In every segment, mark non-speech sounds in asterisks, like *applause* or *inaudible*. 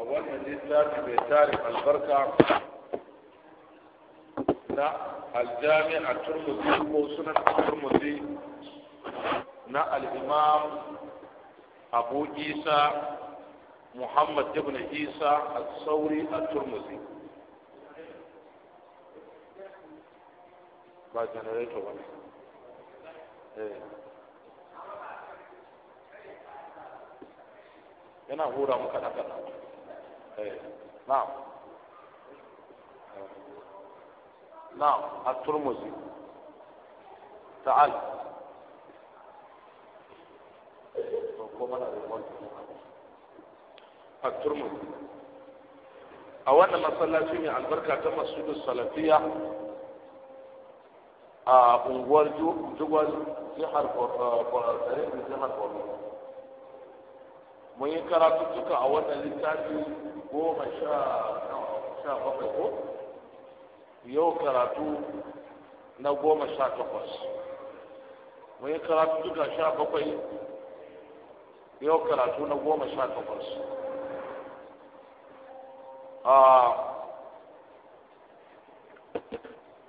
a wannan littafi mai tarin albarka na aljami a turmuzi ko sunan turmuzi na al'imam abu isa muhammad ibn isa a sauri a turmuzi ba janareto ba yana hura muka إيه. نعم نعم الترمذي تعال الترمذي أولا ما صلى فيه عن بركة تم السجود الصلاتية آه، جوال في حرف jihar آه، في حرف borno mun yi karatu duka a wannan littafi goma sha bakwai ko yau karatu na goma sha takwas mun yi karatu karatuttuka sha bakwai yau karatu na goma sha takwas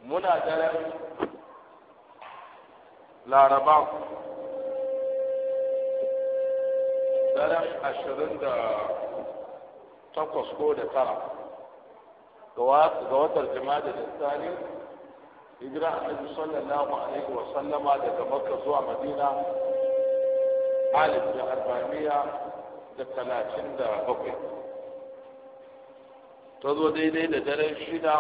muna ganin laraba daren ashirin da takwas ko da tara ga watar jima'a da tsari hijira annabi sallallahu alaihi wa sallama daga makka zuwa madina alif da arba'amiya da talatin da bakwai ta zo daidai da daren shida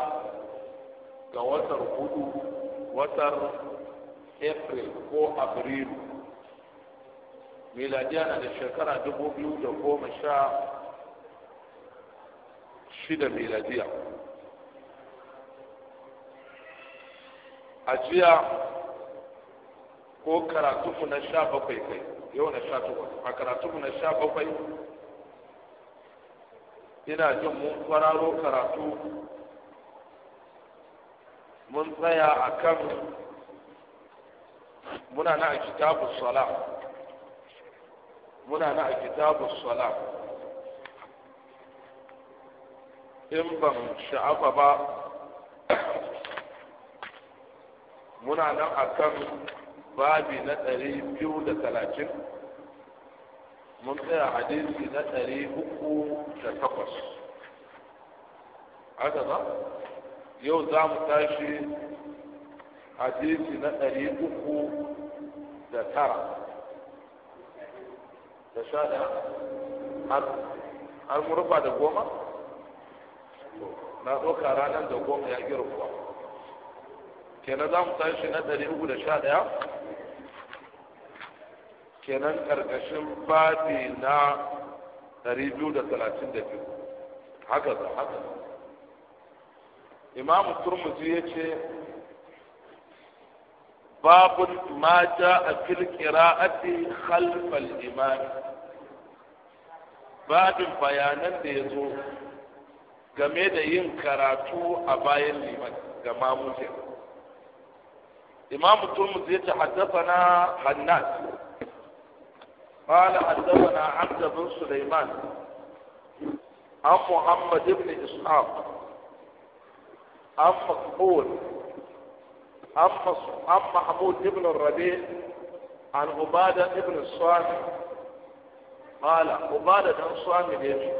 ga watar hudu watar april ko abrilu miladiya na da shekara dubu biyu da goma sha shida miladiya a jiya ko karatunmu na sha bakwai kai yau na sha takwas a karatunmu na sha bakwai ina jin mun kwararo karatu mun tsaya a kan muna na a kitabu salam muna na a kitabu Sola. in ban sha'afa ba muna nan a kan babi na ɗari biyu da talatin mun tsaya hadisi na ɗari uku da takwas haka ba yau za mu tashi hadisi na ɗari uku da tara da sha ɗaya har mu rufa da goma na ɗauka ranar da goma ya ƙi rufuwa kenan za mu tashi na ɗari uku da sha ɗaya kenan ƙarƙashin babi na ɗari biyu da talatin da biyu haka za haka imamu turmuzi ya ce باب ما جاء في القراءة خلف الإمام بعد بيان ديزو game da yin karatu a bayan liman ga mamuje imamu turmus ya ce haddafana hannas qala haddafana abda bin sulaiman an muhammad ibn ishaq an maqbul أم أم محمود بن الربيع عن عبادة بن الصامت قال عبادة بن الصامت يجي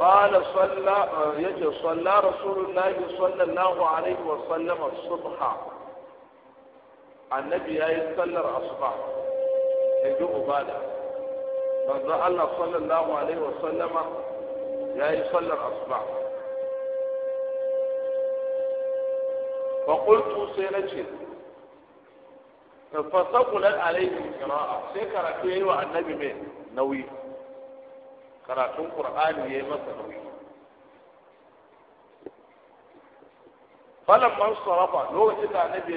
قال صلى يجي صلى رسول الله صلى الله عليه وسلم الصبح النبي يصلى الأصبح يجي عبادة manzo الله صلى الله عليه وسلم يا يصلى asuba fa qultu sai na ce fa saqulat alayhi qira'a sai karatu yayi wa annabi mai nauyi karatun qur'ani yayi masa nauyi falan man sarafa lokacin da annabi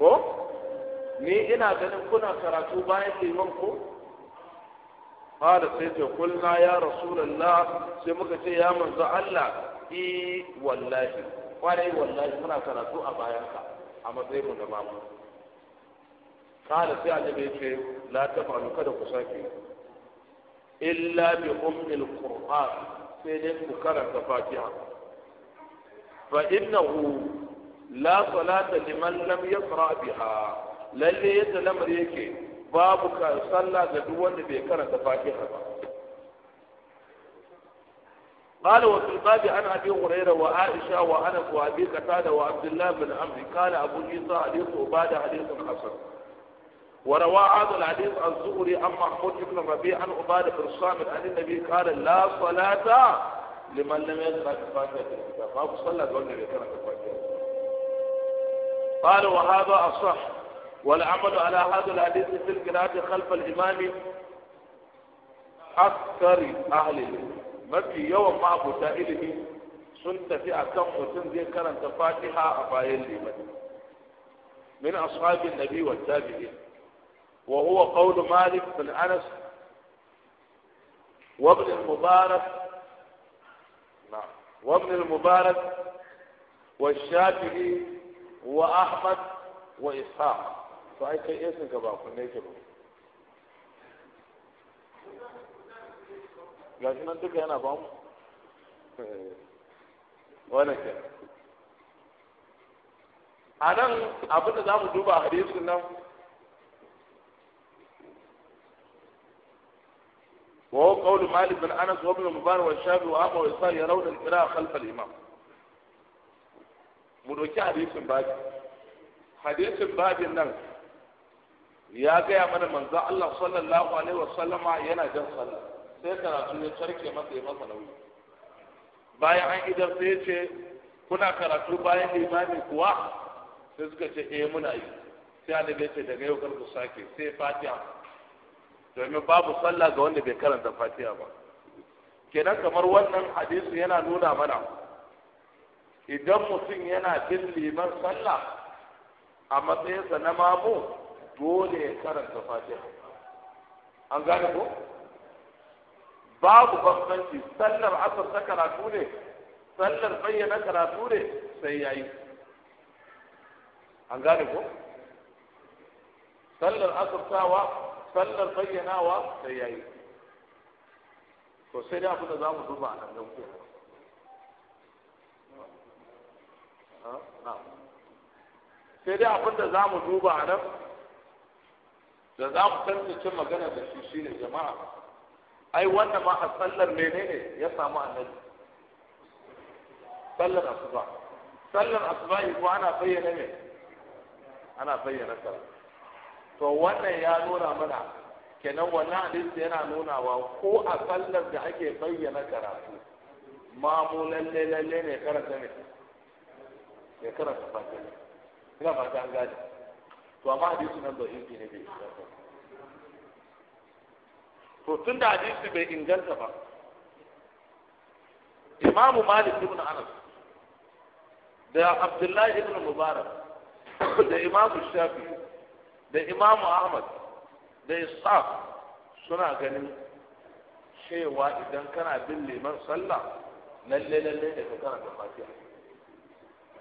ko ni ina ganin kuna karatu bayan liman ko قال سيد قلنا يا رسول الله سمك يا من الله إي والله قال إي والله منا أبا أبايانك أما زي من دمامه قال سيد النبي لا تفعلوا كذا كساكي إلا بأم القرآن سيد كرة فاتحة فإنه لا صلاة لمن لم يقرأ بها للي يتلم ريكي babu sallah ga duk wanda bai karanta fatiha ba قال وفي الباب عن ابي هريره وعائشه وانس وابي قتاده وعبد الله بن عمرو قال ابو عيسى حديث عباده حديث حسن وروى هذا الحديث عن الزهري عن محمود بن ربيع عن عباده بن الصامت عن النبي قال لا صلاه لمن لم يقرا فاتحه الكتاب ما صلى النبي كان فاتحه قال وهذا اصح والعمل على هذا الحديث في القراءة خلف الإمام أكثر أهله ما في يوم ما أبو تائله سنت في أكم وتن ذي كان تفاتها أفايل من أصحاب النبي والتابعين وهو قول مالك بن أنس وابن المبارك نعم وابن المبارك والشافعي وأحمد وإسحاق to ai kai esin ka ba kunne ke ba gashi nan duka yana ba mu eh, wannan ke a nan abin da za mu duba hadisin nan وهو قول مالك بن انس وابن المبارك والشافعي واحمد واسحاق يرون القراءه خلف الامام mu ɗauki hadisin babi hadisin babin nan ya gaya mana manzo Allah sallallahu alaihi wa sallama yana jan sallah sai karatu ya tarke masa ya masa nauyi bayan an idan sai ya ce kuna karatu bayan limami kuwa sai suka ce eh muna yi sai annabi ya ce daga yau kar ku sake sai fatiha domin babu sallah ga wanda bai karanta fatiha ba kenan kamar wannan hadisi yana nuna mana idan mutum yana bin liman sallah a matsayinsa na mamu dole ya karanta fatiha an gane ko babu bambanci sallar asar ta karatu ne sallar bayyana karatu ne sai ya yi an gane ko sallar tawa sallar bayyanawa sai ya yi to sai da kuma za mu duba a nan ke sai dai abin da za mu duba a nan da za mu tantance magana da shi ne jama'a ai wannan ma a sallar menene ya samu annabi sallar asuba sallar asuba ko ana bayyana ne? ana bayyana ta to wannan ya nuna mana kenan wannan hadisi yana nunawa ko a sallar da ake bayyana karatu ma mu lalle lalle ne karanta ne ya karanta fatan ina fata an gane to amma hadisi nan da inji ne bai inganta to tun da hadisi bai inganta ba imamu malik ibn anas da abdullahi ibn mubarak da imamu shafi da imamu ahmad da ishaq suna ganin cewa idan kana bin liman sallah lalle lalle da ka karanta fatiha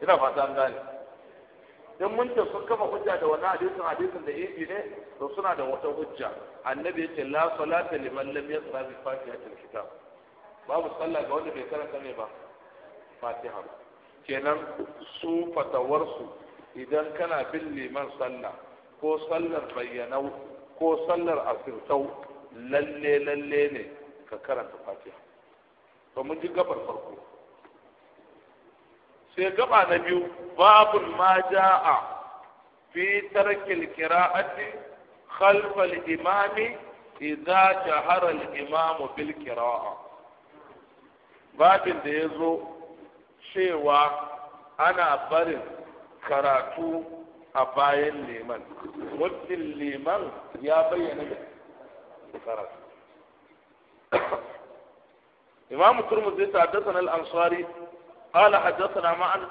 ina fata an gane in mun ce sun kafa hujja da wani hadisin hadisin da yake ne to suna da wata hujja annabi yace la salata liman lam yaqra bi fatihatil kitab babu sallah ga wanda bai karanta ne ba fatiha kenan su su idan kana bin liman sallah ko sallar bayyanau ko sallar asirtau lalle lalle ne ka karanta fatiha to mun ji gabar farko sai gaba na biyu babul ma ja'a fi tarkil qira'ati khalf al-imami idza jahara al-imamu bil qira'a babin da yazo cewa ana barin karatu a bayan liman muddin liman ya bayyana karatu *coughs* imam turmuzi ta dasan al-ansari قال حدثنا معن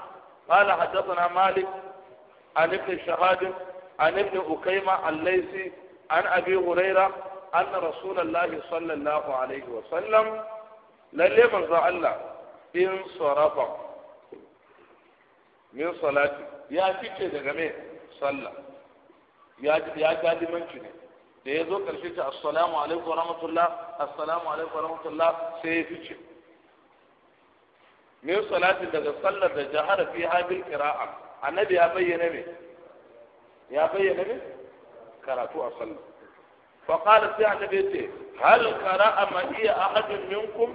قال حدثنا مالك عن ابن شهاد عن ابن أكيمة الليثي عن أبي هريرة أن رسول الله صلى الله عليه وسلم للي من الله إن صرف من صلاته يا تيجي دغمه صلى يا يا جادي منشي da ya zo ƙarshe ce assalamu alaikum wa rahmatullah assalamu alaikum wa rahmatullah sai ya fice me salati daga sallar da jahara fi habil qira'a annabi ya bayyana me ya bayyana me karatu a sallar fa qala sai annabi ce hal qara'a ma iya ahadun minkum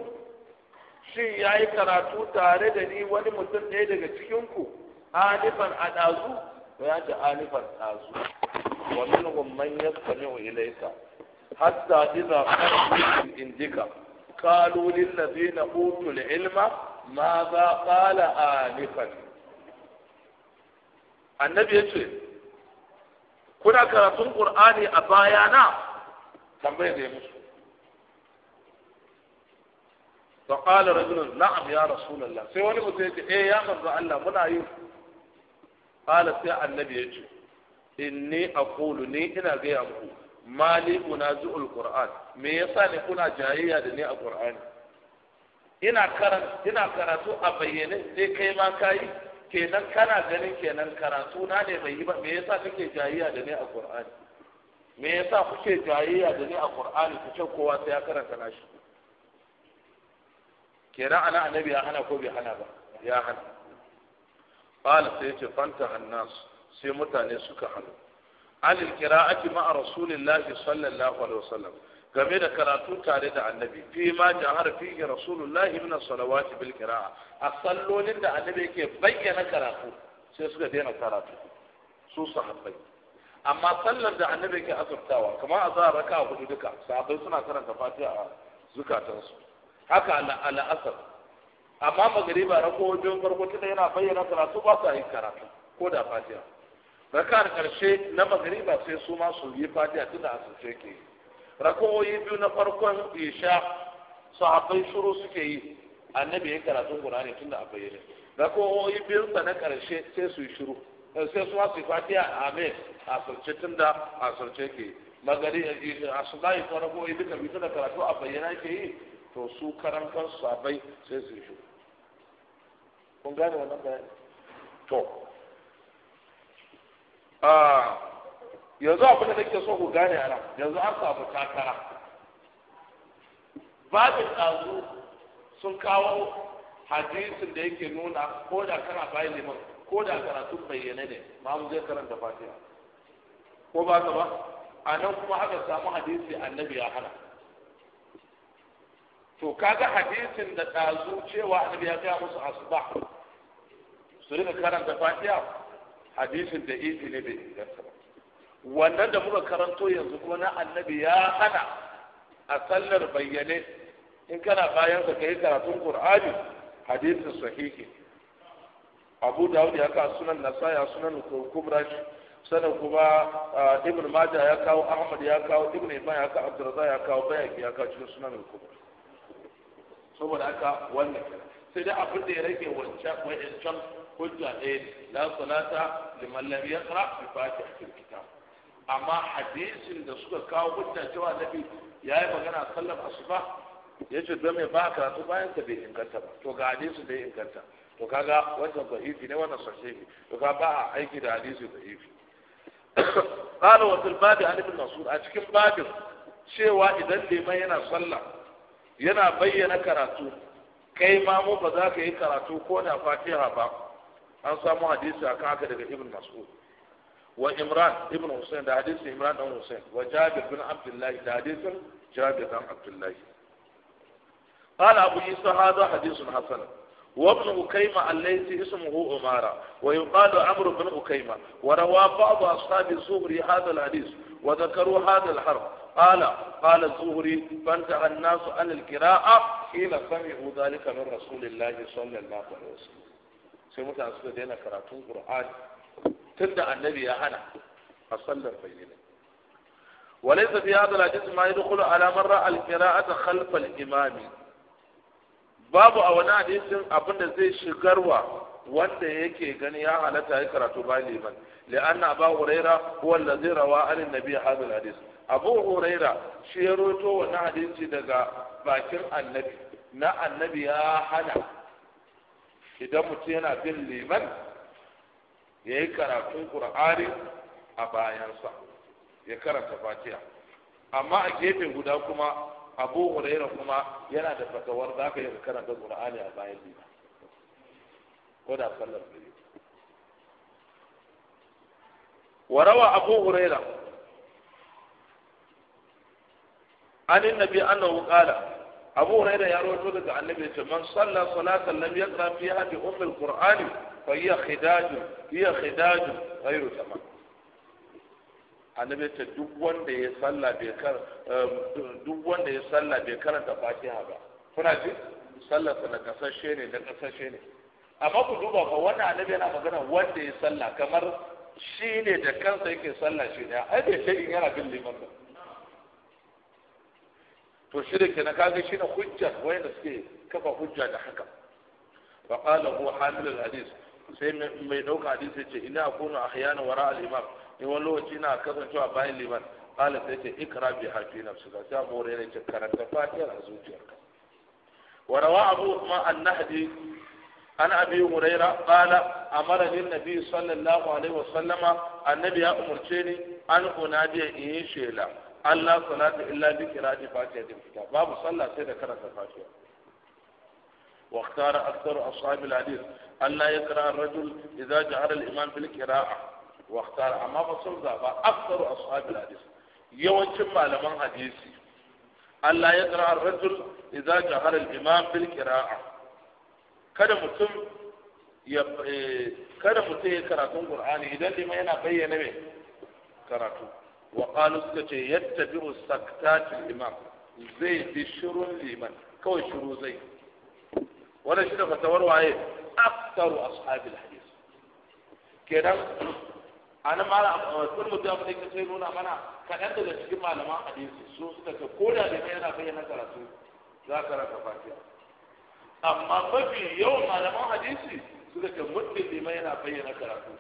shin ya yi karatu tare da ni wani mutum ɗaya daga cikin ku alifan a dazu to ya ce alifan dazu wa minhum man yastami'u ilayka hatta idza qara indika قالوا للذين أوتوا ilma ma za qala anifan annabi yace kuna karatun qur'ani a baya na? tambayar da ya musu فقال رجل نعم يا رسول الله sai wani mutum yace eh ya manzo Allah muna yi qala sai annabi yace inni aqulu ni ina gaya muku mali unazi'ul qur'an me yasa ne kuna jayayya da ni a qur'ani ina karatu a bayyane sai kai ma ka yi kenan kana ganin kenan karatu na ne bai yi ba me yasa kake jayayya da ni a qur'ani me yasa kuke jayayya da ni a qur'ani ku ce kowa sai ya karanta nashi kenan ana annabi ya hana ko bai hana ba ya hana qala sai ce fanta annas sai mutane suka hana alil qira'ati ma'a rasulillahi sallallahu alaihi wasallam game da karatu tare da annabi fi ma fi fihi rasulullahi min as-salawati bil qira'a a sallolin da annabi yake bayyana karatu sai suka daina karatu su sahabbai amma sallar da annabi yake azurtawa kamar a za raka hudu duka sahabbai suna karanta fatiha a zukatansu haka al'asar amma magariba rako wajen farko tunda yana bayyana karatu ba su yi karatu ko da fatiha raka karshe na magariba sai su ma su yi fatiha tunda asirce ke yi rakowoyi biyu na farkon isha sahabbai shuru suke yi annabi ya karatun qur'ani tun da a bayyana rakowoyi biyu sa na karshe sai su yi shuru eh, sai su hasu fatiha amin a sarce tun da a sarce ke magari eh, eh, a subayi ko rakowoyi duka biyu da karatu a bayyana ke yi to su karan kansu sahabbai sai su yi shuru kun gane wannan bayani to ah yanzu abin da nake so ku gane a yanzu an samu takara babin ɗazu sun kawo hadisin da yake nuna ko da kana bayan liman ko da karatu bayyane ne ma mu zai karanta fatiha ko ba ka ba a nan kuma haka samu hadisi annabi ya hana to kaga hadisin da ɗazu cewa annabi ya kaya musu asuba su rika karanta fatiha hadisin da izini ne bai inganta ba wannan da muka karanto yanzu kuma na annabi ya hana a sallar bayyane in kana bayan ka kai karatun qur'ani hadisi sahihi abu dawud ya kawo sunan nasaya sunan kubra sannan kuma ah, ibn majah ya kawo ahmad ya kawo ibn ibn ya kawo abdurrazzaq ya kawo bayaki ya kawo cikin sunan kubra saboda haka wannan sai dai abin da ya rage wancan wancan hujja ɗaya ne la salata liman lam yaqra bi fatihatil kitab amma hadisin da suka kawo hujja cewa nabi ya yi magana sallar asuba ya ce don mai ba karatu bayan ta bai inganta ba to ga hadisin da ya inganta to kaga wannan da'ifi ne wannan sahihi to ka ba a aiki da hadisi da'ifi qala wa fil babi an ibn mas'ud a cikin babin cewa idan liman yana sallah yana bayyana karatu kai ma mu ba za ka yi karatu ko da fatiha ba an samu hadisi akan haka daga ibn mas'ud وإمران ابن حسين حديث إمران بن حسين وجابر بن عبد الله حديث جابر بن عبد الله قال أبو عيسى هذا حديث حسن وابن أكيمة الليث اسمه أمارة ويقال عمرو بن أكيمة وروى بعض أصحاب الزهري هذا الحديث وذكروا هذا الحرف قال قال الزهري فانزع الناس عن القراءة حين سمعوا ذلك من رسول الله صلى الله عليه وسلم سمعت سيدنا كراتون قرآن تبدا النبي يا هنا اصلي بيننا وليس في هذا الحديث ما يدخل على مرة القراءه خلف الامام باب او حديث ابن زي شغروا وانت يكي غني يا حالتا يكرتو بايليما لان ابا هريره هو الذي روى عن النبي هذا الحديث ابو هريره شيروتو وانا حديث دغا باكر النبي نا النبي يا هنا اذا متينا بالليمان ya yi karatun ƙur'ani a bayansa ya karanta fatiha amma a gefen guda kuma abu hurairu kuma yana da fatawar za ka yi karanta ƙur'ani a bayan lima ko da sallar da وروى أبو هريرة عن nabi annahu qala abu da ya rawaito daga annabi ce man salla salatan lam yaqra fiha bi umm alquran fa hiya khidaj hiya khidaj ghayru tamam annabi ce duk wanda ya salla bai kar um, duk wanda ya salla bai karanta fatiha ba kuna ji salla sa kasashe ne da kasashe ne amma ku duba fa wannan annabi yana magana wanda ya salla kamar shi ne da kansa yake sallah shi ne ai bai sai in yana bin liman ba to shi da kenan kaga shi na hujja wanda suke kafa hujja da haka fa qala huwa hamil al hadith sai mai dauka hadisi ya ce ina akunu ahyana wara al imam in wani lokaci ina kasancewa bayan liman qala sai ce ikra bi hafi nafsika sai abu hurairah ce karanta fatiha a zuciyarka وروى أبو عثمان النهدي عن أبي هريرة قال أمرني النبي صلى الله عليه وسلم النبي أمرتني أن أنادي إيه شيلا Allah salatu illa bi qira'ati fatihatil kitab babu sallah sai da karanta fatiha wa ashab al al yaqra rajul idha واختار أكثر أصحاب الحديث ألا يقرأ الرجل إذا جهر الإمام بالقراءة واختار أما فصل ذا أكثر أصحاب الحديث يوم yaqra حديثي rajul idha ja'ala al iman الإمام qira'ah kada mutum ya kada mutum ya karatu Qur'ani idan liman yana bayyana mai karatu wa qalu suka ce yattabi'u saktatul imam zai bi shirun liman kawai shiru zai wannan shi da fatawar waye aktaru ashabil hadis kenan ana mala kun mutum abin da kace nuna mana kaɗan daga cikin malaman hadisi su suka ko da yana bayyana karatu za ka raka fatiha amma mafi yawan malaman hadisi suka ce muddin limai yana bayyana karatu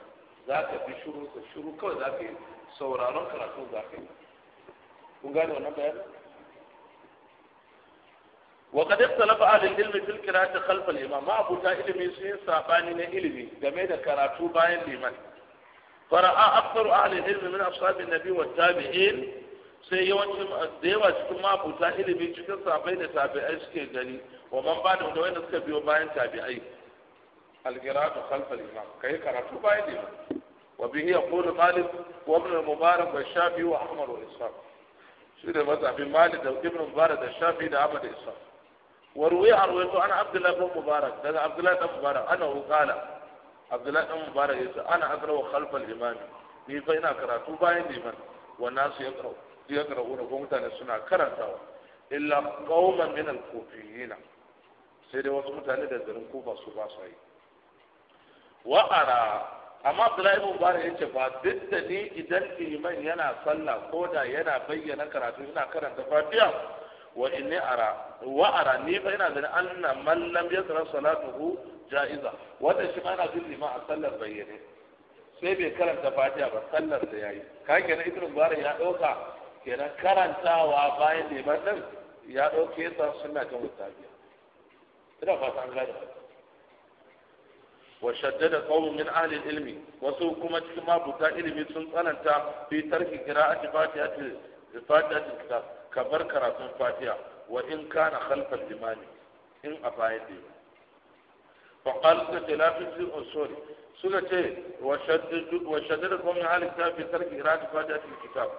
za ka kawai za ka yi sauraron karatun za ka yi kun gane wannan bayanin وقد اختلف اهل العلم في القراءه خلف الامام ما ta ilimi sun yi sabani na ilimi game da karatu bayan liman fara'a aktaru ahli ilmi min ashabin nabi wa tabi'in sai yawancin da yawa cikin ta ilimi cikin sahabbai da tabi'ai suke gari, wa man ba da wanda suka biyo bayan tabi'ai alqira'atu khalfal imam kai karatu bayan imam وبه يقول مالك وابن المبارك والشافعي وأحمد وإسحاق شنو مذهب مالك وابن المبارك والشافعي لأحمد الاسحاق. وروي أرويته عن عبد الله بن مبارك هذا عبد الله بن مبارك أنه قال عبد الله بن مبارك أنا أقرأ خلف الإمام ni fa ina karatu bayan liman wannan su ya karau na ko suna karantawa illa qauman min al-kufiyina sai dai wasu mutane da garin kufa su ba su yi wa ara amma abdullahi ibn ya yace ba duk da ni idan iman yana sallah ko da yana bayyana karatu ina karanta fatiha wa inni ara wa ara ni fa ina ganin anna man lam yasra salatuhu ja'iza wanda shi ana bin liman a sallar bayyane sai bai karanta fatiha ba sallar da yayi ka kenan ibn Bari ya dauka kenan karantawa bayan liman din ya dauke sa sunna ta mutabiya ina fata an gane وشدد قوم من أهل العلم وسو كما بتا علم سنطننتا في ترك قراءة فاتحة الفاتحة الكتاب كبر كراتون فاتحة وإن كان خلف الإمام إن أفايد فقال لا في الأصول سنة وشدد وشدد قوم من أهل الكتاب في ترك قراءة فاتحة الكتاب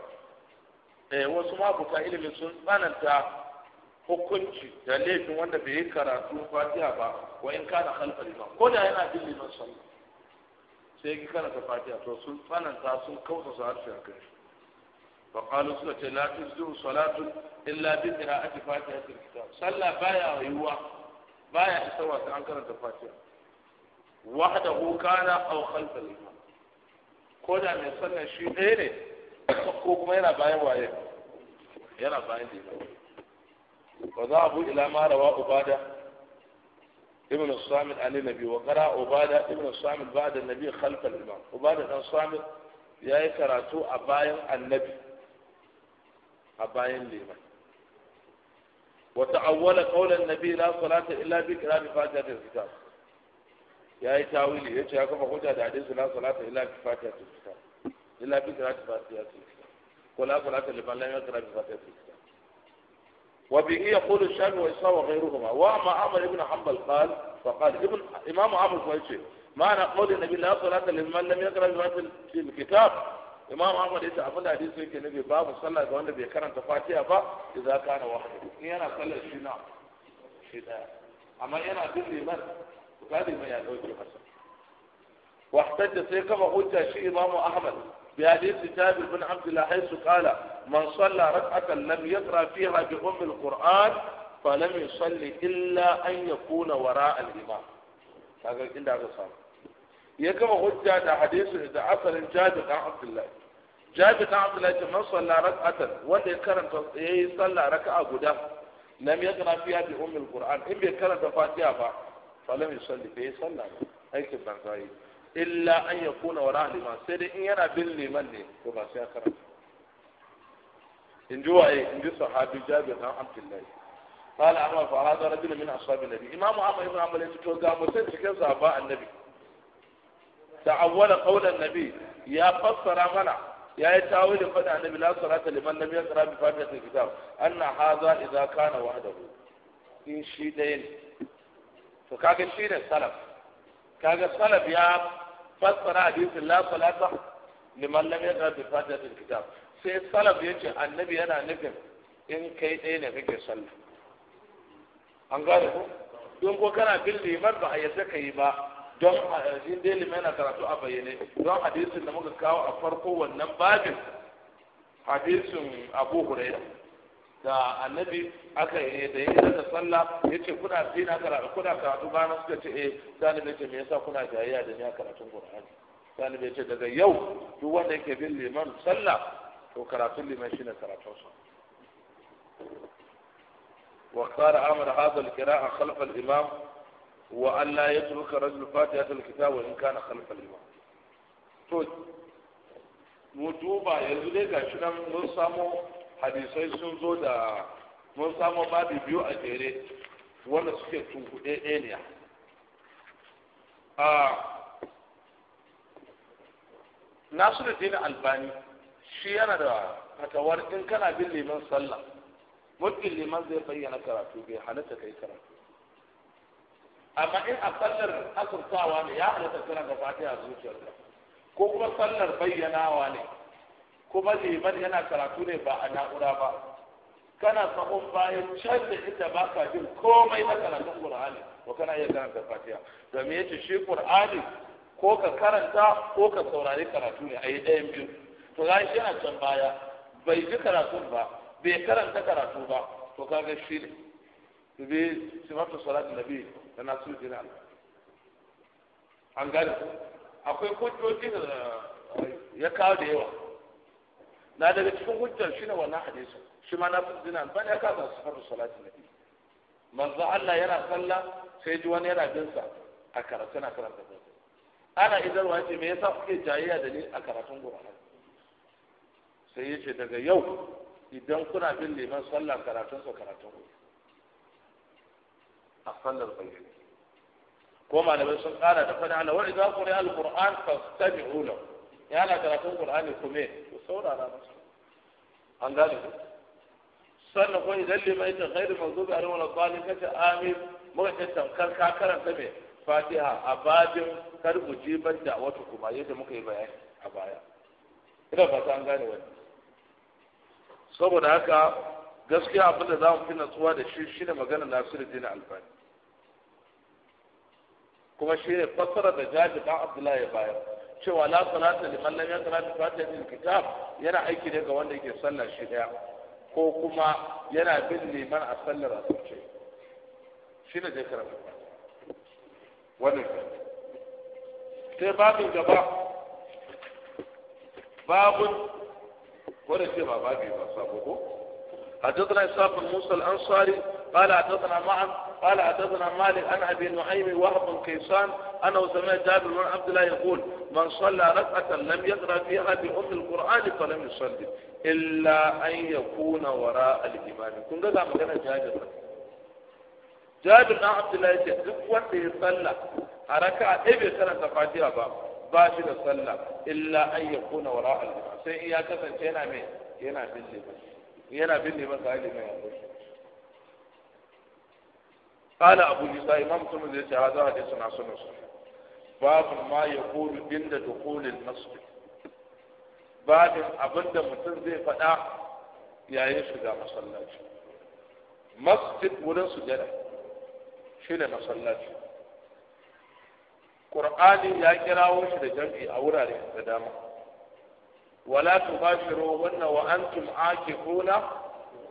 wasu mabuka ilimin sun tsananta hukunci da laifin wanda bai yi karatu fatiha ba wa in kana khalfa ba ko da yana bin liman sallah sai ya karanta fatiha to sun tsananta sun kausa su harshe a kai fa qalu suka ce la tuzdu salatu illa bi qira'ati ta. kitab sallah baya yiwa baya isa wasu an karanta fatiha wahdahu kana aw khalfa liman ko da mai sallar shi ɗaya ne ko kuma yana bayan waye yana bayan liman wa za abu ila ma rawa ubada ibn samit ali nabi wa qara ubada ibn samit ba'da nabi khalf al imam ubada dan samit yayi karatu a bayan annabi a bayan liman وتعول قول النبي لا صلاة إلا بقراءة فاتحة الكتاب ya yi tawili ya ce ya kafa hujja da hadisi la salata illa bi fatiha illa bi qira'ati fatiha ko la salata liman وبه يقول الشافعي وإسحاق وغيرهما وأما عمر بن حنبل قال فقال ابن إمام عمر قال معنى قول النبي لا صلاة لمن لم يقرأ بما في الكتاب إمام عمر إذا أبن حديث يكي النبي باب صلى عليه وسلم كان تفاتيها فا إذا كان واحد إني أنا صلى الشناع شناع أما إن إيه أنا لي من وقال لي ما يعلوه حسن واحتج سيكما قلت شيء إمام أحمد بحديث جابر بن عبد الله حيث قال من صلى ركعة لم يقرأ فيها بأم القرآن فلم يصلي إلا أن يكون وراء الإمام هذا إلا صار يكما حجة ده حديث إذا أصل جابر بن عبد الله جابر بن عبد الله من صلى ركعة وده كرم إيه صلى ركعة قدام لم يقرأ فيها بأم القرآن إن بيكرم فاتحة فلم يصلي فيه صلى أي كبر illa an ya kuna wa rahima sai dai in yana bin liman ne to ba sai ya karanta in ji waye in ji قال عمر فهذا رجل من اصحاب النبي امام احمد بن حنبل يتو ga mutum cikin sahaba annabi ta'awwala qawl annabi ya fassara mana ya yi tawilin fada annabi la salata liman lam yaqra bi fatihatil kitab anna hadha idza kana wahdahu in shi dayin to kaga shi ne salaf kaga salaf ya fassara hadisin la salata liman lam yaqra bi fatihatil kitab sai salaf yace annabi yana nufin in kai ɗaya ne kake sallah an gane ko don ko kana bin liman ba a yadda ka yi ba don in dai liman yana karatu a bayyane don hadisin da muka kawo a farko wannan babin hadisin abu huraira da annabi aka yi eh, da yi da sallah ya ce kuna tsina karatu kuna karatu bayan suka ce eh salibi ya ce me yasa kuna jayayya da ni a karatun qur'ani salibi ya ce daga yau duk wanda yake bin liman sallah to karatun liman shine karatun sa واختار عمر هذا القراءة خلف الإمام وأن لا يترك رجل فاتحة الكتاب وإن كان خلف الإمام to mu duba yanzu dai gashi nan mun samu hadisai sun zo da mun samu babu biyu a jere wanda suke tunkuɗe ɗaya Dina albani shi yana da fatawar in kana bin liman sallah muddin liman zai bayyana karatu bai halatta kai karatu amma in a sallar asirtawa ne ya halatta kana da fatiha zuciyarka ko kuma sallar bayyanawa ne kuma liman yana karatu ne ba a na'ura ba kana sahun bayan can da ita ba ka jin komai na karatun qur'ani ko kana iya karanta fatiha domin yace shi qur'ani ko ka karanta ko ka saurari karatu ne a yi ɗayan biyu to ga shi yana can baya bai ji karatun ba bai karanta karatu ba to kaga shi ne to bi sifatu salatu nabi da nasu jina an gane akwai kujjoji da ya kawo da yawa na daga cikin hujjar shi ne wannan hadisin shi ma na zina albani ya kasa su faru salati nabi manzo Allah yana sallah sai ji wani yana bin sa a karatu na karanta da ana idan wace me yasa kuke jayayya da ni a karatun Qur'ani sai ya ce daga yau idan kuna bin liman sallah karatun sa karatun a sallar bayyana ko malamai sun kara da fada ala wa idza quri'a al-qur'an fastami'u lahu ya na karatun qur'ani kuma ku saurara musu an gane ku sannan ko idan limaitin khairu maghdubi alaihim wala dhalin kace amin muka ce tamkar ka karanta me fatiha a babin kar jiban da wata kuma yadda muka yi bayani a baya Idan ba an gane wani saboda haka gaskiya abin da za mu fi natsuwa da shi shine magana Nasiruddin Albani kuma shi ne fassara da Jabir dan Abdullahi ya bayar cewa la salata man lam yaqra bi fatihatil kitab yana aiki ne ga wanda yake sallar shi daya ko kuma yana bin liman a sallar asirce shi ne zai karanta wannan sai babin gaba babun ko da ce ba babi ba sabo ko حدثنا إسحاق بن موسى الأنصاري قال حدثنا معا قال حدثنا مالك عن أبي نعيم وهب بن كيسان أنه سمع جابر بن عبد الله يقول من صلى ركعة لم يقرأ فيها بأم القرآن فلم يصلي إلا أن يكون وراء الإمام كنت لا مكان جابر جابر بن عبد الله يقول duk wanda ya salla a raka ɗaya bai karanta fatiha الا ان يكون وراء الامام illa an من wara من sai من ya yana binne masa hali mai zai قال أبو يسا إمام ترمذي su babu ma ya ما inda da دخول nasu babin abin da mutum zai faɗa yayin shiga masallaci masjid wurin jada shi ne masallaci ƙur'ani ya kirawo shi da jam'i a wurare da dama ولا تباشروهن وأنتم عاكفون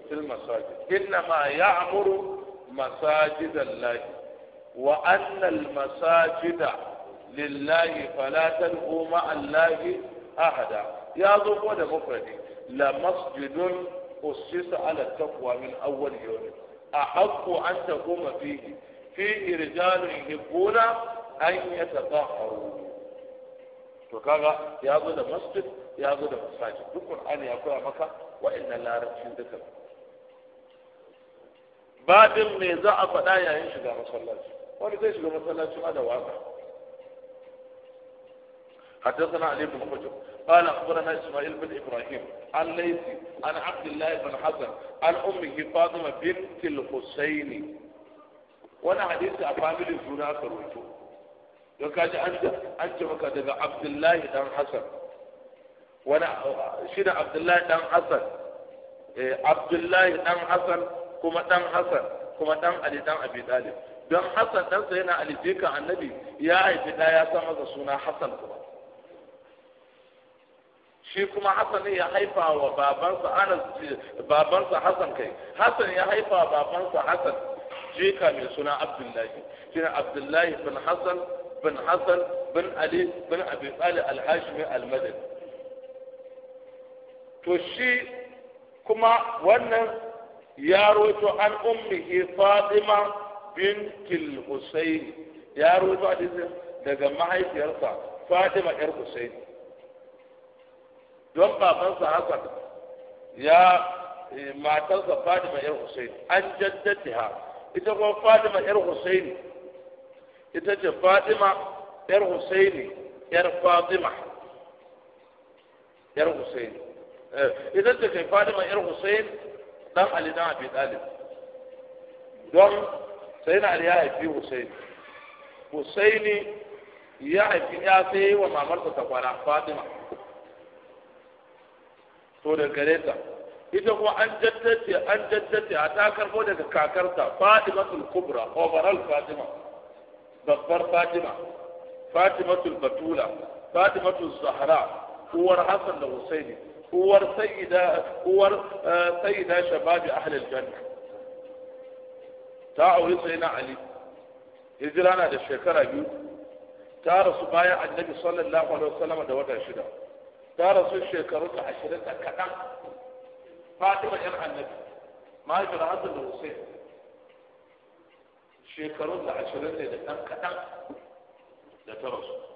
في المساجد إنما يعمر مساجد الله وأن المساجد لله فلا تلقوا مع الله أحدا يا ضوء مفردي لمسجد أسس على التقوى من أول يوم أحق أن تقوم فيه فيه رجال يحبون أن يتطهروا وكذا يا ya zo ya zo da fasaji duk qur'ani ya koya maka wa inna la rabbi duka babin me za a faɗa yayin shiga masallaci wani zai shiga masallaci ma da waka حدثنا علي بن حجر قال اخبرنا اسماعيل بن ابراهيم عن ليثي عن عبد الله بن حسن عن امه فاطمه بنت الحسين وانا حديث افامل الزنا كرويته don kaji an ce maka daga abdullahi dan hasan wani shi da abdullahi dan hasan eh, abdullahi dan Hassan, kuma dan Hassan, kuma dan ali dan abi talib don hasan ɗansa yana alifikan annabi ya haifi ɗa ya san masa suna Hassan. kuma shi kuma hasan ya haifa wa babansa anas babansa Hassan kai Hassan ya haifa wa babansa Hassan. jika mai suna abdullahi shine abdullahi bin Hassan, bin Hassan bin ali bin abi talib al-hashimi al-madani to shi kuma wannan ya roto an ummihi fatima bin husayn ya roto hadisin daga mahaifiyarsa fatima yar husayn don babansa haka ya eh, matarsa fatima yar husayn an ha ita kuma fatima yar husayn ita ce fatima yar husayn yar fatima yar husayn Eh, idan ta kai fadima yar husain dan ali dan abi talib don sai na ali ya haifi husain husaini ya haifi ya sai wa mamar ta kwara fadima to da gare ta ita kuma an jaddace an jaddace a ta karbo daga kakarta tul kubra overall fatima babbar fatima fatimatul batula fatimatul zahra uwar hassan da husaini هو سيد شباب أهل الجنة تاعو يصينا علي هزلانا هذا الشيكرة يقول تارس بايا النبي صلى الله عليه وسلم دا ودا شدا تارس الشيكرة عشرة كتا فاتمة يرعى النبي ما يجرى هذا الوصير الشيكرة عشرة كتا لا ترسل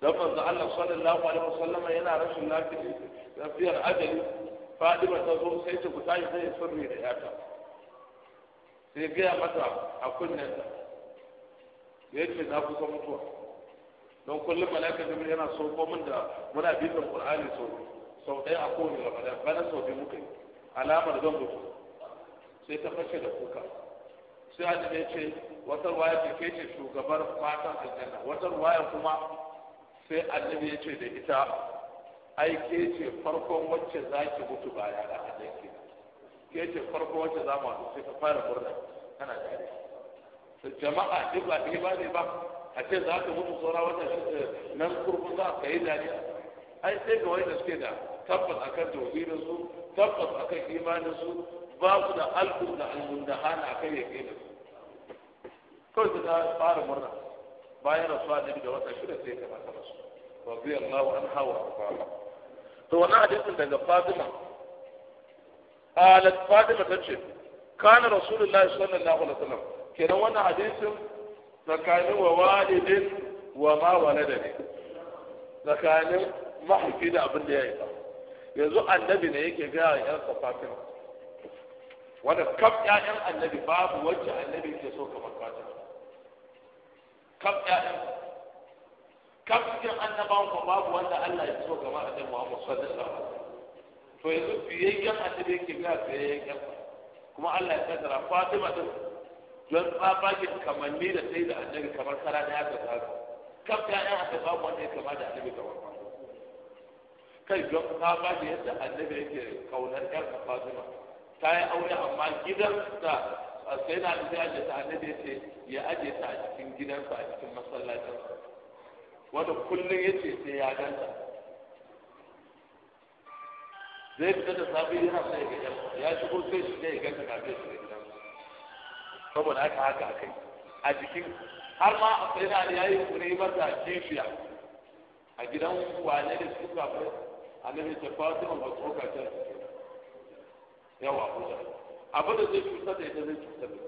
dan manzo Allah sallallahu alaihi wasallam yana rashin lafiya lafiyar ajali Fadima ta zo sai ta kuta sai sirri da yata sai gaya mata a kunnen ta ya ce na kusa mutuwa don kullum malaka jibril yana so ko min da muna bitan qur'ani so sau ɗaya a kowane ramadan bana sau biyu muka yi alamar zan mutu sai ta fashe da kuka sai annabi ya ce wata ruwaya ta ke ce shugabar fatan aljanna wata ruwaya kuma sai annabi ya ce da ita ai ke ce farkon wacce za ki mutu baya da hannun ki ke ce farkon wacce za mu sai ka fara murna kana tare sai jama'a duk ba ɗaya ba ne ba a ce za ka mutu saura wata nan kurkun za ka yi dariya ai sai ga da suke da tabbas akan tauhidin su tabbas akan imanin su babu da alkun da alkun da hana akan da su kawai su ta fara murna bayan rasuwa da da wata shida sai ka mata rasu radiyallahu anha wa arda Fatima qalat Fatima tace kana rasulullahi sallallahu alaihi wasallam kenan wannan hadisin tsakanin wa walidin wa ma walada ne tsakanin mahaifi da abin da ya yi yanzu annabi ne yake gaya wa yarsa Fatima wanda kaf ƴaƴan annabi babu wacce annabi ke so kamar Fatima kaf ƴaƴan kam cikin annabawan ko babu wanda Allah ya so kamar annabi Muhammad sallallahu alaihi wasallam to yanzu biyayyen annabi yake ga biyayyen kuma Allah ya tsara Fatima din don ki kamanni da sai da annabi kamar kara da haka ta kam ta yan annabi babu wanda ya kama da annabi kamar kai don babaki yadda annabi yake kaunar ƴar Fatima ta yi aure amma gidan gidansa sai na da ta annabi ya ce ya aje ta a cikin gidansa a cikin masallacin wanda kullum ya ce sai ya ganta zai fita da safe yana sai ga yan ya shigo sai shi ne ya ganta kafin shi da saboda saboda haka haka akai a jikin har ma a tsaye da yayi kure masa kifiya a gidan wane da a fi annabi ta fatima ba tsoka ta yawa kusa abin da zai cutar da ita zai cutar da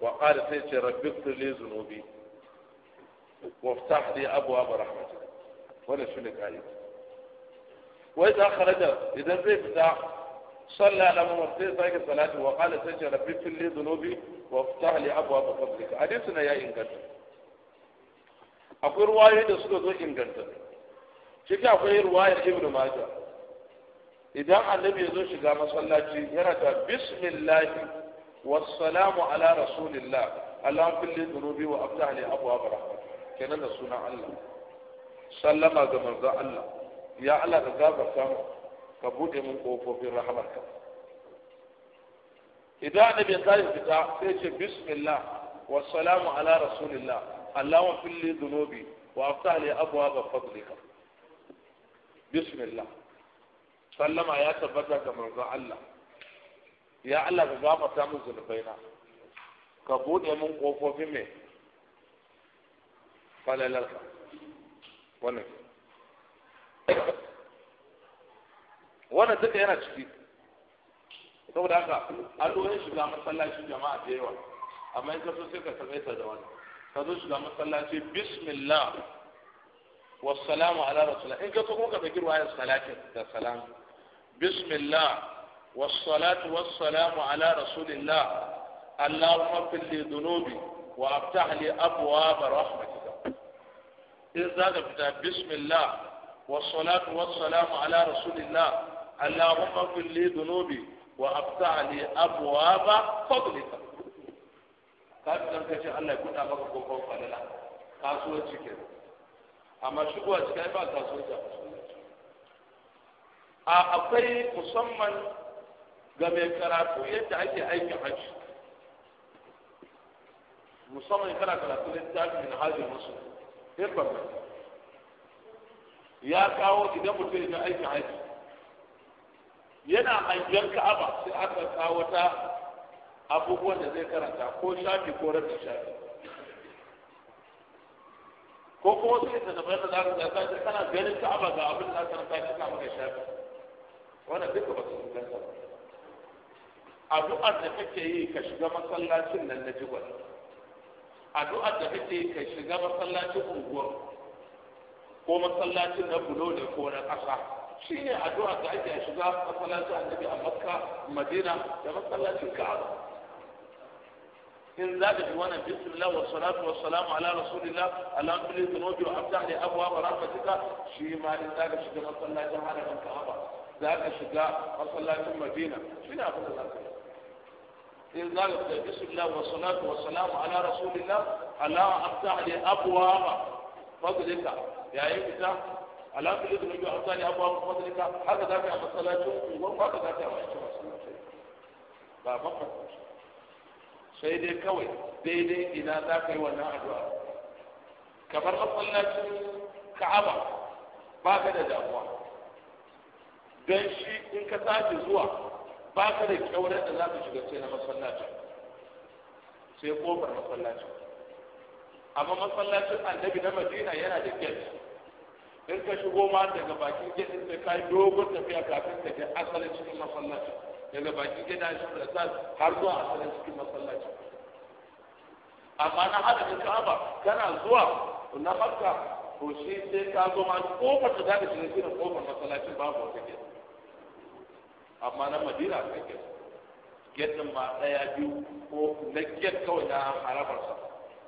wa qala sai ce rabbi kulli zunubi وافتح لي ابواب رحمتك ولا شنو قايل واذا خرج اذا زي بتاع صلى على ممرتين صلاه الصلاه وقال سجد ربي اغفر لي ذنوبي وافتح لي ابواب فضلك حديثنا يا inganta akwai ruwaye da suka zo inganta ciki akwai ruwayar ibnu majah idan annabi ya zo shiga masallaci yana ta bismillahi والسلام على رسول الله اللهم كل ذنوبي وأفتح لي أبواب رحمة كنا نسونا الله سلم على مرضى الله يا الله غزاب السامة كبود من قوفه في رحمتك إذا نبي قال بسم الله والسلام على رسول الله اللهم كل لي ذنوبي وافتح لي ابواب فضلك بسم الله سلم يا تبارك مرضى الله ya Allah ka gafarta min na ka bude mun kofofin mai falalarka wannan wannan duka yana ciki saboda haka addu'o'in shiga masallaci jama'a da yawa amma in ka so sai ka sakaita da wani ka zo shiga masallaci bismillah wassalamu ala rasulillah in ka so kuma ka ɗauki ya salatin da salam bismillah والصلاة والسلام على رسول الله اللهم اغفر لي ذنوبي وافتح لي أبواب رحمتك إذا ذكرت بسم الله والصلاة والسلام على رسول الله اللهم اغفر لي ذنوبي وافتح لي أبواب فضلك kafin ka ce Allah ya buɗa maka kofar falala kasuwanci ke amma shigowa cikin ba kasuwanci a musulunci a akwai ga mai karatu yadda ake aikin hajji musamman kana karatu littafin min hajji musu irban ya kawo idan mutum yana aikin hajji yana hangen ka'aba sai aka kawo ta abubuwan da zai karanta ko shafi ko rabi shafi ko kuma sai ta za da zaka ga kaje kana ganin ka'aba ga abin da zaka karanta ka ga shafi wannan duka ba su ganta ba addu'ar da kake yi ka shiga masallacin nan na jigwal addu'ar da kake yi ka shiga masallacin unguwar ko masallacin na bulo ne ko na ƙasa shi ne addu'a da ake shiga masallacin annabi a makka madina da masallacin ka'aba إن زادت وأنا بسم الله والصلاة والسلام على رسول الله اللهم لي ذنوبي وأفتح لي أبواب رحمتك شيء ما إن زادت شجاع صلى الله عليه وسلم ذاك شجاع صلى الله عليه وسلم مدينة شنو أقول لك إذ قال بسم الله والصلاة والسلام على رسول الله اللهم أفتح لي أبواب فضلك يا إبتا اللهم إذن يجو أفتح لي أبواب فضلك هكذا في الصلاة وهكذا في الصلاة ba mafarkaci sai dai kawai daidai ina za ka yi wannan addu'a kamar masallacin ka'aba ba ka da damuwa don shi in ka sake zuwa ba ka da kyaurar da za ka shiga sai na masallacin sai kofar masallacin amma masallacin annabi na madina yana da gate in ka shigo ma daga bakin gidan sai ka yi dogon tafiya kafin ka je asalin cikin masallacin daga bakin gidan shi da sa har zuwa asalin cikin masallacin amma na hada da kaba kana zuwa na makka to shi sai ka zo ma kofar da za ka shiga cikin kofar masallacin babu wata gate amma na madina kai ke gedin ma daya biyu ko na ged kawai na harabarsa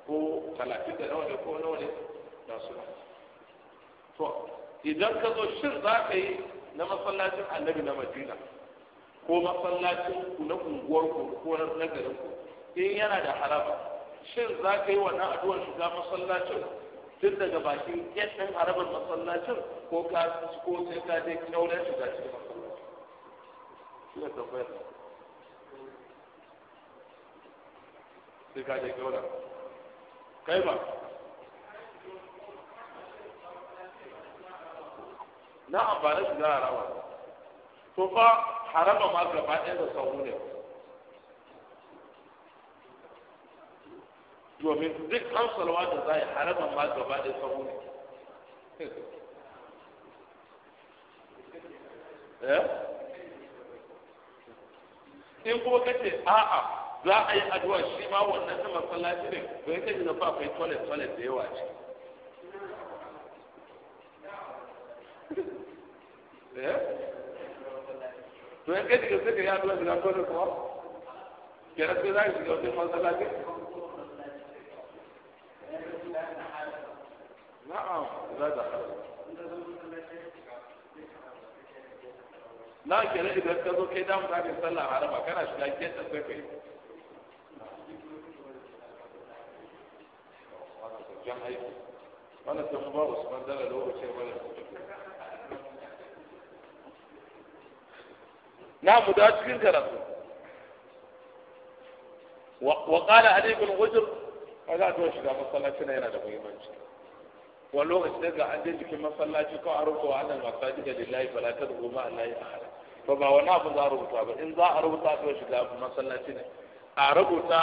ko talatin da nawa ne ko nawa ne da su to idan ka zo shir za ka yi na masallacin annabi na madina ko masallacin ku na unguwar ku ko na nagarin ku in yana da haraba shin za ka yi wannan addu'ar shiga masallacin tun daga bakin gedin harabar masallacin ko ka ko sai ka je kyauren shiga cikin masallacin yóò sọ pé ẹ̀sán. ṣé ká jẹ́ kí ó rà? kẹ́mà. na amfani shi za a rawa to fa harama ma gaba ɗaya da sauru ne domin duk an salwa da za a yi harama ma gaba ɗaya sauru ne eh in kuma ka ce a a za a yi addu'a shi ma wannan ta masallaci ne to yake da fa akwai toilet toilet da yawa ce eh? to yanke daga sai ka yi addu'a da toilet kuma kenan sai za ka shiga wajen masallaci na'am za ta haɗu na kira idan ka zo kai damu zaka sallah harama kana shiga gidan sai kai jan wannan ta ba usman dala lokacin wala na mu da cikin karatu wa qala ali bin ujr kaga to shiga masallaci na yana da muhimmanci wa lokacin da an je cikin masallaci ko a rubuta wa annal masajid lillahi fala tad'u ma allahi ahad to ba wani abu za a rubuta ba in za a rubuta to shiga masallaci ne a rubuta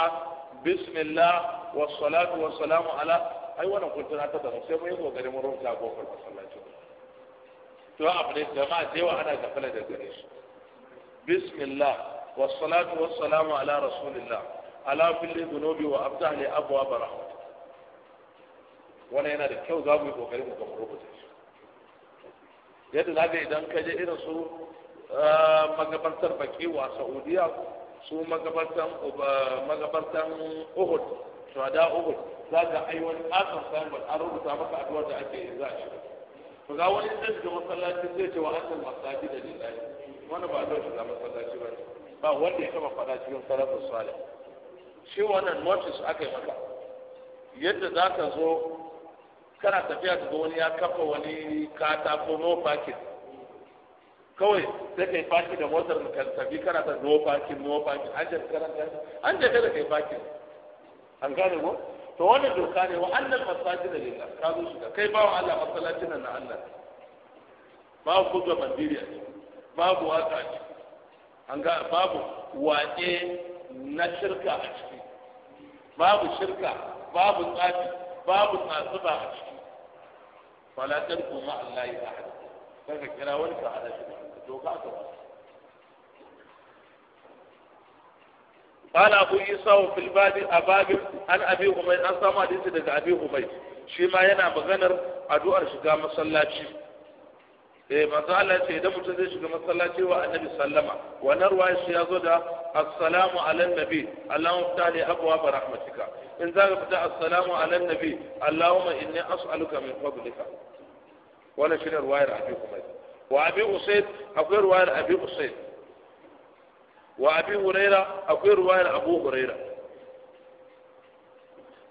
bismillah wassalatu wassalamu ala ai wannan kuntuna ta da sai mun yi kokari mun rubuta kofar masallaci to abu ne jama'a da wa ana gafala da gare shi bismillah wassalatu wassalamu ala rasulillah ala kulli dhunubi wa aftah li abwaab rahmat wannan yana da kyau za mu yi kokari mu rubuta shi yadda zaka idan ka je irin su Ah, magabartar wa saudiya su magabartan uh, magabartan uhud shuhada uhud za ka ai wani katon samun an rubuta maka addu'ar da ake yi za a shiga to ga wani ɗan da masallaci zai ce wa asan masallaci da lillahi wani ba addu'ar shiga masallaci ba ba wanda ya taba faɗa cikin salafin salih shi wannan notice aka yi maka yadda za ka zo kana tafiya ka ga wani ya kafa wani katako no packet kawai sai kai faki da motar ka tafi kana ta no faki no faki an je kana an je kada kai faki an gane ko to wannan doka ne wa annal masajid lillah ka zo shiga kai bawo Allah masallacin nan na Allah babu kudu mandiri a ciki babu waka a ciki an ga babu wace na shirka a ciki babu shirka babu tsafi babu tsatsuba a ciki fala tarku kuma Allah ya ahad kaga kira wani ka hada shi Bana kun yi tsawon fili babin a babin al'abihu mai, an samu adinci daga abihu mai, shi yana maganar aduar shiga masallaci. Eh, ban za a lace idan mutum zai shiga masallacewa a nan sallama, gwanar wa shi ya da, asalamu alannabi, allahumma fita ni abu a barahmatika, in za fita asalamu alannabi, allamai in ne asaluka mai kwagulika. Wani shirin wayar abihu mai. وابي اسيد اقول وائل ابي اسيد وابي هريره اقول وائل ابو هريره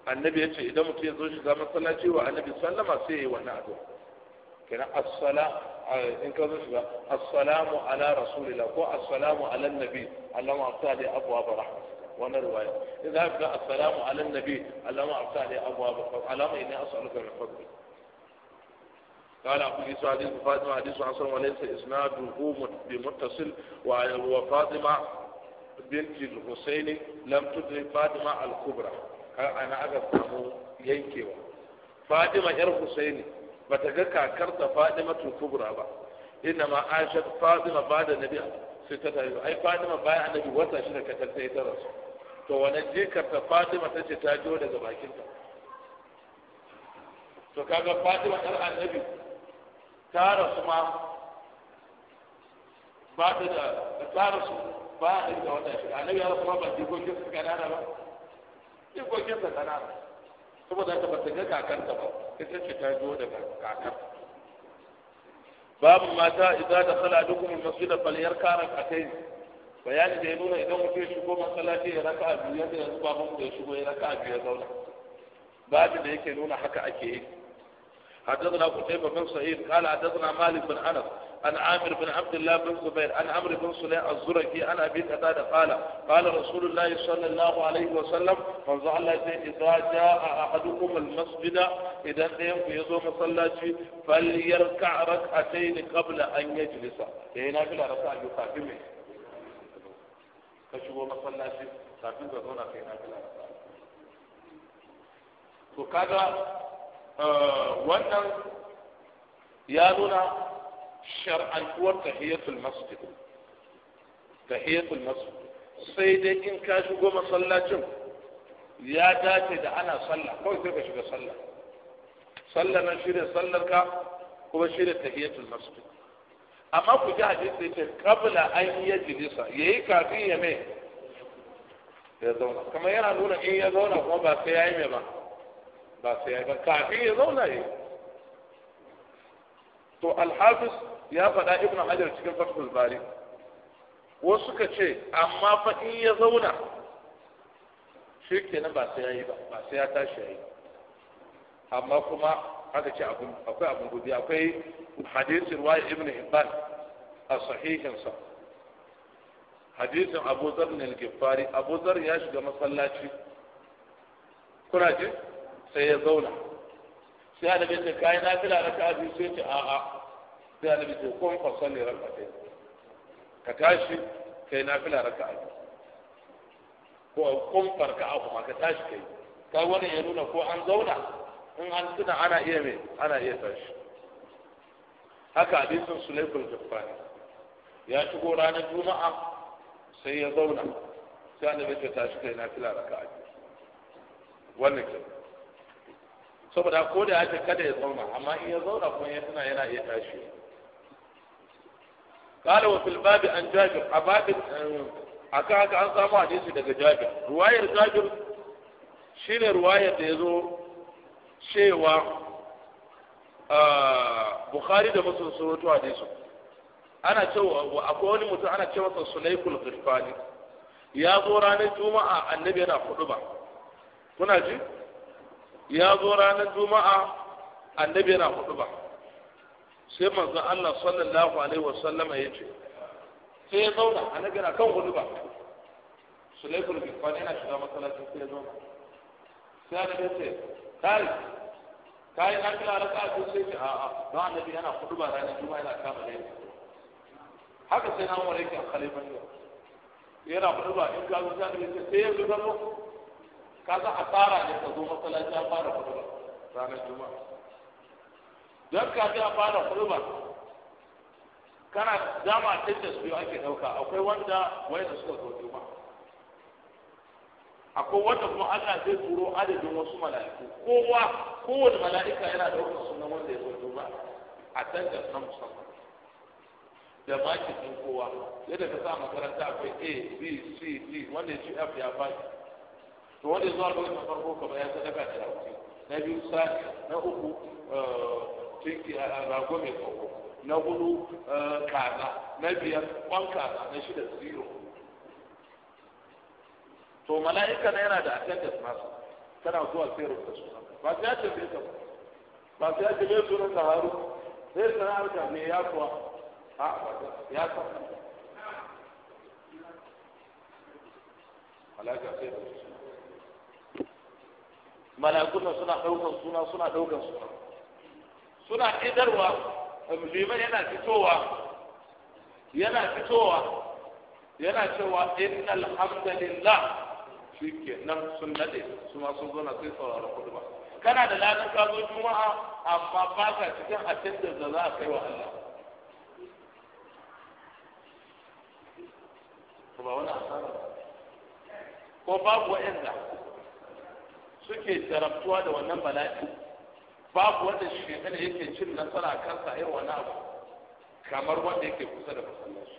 النبي يجي اذا متي زوج ذا مصلاتي والنبي صلى الله عليه وسلم كان الصلاه ان كان السلام على رسول الله والسلام على النبي اللهم اعطاه ابواب رحمه وانا روايه اذا السلام على النبي اللهم اعطاه ابواب فضل على اني اسالك من فضلك قال أبو عيسى حديث فاطمة حديث حسن وليس إسناده بمتصل وفاطمة بنت الحسين لم تدرك فاطمة الكبرى أنا أعرف أنه ينكيوا فاطمة يا غير حسين فتجكا كرت فاطمة الكبرى إنما عاش فاطمة بعد النبي ستتعلم أي فاطمة بعد النبي وسع شركة تلتهي ترس فوانجي كرت فاطمة تجتاجه لذباكين تو كاغا فاطمة النبي tara kuma ba ta da tara su ba a da wata shi annabi ya kuma ba jikokin su kanana ba jikokin sa kanana saboda ta ba ta ga ta ba ta ce ta zo daga kakar kakanta باب ما جاء إذا دخل أحدكم المسجد فليركع ركعتين bayani da ya nuna idan mutum ya shigo masallaci ya raka biyu da yanzu ba mu da ya shigo ya raka biyu ya zauna babu da yake nuna haka ake yi حدثنا قتيبة بن سعيد قال حدثنا مالك بن أنس عن عامر بن عبد الله بن زبير عن عمرو بن سليم الزركي عن أبي قتادة قال قال رسول الله صلى الله عليه وسلم من ظل إذا جاء أحدكم المسجد إذا قيم في يوم مصلاتي فليركع ركعتين قبل أن يجلس هنا إيه، في ركعة يقابل ka shigo masallaci kafin ka zauna kai na bila wannan ya nuna shar'antuwar tahiyatul masjid tahiyatul masjid sai dai in ka shigo masallacin ya dace da ana sallah kawai sai ka shiga sallah Sallah nan shirya sallar ka kuma shirya tahiyatul masjid amma ku ji hadisi yace kabla an yi jilisa yayi kafin ya mai ya zauna kamar yana nuna in ya zauna kuma ba sai yayi mai ba ba sai ya ga kafin ya zauna yi to alhafiz ya faɗa ibnu hajar cikin fathul bari wasu suka ce amma fa in ya zauna shi kenan ba sai ya yi ba ba sai ya tashi ya yi amma kuma aka ce akwai abin gudu akwai hadisin wa ibnu hibban a sahihinsa hadisin abu zar ne gifari abu zar ya shiga masallaci kuna ji sai ya zauna sai annabi ya ce kai na fila na kafi sai ce a'a sai annabi ya ce kun fa salli raka'atayn ka tashi kai na fila raka'a biyu ko kun farka abu ma ka tashi kai ka wani ya nuna ko an zauna in an tuna ana iya mai ana iya tashi haka hadisin sulaikul jaffani ya shigo ranar juma'a sai ya zauna sai annabi ya tashi kai na fila raka'a biyu wannan kenan saboda ko da ake kada ya zauna amma in ya zauna kuma ya tana yana iya tashi qala wa fil babi an jabir a eh, aka aka an samu hadisi daga jabir ruwayar jabir shine ruwayar da yazo cewa eh, bukhari da muslim sun rawaito hadisi ana cewa akwai wani mutum ana cewa sa sulaykul ghirfani ya zo ranar juma'a annabi yana hudu kuna ji ya zo ranar juma'a annabi yana hudu ba sai manzon Allah sallallahu alaihi Sallama ya ce sai ya zauna annabi yana kan hudu ba sulaikul bifan yana shiga masallaci sai ya zauna sai annabi ya ce kai kai na kira raka ko sai ce a'a don annabi yana hudu ba ranar juma'a yana kama da haka sai na wani yake a khalifa yana hudu ba in ka zo sai ya zo a asara ne ka zo masallaci a fara kuluba, ranar juma'a don ka ji a fara kuluba kana dama tattas biyu ake ɗauka akwai wanda da suka zo juma'a akwai wanda kuma Allah zai turo adadin wasu mala'iku kowa kowane mala'ika yana ɗaukar sunan wanda ya zo juma'a a canjar na musamman da makin ɗin kowa yadda ka sa makaranta akwai a b c d wanda ya ci f ya baki to wanda zuwa lokacin na farko kamar ya sadaka da rafi na biyu sa na uku tinki rago mai tsoko na hudu kaza na biyar kwan kaza na shida zero to mala'ika na yana da attendance masu tana zuwa sai rubuta suna ba sai ya ce bai ka ba sai ya ce bai sunan ka haru sai sana'ar ka ne ya kuwa a ya kuwa mala'ika sai rubuta suna malakuna suna ɗaukan suna suna ɗaukan suna suna idarwa musulman yana fitowa yana fitowa yana cewa alhamdulillah shi ke nan sun nade su ma sun zauna sai sauraron kudu ba kana da ladan kazo juma'a amma ba ka cikin attendance da za a kai wa Allah ba wani asara ko babu wa'anda suke jarabtuwa da wannan bala'i babu wanda shi shaitan yake cin nasara kansa yau wani abu kamar wanda yake kusa da masallaci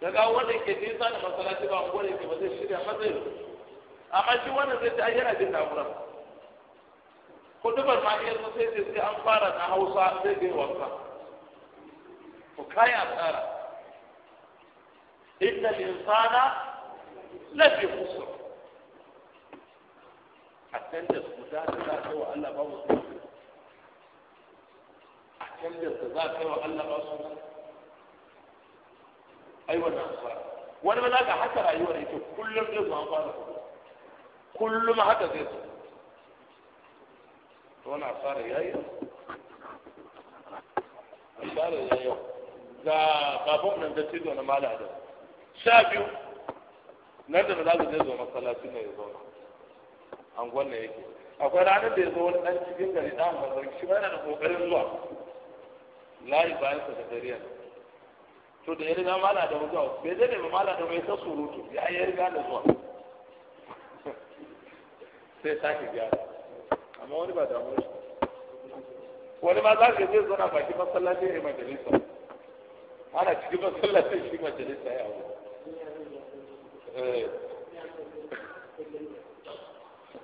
daga wanda yake nisa da masallaci ba wanda yake ba zai shirya ba zai amma shi wanda zai ta yana jin damuwa kudubar ma iya so sai sai an fara na hausa zai bai wanka to kaya tsara inna al-insana lafi khusr a canza guda da za ta wa Allah babu su a canza da za ta wa Allah ba su ai wannan asara wani ba za ka haka rayuwar yake kullum zai zuwa fara kullum haka zai zo to wannan asara yayi asara yayi ga baban nan da tido na mala da sha biyu nan da za ka je zo masallaci ne ya zauna An gwanna yake akwai ranar da ya zo wani ɗan cikin gari ɗan mazarki shi ba yana da ƙoƙarin zuwa layi bayan sakatariyar to da ya riga mala da zuwa bai zai ne mala da mai ta surutu ya yi riga da zuwa *laughs* sai sake gyara amma wani ba damuwar shi wani ma za ka zai na baki masallacin ya majalisa ana cikin masallacin shi majalisa ya wuce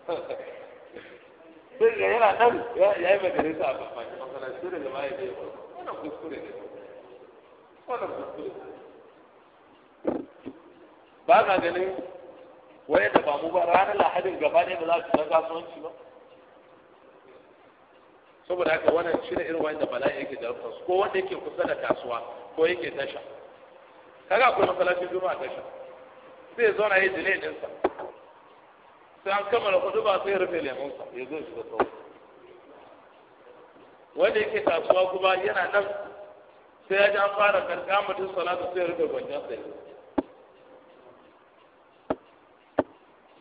sai ga yana nan ya yi majalisa a bakin masallaci da jama'a ya je wannan kuskure ne wannan kuskure ba ka ganin waye da ba mu ba ranar lahadin gaba ne ba za su san kasuwanci ba saboda haka wannan shi ne irin wanda bala'i yake da rufansu ko wanda yake kusa da kasuwa ko yake tasha kaga akwai masallacin juma'a tasha zai zauna yi delay ɗinsa sai an kammala kudu ba sai rufe lemonsa ya zo shiga sau wanda yake kasuwa kuma yana nan sai ya an fara karka mutum salatu sai rufe gwanjan sai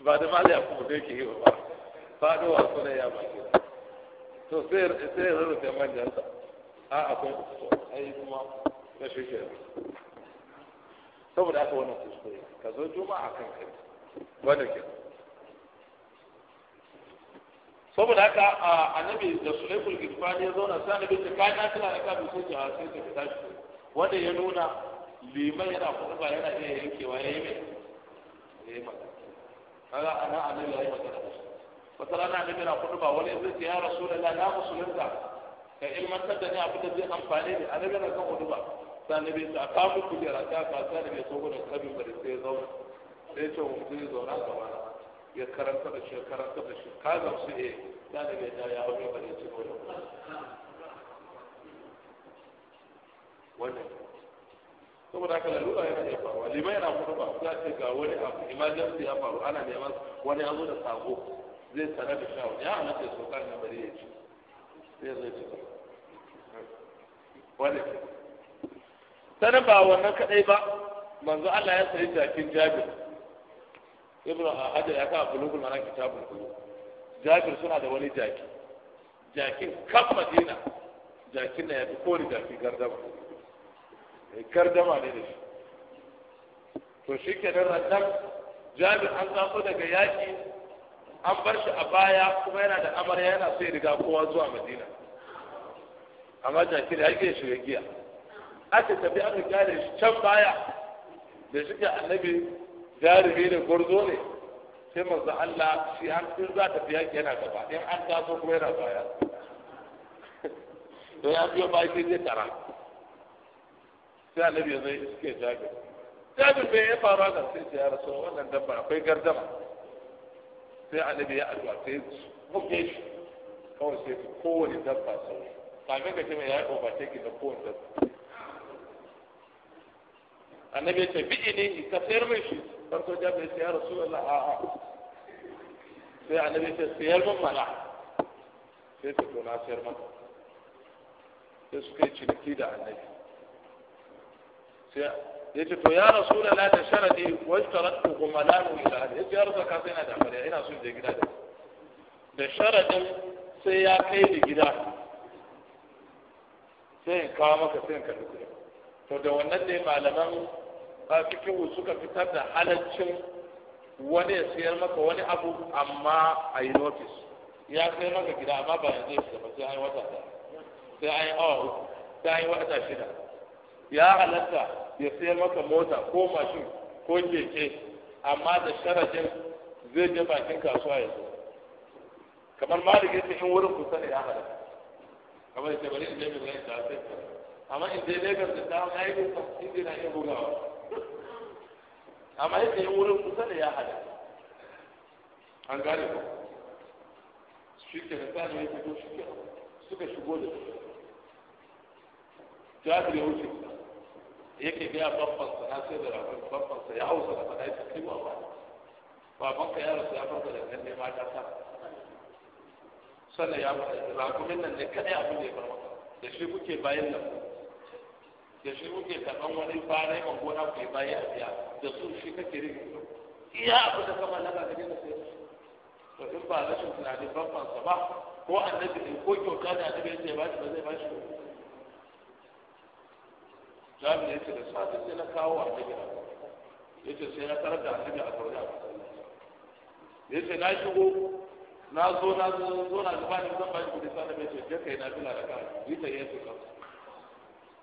ba da mali a kuma sai ke yi ba fadowa suna ya baki to sai ya rufe manjansa a akwai ai kuma ya shi ke saboda aka wannan kuskure ka zo juma'a kan kai lè ke saboda haka annabi da sulaikul gifani ya zauna sai annabi ta kai na tana da kabi sai ta sai ta fita shi wanda ya nuna liman yana kuma ba yana iya yankewa yayi mai yayi maka kaga ana annabi yayi maka wata rana annabi na kuma ba wani zai ce ya rasulullahi na musulunta ka ilmantar da ni abin da zai amfane ni annabi na kan hudu ba sai annabi ta kamu kujera ta ka sai annabi ya so gudun kabin bari sai ya zauna sai ya ce mu zai zauna gaba na ya karanta da shi karanta da shi ka su eh ɗalibai da ya aure ba da ko gaba wannan saboda haka lalura yana iya faruwa liman yana kuma ba za ce ga wani abu emergency ya faru ana neman wani abu da sako zai sanar da shawo. ya ana ce so na bari ya ci zai zai ci wani sanar ba wannan kadai ba manzo Allah ya sayi jakin jabir ibn hajar ya kawo bulugul mana kitabul bulugul jabir suna da wani jaki jakin kan madina jakin na ya fi kori jaki gardama eh, gardama ne da shi to shi ke nan rannan jabir an zaɓo daga yaƙi an bar shi a baya kuma yana da amarya yana sai ya riga kowa zuwa madina amma jakin ya ke shiga giya aka tafi aka gane shi can baya da shi ke annabi jarumi ne gwarzo ne sai masu Allah shi an in za ta fi yaki yana gaba in an taso kuma yana baya to ya biyo ba shi zai tara sai annabi zai iske jabi jabi bai ya fara da sai ya rasu wannan dabba akwai gardama sai annabi ya addu'a sai buge shi kawai sai kowane dabba sau kafin ka ce mai yayi overtake da kowane dabba annabi ya ce bi'ini ka sayar mai shi farko jabir sai ya rasu Allah a'a sai annabi ta siyar min mana sai ta tona siyar mata sai suka yi ciniki da annabi sai ya ce to ya rasu da la da sharadi wasu tarattu kuma lamu ila hadi ya ce ya rasu ka sai na da amarya ina son je gida da da sharadin sai ya kai ni gida sai in kawo maka sai in karɓi kuɗi to da wannan ne malaman ba wasu suka fitar da halaccin wani ya sayar maka wani abu amma a yi notice ya sayar maka gida amma ba yanzu ya ba sai an yi wata ta sai an yi awa uku sai an yi wata shida ya halatta ya sayar maka mota ko mashin ko keke amma da sharafin zai je bakin kasuwa ya zo kamar malik yace in wurin kusa ne ya halatta kamar yace bari in je mai zai ta sai amma in dai Lagos da ta haihu ta inda na iya bugawa amma yadda ya wurin kusa da ya hada an gane ba shi ke da tsari ya fito shi ke suka shigo da shi jabir ya wuce yake gaya babbansa na sai da rafin babbansa ya hausa da faɗa ya kai ba banka ya rasu ya farka da kan ne ta ta sannan ya faɗa rafin nan ne kaɗai abin da ya farka da shi kuke bayan nan da shi kuke karɓan wani bayan ma gona kai bayi a biya da su shi kake rike iya abu da kama lana da gina sai to in ba rashin tunanin babban sa ba ko annabi ne ko kyauta da annabi ya ce ba shi ba zai ba shi ba. jami'in ya ce da safe sai na kawo a ta gida ya ce sai na tarar da su ne a sauri a ya ce na shigo na zo na zo na zuba ne zan ba shi kudi sa da bai ce je kai na bila da ka yi ta yi su kansu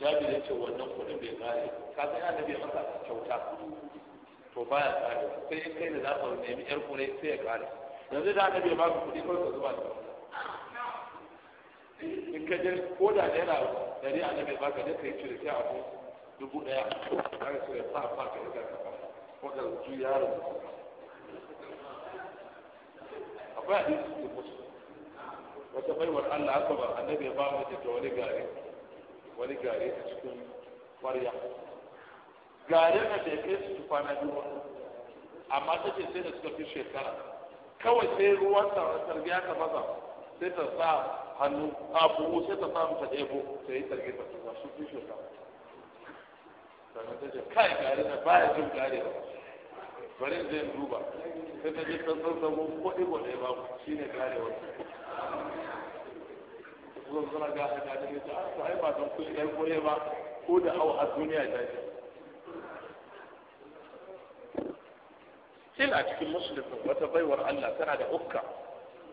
jabi ya ce wannan kuɗin bai kare ka san ya nabi masa kyauta to baya kare sai in kai da za ka nemi yar kure sai ya kare yanzu da annabi ba ku kuɗi kawai ka zuba da in ka je ko da naira dari annabi ba ka je kai cire sai abu dubu ɗaya ka ga cire sa fa ka ga ka ko ka ju yaro akwai hadisi da musu wata baiwar Allah haka ba annabi ya ba mu da wani gari wani gari a cikin kwarya na da bai kai su kwana biyu amma ta ce sai da suka fi shekara kawai sai ruwan sarki ya maza sai ta sa hannu a buhu sai ta samu ta ebo sai ta sarki ta tuba su fi shekara sannan ta ce kai gari na baya jin gari ba bari zai duba sai ta ji ta san ko ibo ɗaya ba shi ne gari wata zo zuna ga haka da ne ta ah, ai ba don kun ɗan kore ba ko da hau a duniya ta yi sil a cikin musulmin wata baiwar Allah tana da ukka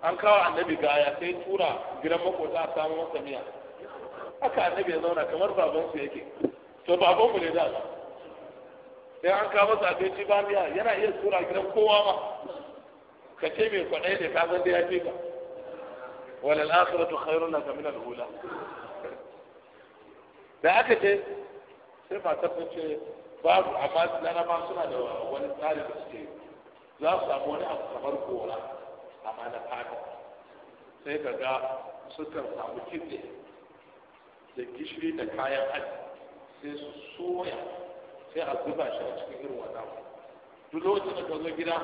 an kawo annabi gaya sai tura gidan makota a samu masa miya haka annabi ya zauna kamar babansu yake to babanmu ne da sai an kawo masa abinci ba miya yana iya tura gidan kowa ma ka ce mai kwaɗayi ne ka san da ya fi ka walal akhiratu khairun laka min al-ula da aka ce sai matar ta ce babu amma laraba suna da wani tsari da suke za su samu wani abu kamar gora amma na fata sai ka ga sukan samu kitse da gishiri da kayan aji sai su soya sai a zuba shi a cikin irin wannan duk lokacin da ka zo gida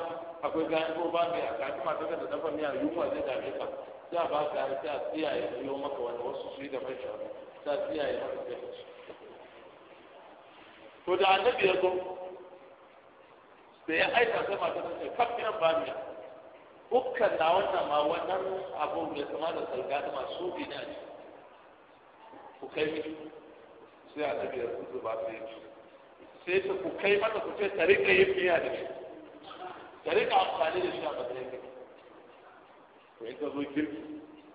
akwai gayan ko ba mai a kafin matar da dafa miya yunwa zai dame ka sai a ka yi ta a tsiyaye biyo maka wani wasu su yi da mai shanu ta a tsiyaye maka da to da annabi ya zo sai ya aika sai mata ta ce kafin ba ni hukkan na wannan ma wannan abu ya kama da salga da masu bi na ne ku kai mi sai annabi ya zo ba sai ya ci sai ta ku kai mata ku ce ta rika yin miya da shi ta rika amfani da shi a matsayin kai to in ka zo girki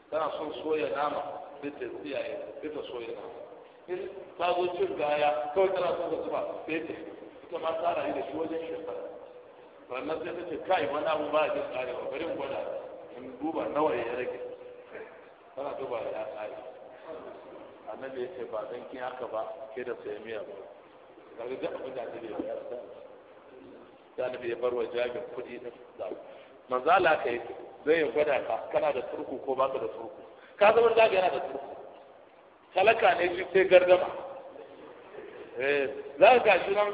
kana son soya nama sai ta tsiyaye sai ta soya nama in ta zo cin gaya kawai kana son ka zuba sai ta ita ma ta yi da shi wajen shekara sannan sai ta ce kai wani abu ba a jin karewa bari mu gwada in duba nawa ya rage kana duba ya kare annabi ya ce ba zan kin haka ba ke da sai miya ba kaga duk abin da annabi ya yi da ya bar wa jami'in kuɗi da manzo Allah ka yi zai ya gwada ka kana da turku ko baka da turku ka zama da yana da turku talaka ne shi sai gardama eh, za ka gashi nan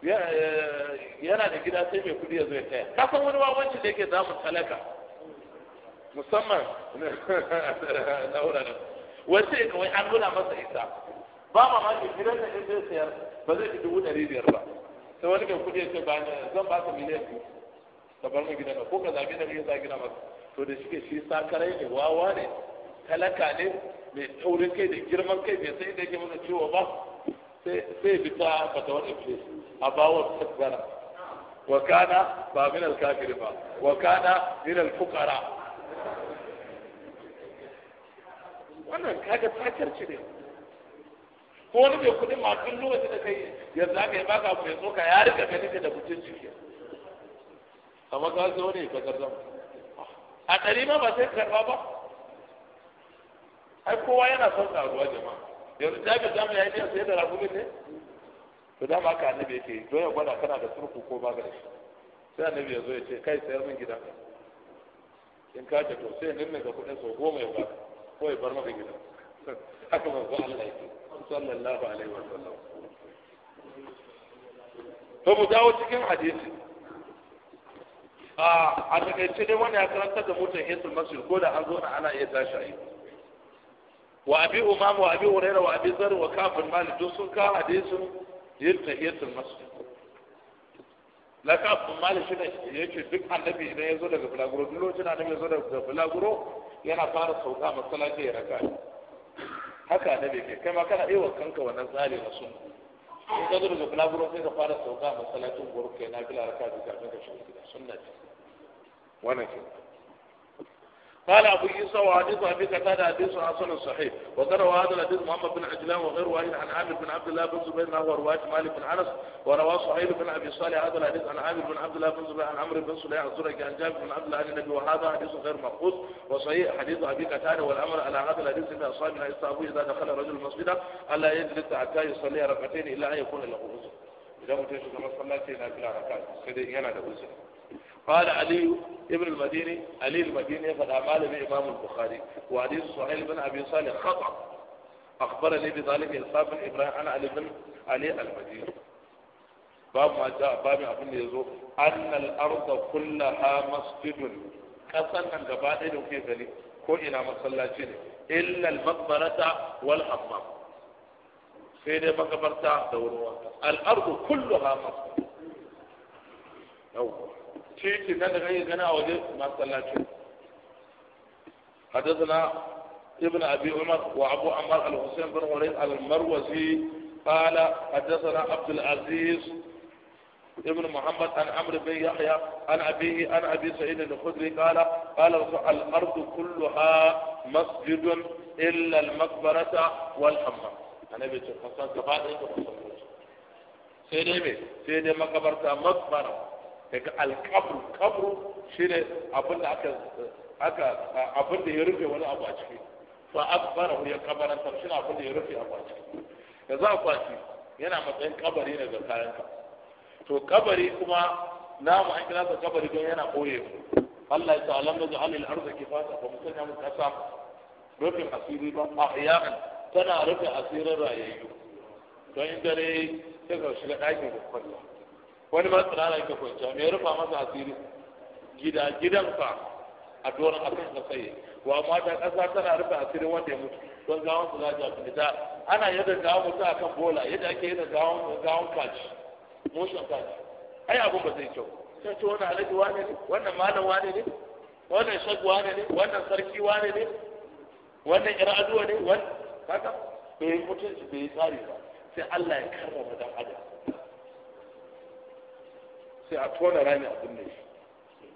eh, yana da gida sai mai kudi ya zo ya taya ka san wani wawanci da yake zamun talaka musamman *laughs* na wuraren wace ka wai an nuna masa isa ba mamaki gidan da ya zai sayar ba zai fi dubu ɗari biyar ba sai wani mai kudi ya ce ba zan ba ka miliyan biyu ka bar mu gidanka ko ka zagi da kai za gina maka to da shike shi sakarai ne wawa ne talaka ne mai taurin kai da girman kai bai sai da yake masa ciwo ba sai bi ta fata wani fi a bawon tasbara wa kana ba min al ba wa kana min al wannan kaga takarci ne ko wani mai kudin ma duk lokacin da kai yanzu aka yi baka mai tsoka ya rika ganin da mutum ciki. amma ka zo ne ka karba a ɗari ma ba sai karɓa ba ai kowa yana son karuwa jama'a yanzu jami'a jami'a ya iya sai da rakumi ne to da ba ka annabi yake don ya gwada kana da surku ko ba ga shi sai annabi ya zo ya ce kai sayar min gida in ka ce to sai ne ga kuɗin sau goma ya ba ko ya bar maka gida *laughs* haka manzo Allah ya yake sallallahu alaihi wa sallam to mu dawo cikin hadisi a takaice dai wani ya karanta da mutum hisul masjid ko da an zo na ana iya tashi a wa abi umam wa abi hurairah wa abi zar wa kafin malik duk sun kawo hadisin yin tahiyatul masjid la kafin malik shi ne yake duk annabi idan ya zo daga bulaguro duk lokacin annabi ya zo daga bulaguro yana fara sauka masallaci ya raka haka annabi ke kai ma kana aiwa wa kanka wannan tsari na sun in ka zo daga bulaguro sai ka fara sauka masallacin gurke na bila raka da kafin ka shiga gida sunna ce wannan قال أبو عيسى وحديث أبي قتادة حديث حسن صحيح وقد روى هذا الحديث محمد بن عجلان وغير واحد عن عامر بن عبد الله بن زبير نحو رواية مالك بن أنس وروى صحيح بن أبي صالح هذا الحديث عن عامر بن عبد الله بن زبير عن عمرو بن سليع زرق عن جابر بن عبد الله عن النبي وهذا حديث غير مرفوض وصحيح حديث أبي قتادة والأمر على هذا الحديث أن لا يستحبوا إذا دخل الرجل المسجد ألا يجلس حتى يصلي ركعتين إلا أن يكون له وزن. إذا متى شكرا صلى الله عليه وسلم sai dai قال علي ابن المديني علي المديني قد به إمام البخاري وحديث سهيل بن أبي صالح خطأ أخبرني بذلك إصاب بن إبراهيم عن علي بن علي المديني باب ما جاء باب أبن يزور أن الأرض كلها مسجد كسن من قبائل في ذلك كلنا مصلاتين إلا المقبرة والحمام سيدة مقبرة دوروها الأرض كلها مسجد أوه. titi na daga yin gana a حدثنا ابن ابي عمر وابو عمر الحسين بن وليد المروزي قال حدثنا عبد العزيز ابن محمد عن عمرو بن يحيى عن ابيه عن ابي سعيد الخدري قال قال الارض كلها مسجد الا المقبره والحمام انا يعني بيت الحصان كفاءه سيدي سيدي مقبره مقبره daga alkabru kabru shine abin da aka aka abin da ya rufe wani abu a ciki fa akbarahu ya kabarantar shine abin da ya rufe abu a ciki da za kwaci yana matsayin kabari ne ga kayan ka to kabari kuma na namu an kira sa kabari don yana boye mu Allah ya ta'ala mu ja'al al-ardh kifata fa musanya mu kasa rufin asiri ba ahyanan tana rufe asirin rayayyu don dare sai ka shiga ɗakin kwanciya wani ma tsirara ka kwanci mai rufa masa asiri gida gidan fa a doron akan ka tsaye wa mata kasa tana rufe asiri wanda ya mutu don gawon su zaja fita ana yadda gawon mutu kan bola yadda ake yadda da gawon kaci motion kaci ai abun ba zai kyau sai ce wannan alhaji wane ne wannan malam wane ne wannan shagu wane ne wannan sarki wane ne wannan ir'aduwa ne wannan kaga bai mutunci bai tsari ba sai Allah ya karrama dan adam sai a tona rami a binne shi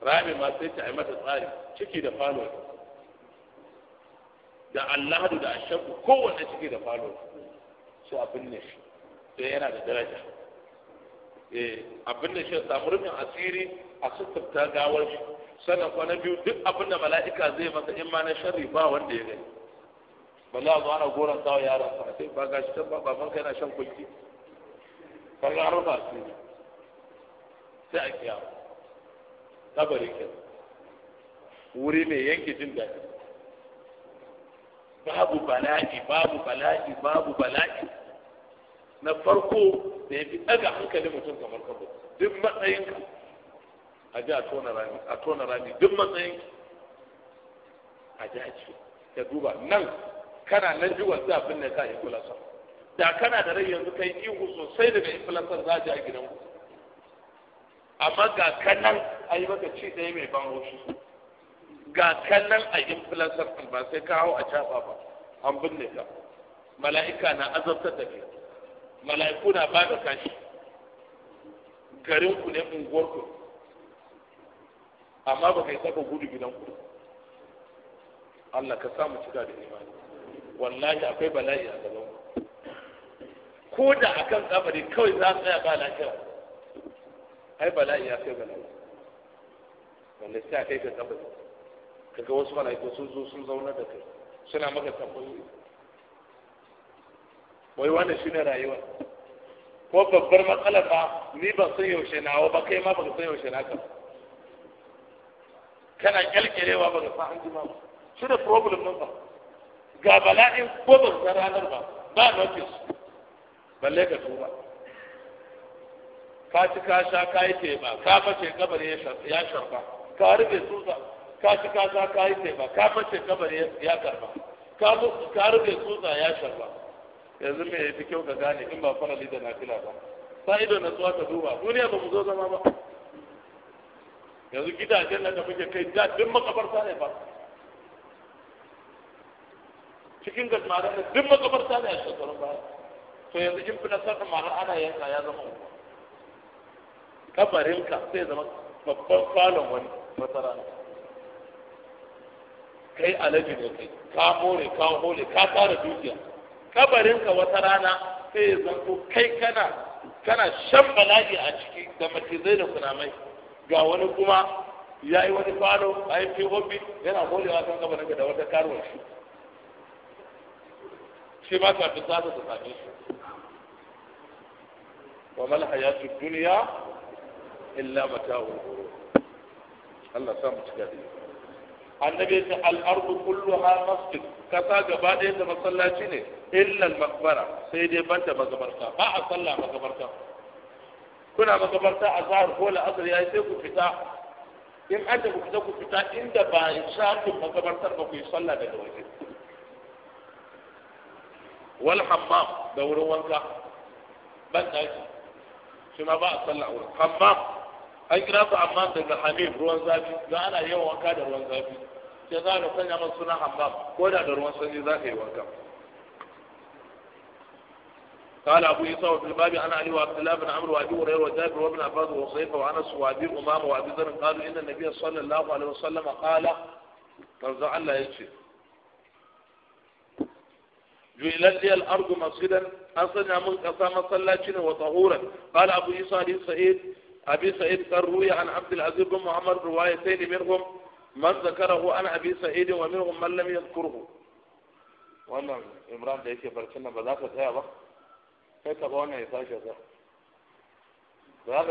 rami ma sai ta yi mata tsari ciki da falo da allahadu da ashabu kowanne ciki da falo su a binne shi sai yana da daraja eh, abin da shi samu rumin asiri a suturta gawar shi sannan kwana biyu duk abin da mala'ika zai masa in ma na sharri ba wanda ya gani ba za a zo ana goron sawa yaran sa sai ba ga can ba ban kai na shan kulki ba ga rufa asiri sai a kiyawa kabari ke wuri ne yanke jin daɗi babu bala'i babu bala'i babu bala'i na farko da ya fi ɗaga hankali mutum kamar kabo duk matsayinka a ji a tona rami duk matsayin a ji a ce ka duba nan kana nan ji wasu abin da ka yi kula sa da kana da rai yanzu kai ihu sosai daga influencer za a ji a gidan ku amma ga kanan a yi maka ci ɗaya mai ban haushi ga kanan a yi filasar ba sai kawo a caɓa ba an binne ka mala'ika na azabtar da ke mala'iku na ba da kashi garin ku ne unguwar ku amma ba kai saka gudu gidan ku Allah ka samu cika da imani wallahi akwai bala'i a gaban ko da akan kabari kawai za a tsaya ba lafiya ai bala'i ya kai bala'i wanda sai kai ka kabari kaga wasu mala'iku sun zo sun zauna da kai suna maka tambayoyi wai shi ne rayuwa ko babbar matsala ba ni ba san yaushe nawa ba kai ma ba ka san yaushe naka ba kana kyalkyalewa ka san an jima ba shi da problem din ba ga bala'in ko ba san ranar ba ba notice balle ka tuba ka ci ka sha ka yi teba, ka fashe kabar ya sharba ka rufe tsutsa ka ci ka sha ka yi teba, ka fashe kabar ya karba ka rufe tsutsa ya sharba yanzu me ya fi kyau ka gane in ba farali na fila ba sa ido na tsuwa ka duba duniya ba mu zo zama ba yanzu gidajen da muke kai da duk makabarta ne ba cikin gajmaran da duk makabarta ne a shekarun baya to yanzu in fi nasarar mara ana yanka ya zama uku ka sai zama babban falon wani masara kai alaji ne kai ka more ka hole ka tara dukiya ka wata rana sai zanto kai kana kana shan bala'i a ciki da matizai da kunamai ga wani kuma ya yi wani falo a yi pop yana holewa kan ka da wata karuwar shi shi ma kafin za ta same shi wa mal hayatu duniya إلا متاع الغرور الله سامح كذي النبي يقول الأرض كلها مسجد كسا قبادة ما صلى إلا المقبرة سيدي بنت مقبرتها ما أصلى مقبرتها كنا مقبرتها أزار هو الأصل يأتيك فتاة إن أنت مقبرتك فتاة إن دبا إنسان ما وكي صلى بدوجه والحمام دور وانكا بنت أجل شما بقى صلى حمام an kira su amma daga hamim ruwan zafi don ana yawan wanka da ruwan zafi sai za a sanya masu suna hammam ko da da ruwan sanyi za ka yi wanka قال أبو عيسى وفي الباب عن علي وعبد الله بن عمرو وأبي هريرة وجابر وابن عباس وحذيفة وأنس وأبي أمامة وأبي ذر قالوا إن النبي صلى الله عليه وسلم قال فزع الله يجي جعلت لي الأرض مسجدا أصلا من قصام صلاتنا وطهورا قال أبو عيسى بن سعيد أبي سعيد قال روي عن عبد العزيز بن محمد روايتين منهم من ذكره عن أبي سعيد ومنهم من لم يذكره وأنا إمران ده yake barcin بذاك ba za ka tsaya ba kai ka ba wannan ya sake ba ba za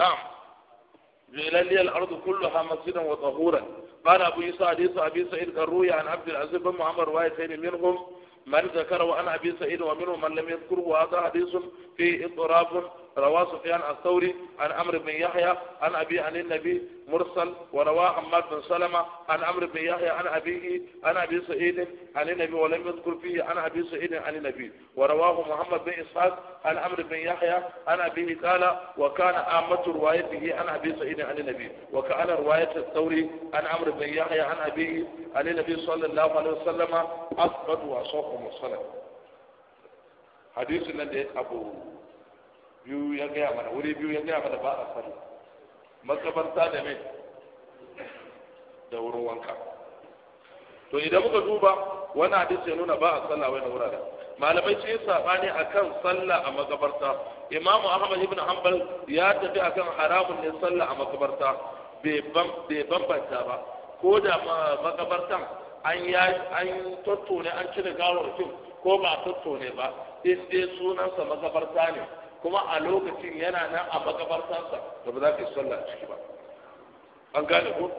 ka tsaya الأرض كلها مسجدا وطهورا قال أبو يوسف حديث أبي سعيد روي عن عبد العزيز بن معمر روايتين منهم من ذكره عن أبي سعيد ومنهم من لم يذكره وهذا حديث فيه اضطراب رواه سفيان الثوري عن عمرو بن يحيى عن أبي عن النبي مرسل ورواه حماد بن سلمة عن عمرو بن يحيى عن أبيه عن أبي سعيد عن النبي ولم يذكر فيه عن أبي سعيد عن النبي ورواه محمد بن إسحاق عن عمرو بن يحيى عن أبيه قال وكان عامة روايته عن أبي سعيد عن النبي وكان رواية الثوري عن عمرو بن يحيى عن أبيه عن النبي صلى الله عليه وسلم أثبت وأصح مرسلا حديث الذي أبو biyu ya gaya mana wuri biyu ya gaya mana ba a sani makabarta da mai da wurin wanka to idan muka duba wani hadisi ya nuna ba a sallah wani wurare malamai sun yi sabani akan sallah a makabarta imam ahmad ibn hanbal ya tafi akan haramun ne sallah a makabarta bai bambanta ba ko da makabartan an ya an tattone an cire gawarkin ko ba tattone ba in dai sunansa makabarta ne kuma a lokacin yana nan a makabartansa da ba za ka yi sallah ciki ba an gane ko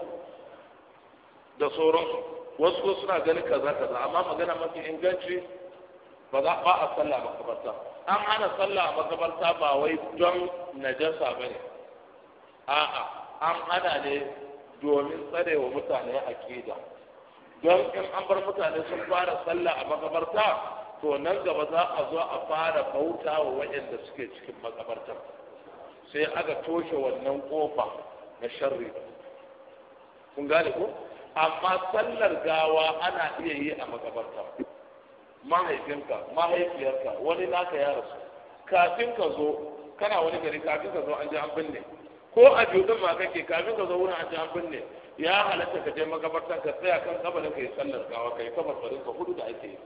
da sauransu wasu ko suna ganin kaza kaza amma magana mafi inganci ba za ba a sallah makabarta an hana sallah a makabarta ba wai don najasa ba ne a'a an hana ne domin tsare wa mutane aƙida don in an bar mutane sun fara sallah a makabarta to nan gaba za a zo a fara bauta wa waɗanda suke cikin makabartar sai aka toshe wannan kofa na sharri kun gane ko amma sallar gawa ana iya yi a makabarta mahaifinka mahaifiyarka wani naka ya rasu kafin ka zo kana wani gari kafin ka zo an ji an binne ko a jodin ma kake kafin ka zo wurin an ji an binne ya halatta ka je makabarta ka tsaya kan kabalin ka yi sallar gawa ka yi kabarbarin ka hudu da ake yi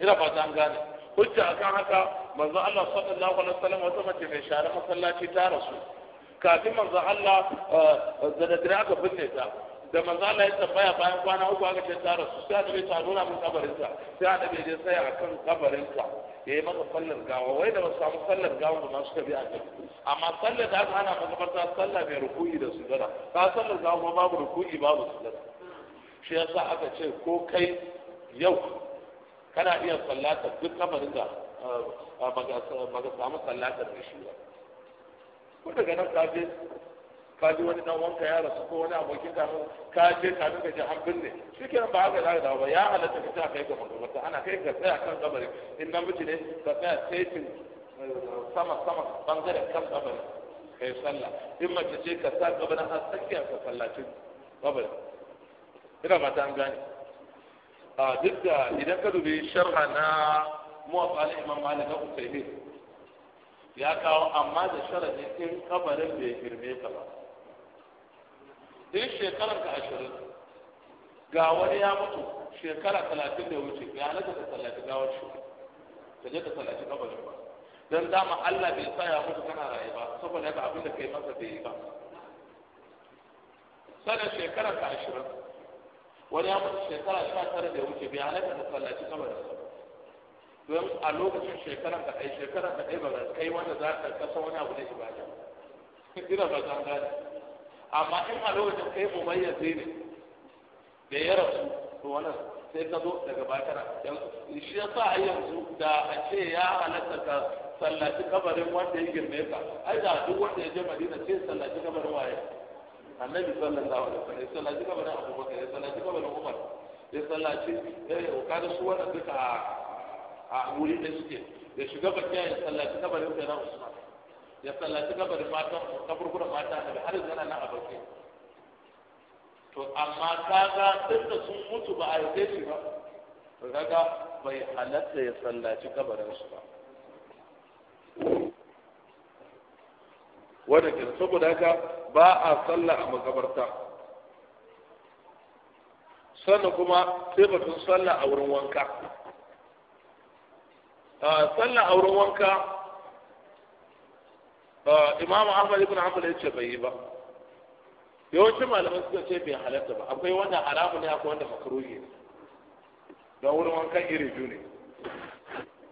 ina ba ta gane hujja akan haka manzo Allah sallallahu alaihi wasallam wata mace mai share masallaci ta rasu kafin manzo Allah eh, da da dira aka binne ta da manzo Allah ya tambaya bayan kwana uku aka ce ta rasu sai annabi ta nuna min kabarin ta sai bai je tsaya akan kabarin ta yayi masa sallar gawa wai da ba samu sallar gawa ba suka bi a kai amma sallar da aka hana farta sallar mai ruku'i da sujada ka sallar gawa babu ruku'i babu sujada shi yasa aka ce ko kai yau kana iya sallatar duk kamarin da eh, baka samu sallatar da shi ba ko daga nan ka je ka ji wani dan wanka ya rasu ko wani abokin ka ka je ka dinga ji an binne shi ke ba haka za ka dawo ba ya halatta ka tsaya kai ga ta ana kai ga tsaya kan kabarin in mutu ne ka tsaya saitin eh, sama sama bangaren kan kabarin kai sallah in mace ce ka sa kabarin har tsakiyar ka sallacin kabarin ina ba ta an gane duk da idan ka dubi sharha na muwafali imam malik na usaini ya kawo amma da sharadi in kabarin bai girme ka ba in shekarar ka ashirin ga wani ya mutu shekara talatin da wuce ya halatta ka sallaci gawar shi ka je ka sallaci kabarin ba don dama Allah bai sa ya mutu kana raye ba saboda haka abin da kai masa bai yi ba sanin shekarar ka ashirin wani ya shekara sha tara da wuce bai halatta mu sallaci kamar don a lokacin shekaran da ai shekaran da ai ba za kai wanda za ka kasa wani abu na ibada *laughs* ina ba zan gane amma in a lokacin kai mu bayyana ne da ya rasu to wannan sai ka zo daga bakara shi ya sa a yanzu da a ce ya halatta ka sallaci kabarin wanda ya girme ka ai da duk wanda ya je madina sai sallaci kabarin waye annabi sallallahu alaihi wasallam ya sallaci gabanin abubakar ya sallaci gabanin umar ya sallaci ya eh, kada su wannan duka a wuri da suke ya shiga bakiya ya sallaci gabanin sai na usman ya sallaci gabanin matan kaburburan mata da har yanzu yana nan a bakiya to amma kaga tunda sun mutu ba a yi shi ba kaga bai halatta ya sallaci gabarin su ba wannan ke saboda haka ba a sallah a makabarta sannan kuma sai batun sallah a wurin wanka sallah a wurin wanka imamu ahmad ibn hanbal ya ce bai yi ba yawancin malaman suka ce bai halatta ba akwai wanda haramu ne akwai wanda makaruhi ne don wurin wanka iri biyu ne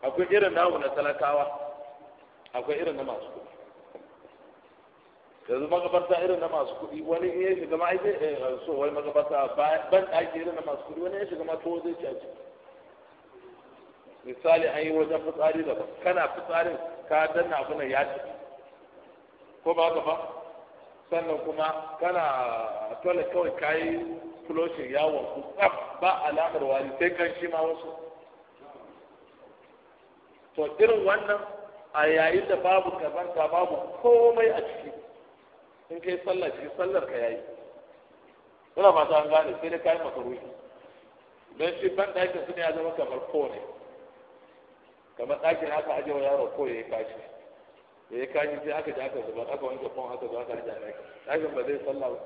akwai irin namu na talakawa akwai irin na masu kuɗi yanzu magabarta irin na masu kuɗi wani in ya shiga ma ai eh, so Wani magabarta ban ɗaki irin na masu kuɗi wani ya shiga ma to zai ci a ciki misali an yi wajen fitsari da kana fitsarin ka danna abu ya ci ko ba ka ba sannan kuma kana tole kawai ka yi fuloshin yawon ku ba alamar wari sai kan shi ma wasu to irin wannan a yayin da babu kazanta babu komai a ciki in kai sallah shi sallar ka yayi kuna ba an gane sai dai kai makaruhi don shi ban da yake ne ya zama kamar kore kamar ɗakin haka aje wa yaro ko ya yi kashi ya yi kashi sai aka ji aka zuba aka wanke fon aka zo aka aje a ɗakin ɗakin ba zai sallah ba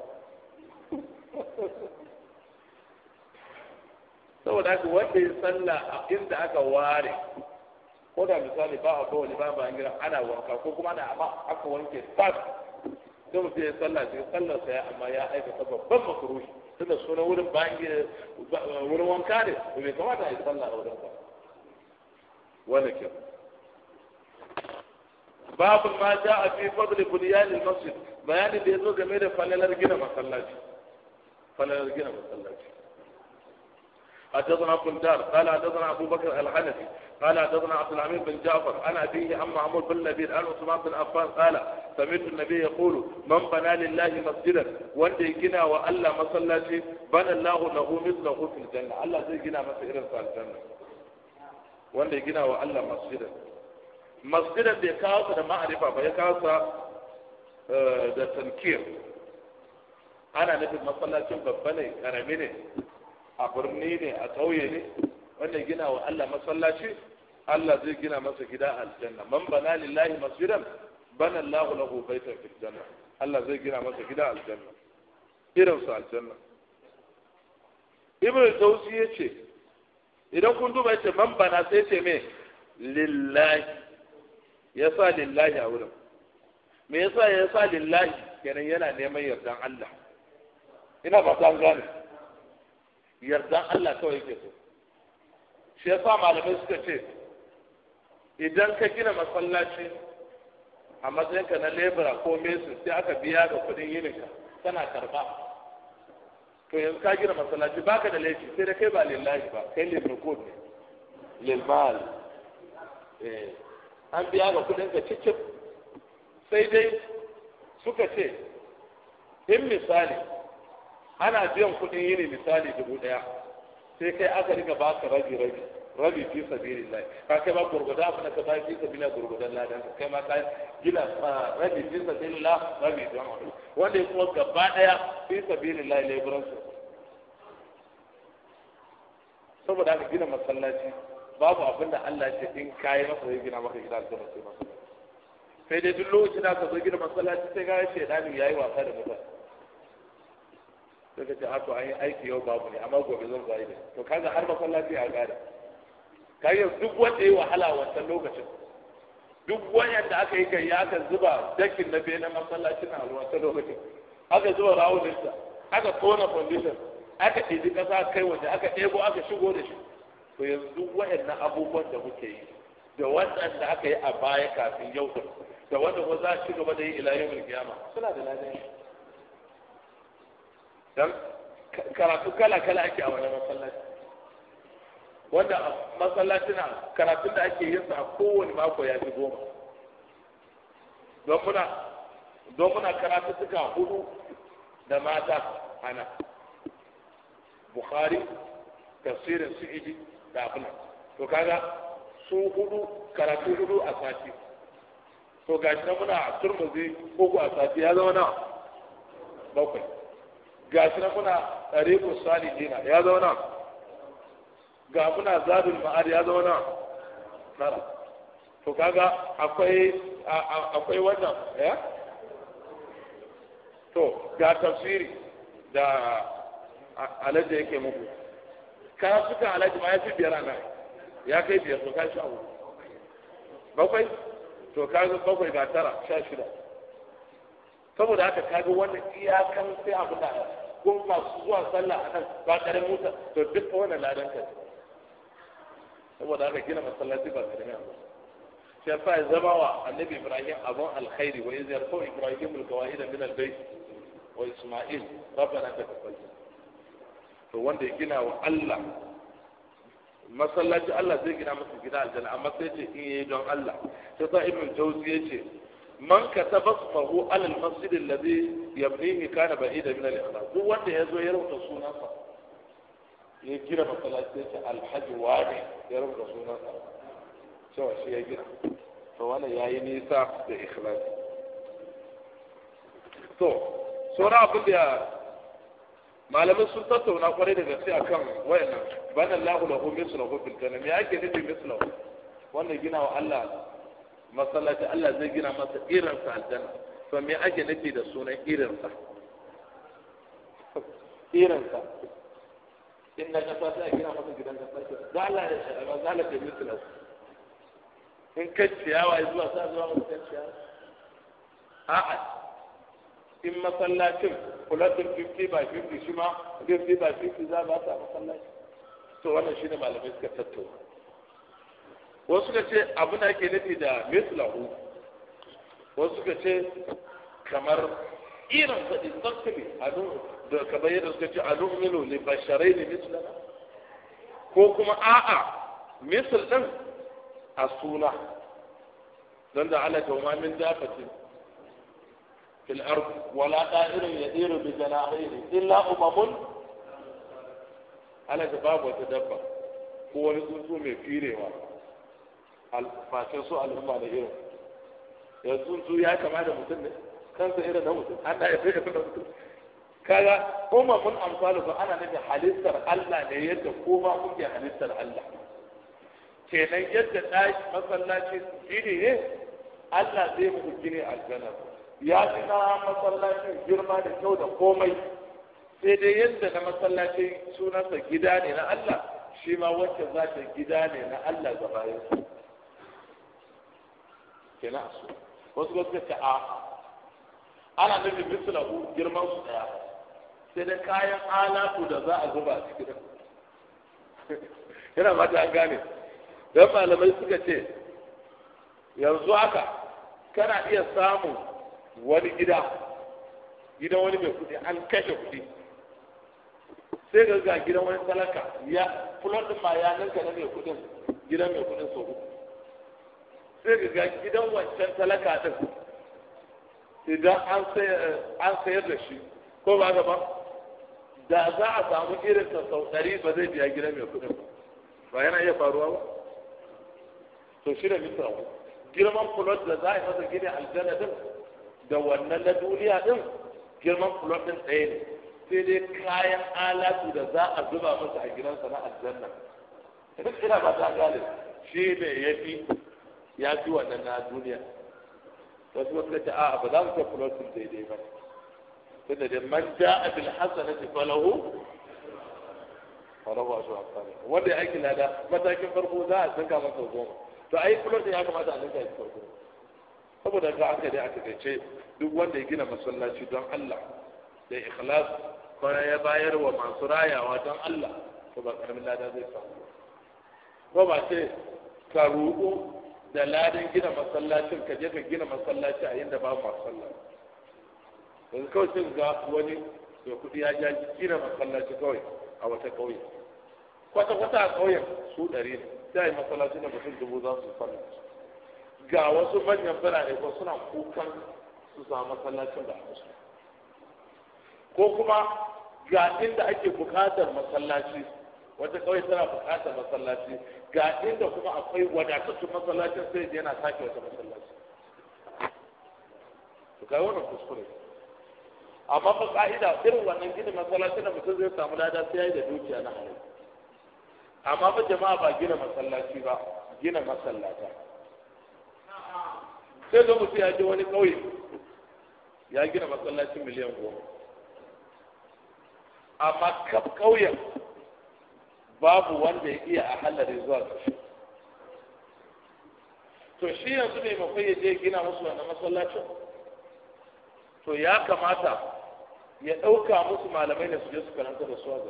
saboda haka wanda ya sallah a inda aka ware ko da misali ba a kowane ba ba an gira ana wanka ko kuma ana ba aka wanke tas sai mutum ya sallah cikin sallarsa ya amma ya aikata babban makarushi tunda sunan wurin bayan wurin wanka ne to bai kamata a yi sallah a wurin ba wanda ke babu ma ja a fi fadli bunyanin masjid bayani da ya zo game da falalar gina masallaci falalar gina masallaci حدثنا بندار قال حدثنا ابو بكر الحنفي قال حدثنا عبد العميد بن جعفر عن أبيه عن معمول بن نبيل عن عثمان بن عفان قال سمعت النبي يقول من بنى لله مسجدا وانت جنا وألا مصلاتي بنى الله له مثله في الجنة الله زي جنا مسجدا في الجنة wanda ya gina مسجدا مسجدا masjidan masjidan da ya kawo sa da ma'arifa ba ya kawo sa da tankir ana nufin masallacin a birni ne a ƙauye ne wanda gina wa Allah masallaci Allah zai gina masa gida a aljanna man bana lillahi masjidan bana Allahu lahu baitan fil janna Allah zai gina masa gida aljanna irin sa aljanna Ibn Tawsi yace idan kun duba yace man bana sai ce me lillahi yasa lillahi a wurin me yasa yasa lillahi kenan yana neman yardan Allah ina ba san gane yardan Allah kawai yake so shi ya sa malamai suka ce idan ka gina masallaci a matsayinka na lebura ko mesin sai aka biya ga kudin yininka tana karba to yanzu ka gina masallaci baka da laifi sai da kai ba lillahi ba kai lebur ko ne lilmal eh an biya ga kudin ka cicip sai dai suka ce in misali ana biyan kudin yini misali dubu daya sai kai aka riga baka rabi rabi rabi fi sabilillah ka kai ba gurgudan abin na ka ba fi sabilillah gurgudan ladan kai ma ka gina rabi fi sabilillah rabi don wanda ya kuma gaba daya fi sabilillah leburan su saboda aka gina masallaci babu abin da Allah ya ce in kayi masa zai gina maka gida aljanna sai masa sai dai duk lokacin da ka zo gina masallaci sai ga shedani yayi wasa da mutane sai ka ce a ah, to an yi aiki yau babu ne amma gobe zan zo aiki to kaga har lafiya a da kaga duk wanda yi wahala wannan lokacin duk wayan da aka yi kai ya ka zuba dakin na bene na a ta lokacin aka zuba rawuninsa aka tona condition aka ɗiɗi ƙasa kai waje aka ɗebo aka shigo da shi to yanzu duk wayannan abubuwan da muke yi da waɗanda aka yi a baya kafin yau da wanda ko za a ci gaba da yi ila yau kiyama suna da lafiya karatu kala kala ake a wani masallaci wanda masallaci na karatu da ake yin sa a kowane mako ya fi goma don muna karatu suka hudu da mata ana bukhari tafsirin iji da abin to kaga su hudu karatu hudu a sati to gashi na muna turmuzi uku a sati ya zama na bakwai shi na kuna tariqus jina ya zauna ga muna zabin ma'ad ya zauna na tara to kaga akwai akwai wannan ya eh? to ga tafsiri da alaji yake muku ka suka alaji ma ya fi biyar ana ya kai biyar to ka sha uku bakwai to kaga bakwai ga tara sha shida saboda haka kaga wannan iyakan sai abu da ko masu zuwa sallah a nan ba ƙaramin wuta to duk wannan ladan ka saboda haka gina masallaci ba ƙaramin abu shi yasa ya zama wa annabi ibrahim abun alkhairi wa iz yarfau ibrahim alqawaida min albayt wa isma'il rabbana taqabbal to wanda ya gina wa Allah masallaci Allah zai gina masa gida aljanna amma sai ce in yayi don Allah sai sa ibn jawzi yace man kataba fahu ala al-masjid alladhi yabnihi kana ba'ida min al-ikhlas duk wanda yazo ya rubuta sunansa ya gina masallaci ta al alhaji wani ya rubuta sunansa cewa shi ya gina to wala yayi nisa da ikhlas to sura abu da malamin sun tattauna kwarai da gaske akan wayannan bana lahu lahu mislahu fil jannah me ake nufin mislahu wannan gina wa Allah masallaci Allah zai gina masa irinsa aljanna to me ake nufi da sunan irinsa irinsa inna ka fasa a gina masa gidan da sai da Allah ya shara ba Allah ya mutu lasu in ka ciyawa zuwa sa zuwa mu ka ciyawa a'a in masallacin kulatin 50 by 50 shi ma 50 by 50 za ba ta masallaci to wannan shine malamai suka tattauna wasu ka ce abin da ake nufi da mislahu wasu ka ce kamar irin sa a anu da kamar yadda suka ce anu minu li basharai ne misla ko kuma a'a misl ɗin a suna don da Allah ta wama min dafatin fil ard wala ta'irun yadiru bi ne. illa umamun Allah ta babu wata dabba ko wani tsuntsu mai firewa face su al'umma da irin yanzu su ya kama da mutum ne kansa irin na mutum an da ya fi da mutum kaga kuma mun amfani ba ana nufin halittar Allah ne yadda ko ba kuke halittar Allah kenan yadda ɗaki masallaci gini ne Allah zai muku gini aljanna ya fi na masallacin girma da kyau da komai sai dai yadda na masallaci sunansa gida ne na Allah shi ma wacce za ta gida ne na Allah gabayinsu kenan a sura wasu ga suka ce a ana nufin mislahu girman su daya sai da kayan alatu da za a zuba a cikin yana *laughs* mata an gane don malamai suka ce yanzu haka kana iya samun wani gida gidan wani mai kudi an kashe kudi sai ga gidan wani talaka ya fulon ma ya nanka na mai kudin gidan mai kudin sau uku sai ga gidan wancan talaka din idan an sayar da shi ko ba gaba da za a samu irin ta sau ɗari ba zai biya gidan mai kuɗin ba yana iya faruwa ba to shi da mita girman fulot da za a yi masa gini aljanna din da wannan na duniya din girman fulot din ɗaya ne sai dai kayan alatu da za a zuba masa a gidansa na aljanna ina ba ta gane shi ne ya fi ya fi wannan na duniya wasu wasu ce a'a ba za mu ce fulotin daidai ba tunda da man ja'a bil hasanati falahu falahu ashru amsalih wanda ya aiki lada matakin farko za a saka masa goma to ai fulotin ya kamata a ninka shi farko saboda ga aka dai a takaice duk wanda ya gina masallaci don Allah da ikhlas kwana ya bayar wa masu rayawa don Allah to ba karamin lada zai samu ko ba ce ka roƙo da ladan gina masallacin ka je ka gina masallaci a inda babu masallaci yanzu kawai sun ga wani mai kuɗi ya ja gina masallaci kawai a wata ƙauye kwata kwata a ƙauyen su ɗari ne sai yi masallaci da mutum dubu za su fara ga wasu manyan birane ko suna kukan su samu masallacin da a ko kuma ga inda ake buƙatar masallaci wata ƙauye tana buƙatar masallaci ga inda kuma akwai wadatattun masallacin sai yana sake wata masallaci to kai wannan kuskure amma fa ka'ida irin wannan gina masallacin da mutum zai samu lada sai yayi da dukiya na hali. amma fa jama'a ba gina masallaci ba gina masallata sai zo mutum ya je wani ƙauye ya gina masallaci miliyan goma amma kaf ƙauyen babu wanda ya iya a halar zuwa ƙarshe to shi yanzu mai makwai ya je gina musu wannan masallacin to ya kamata ya ɗauka musu malamai da su je su karanta da su a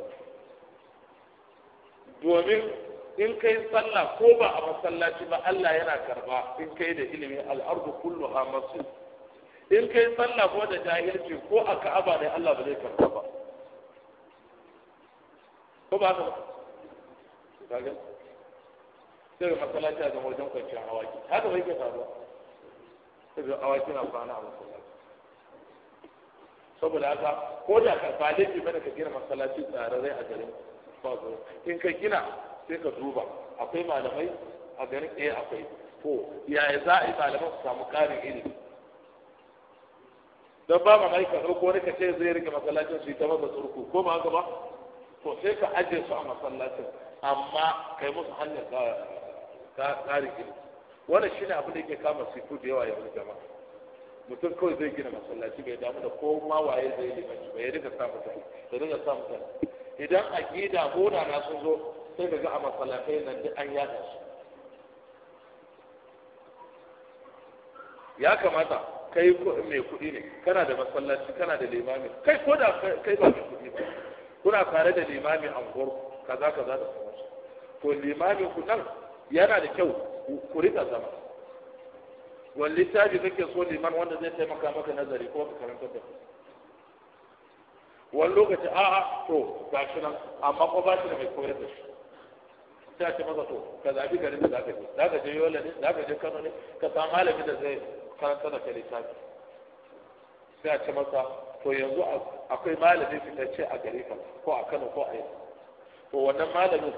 domin in kai sallah ko ba a masallaci ba Allah yana karba in kai da ilimi al'ardu kulluha masu in kai sallah ko da jahilci ko a ka'aba ne Allah ba zai karba ba ko ba haka ba kaga sai masallaci a zama wajen kwanciyar awaki haka bai ke faruwa saboda awaki na kwana a masallaci saboda haka ko da ka ba laifi da ka gina masallaci tsararrai a garin ba in ka gina sai ka duba akwai malamai a garin ɗaya eh, akwai ko yaya za a yi malaman su samu ƙarin ilimi don ba mamaki ka ɗauko wani ka ce zai rike masallacin su yi ta masa tsurku ko ba haka ba to sai ka ajiye su a masallacin amma kai musu hanyar ka rike wannan shine abin da yake kama sifu da yawa yanzu jama'a mutum kawai zai gina masallaci bai damu da ko waye zai yi limanci bai rika sa mutane ya rika sa mutane idan gida boda na sun zo sai daga a masallatai nan duk an yada su ya kamata kai mai kuɗi ne kana da masallaci kana da limami kai ko da kai ba mai kuɗi ba kuna tare da limami a kaza kaza da kuma? to limamin ku nan yana da kyau ku rika zama wani littafi kake so liman wanda zai taimaka maka nazari ko ka karanta da wani lokaci a'a to ga shi nan amma ko ba shi da mai koyar da shi sai ce masa to ka zabi garin da za ka je za ka je yola ne za ka je kano ne ka samu malami da zai karanta da ka littafi sai a ce masa to yanzu akwai malami fitacce a gari ka ko a kano ko a yi to wannan malamin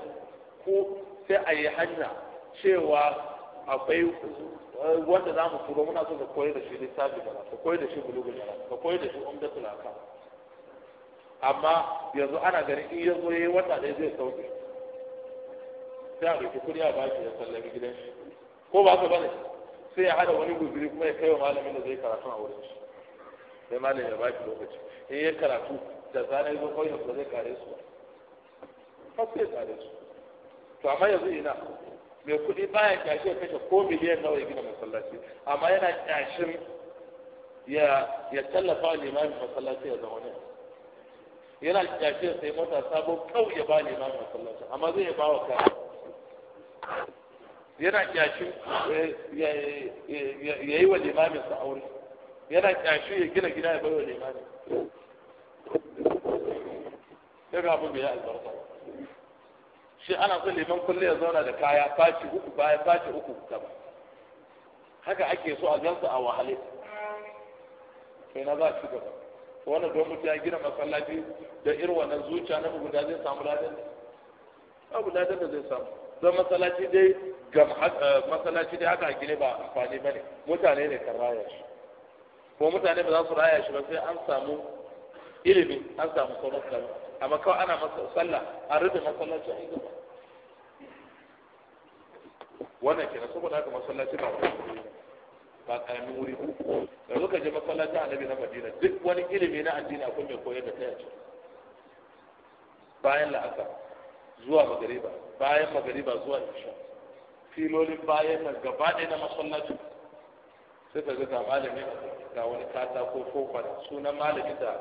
ko sai a yi hanya cewa akwai wanda za mu turo muna so ka koyar da shi lissafi da ka koyar da shi bulugul maram ka koyar da shi umdatul akam amma yanzu ana ganin in ya zo yayi wata ɗaya zai sauke sai a ɗauki kuɗi a baki ya sallami gidan shi ko ba ka bane sai ya hada wani guzuri kuma ya kai wa malamin da zai karatu a wurin shi sai malamin ya baki lokaci in ya karatu da zanen zo kawai ba zai kare su ba sai kare su to amma yanzu ina mai kuɗi baya kyashi ya kashe ko miliyan nawa ya gina masallaci amma yana kyashin ya ya tallafa wa limamin masallaci ya zama ne yana kyashi ya sai mota sabon kawai ya ba limamin masallaci amma zai ya ba wa kaya yana kyashin eh, ya yi wa limamin sa aure yana kyashin ya gina gida ya bai wa limamin Yana abin da ya albarka shi ana so liman kulle ya zauna da kaya faci uku baya faci uku gaba haka ake so a gansu a wahale sai na ba shi gaba wani domin ta ya gina masallaci da irin wannan zuciya na da zai samu ladan abu ladan da zai samu don masallaci dai ga masallaci dai haka gine ba amfani bane mutane ne kan raya shi ko mutane ba za su raya shi ba sai an samu ilimi an samu sauran amma kawai ana masa sallah an rufe masallaci a gaba wannan kenan saboda haka masallaci ba ba karamin wuri da zo ka je masallaci annabi na madina duk wani ilimi na addini akwai mai koyar da kai a bayan la'asar zuwa magariba bayan magariba zuwa isha filolin bayan nan gaba ɗaya na masallacin sai ka ga malamin ga wani katako ko kwana sunan malamin da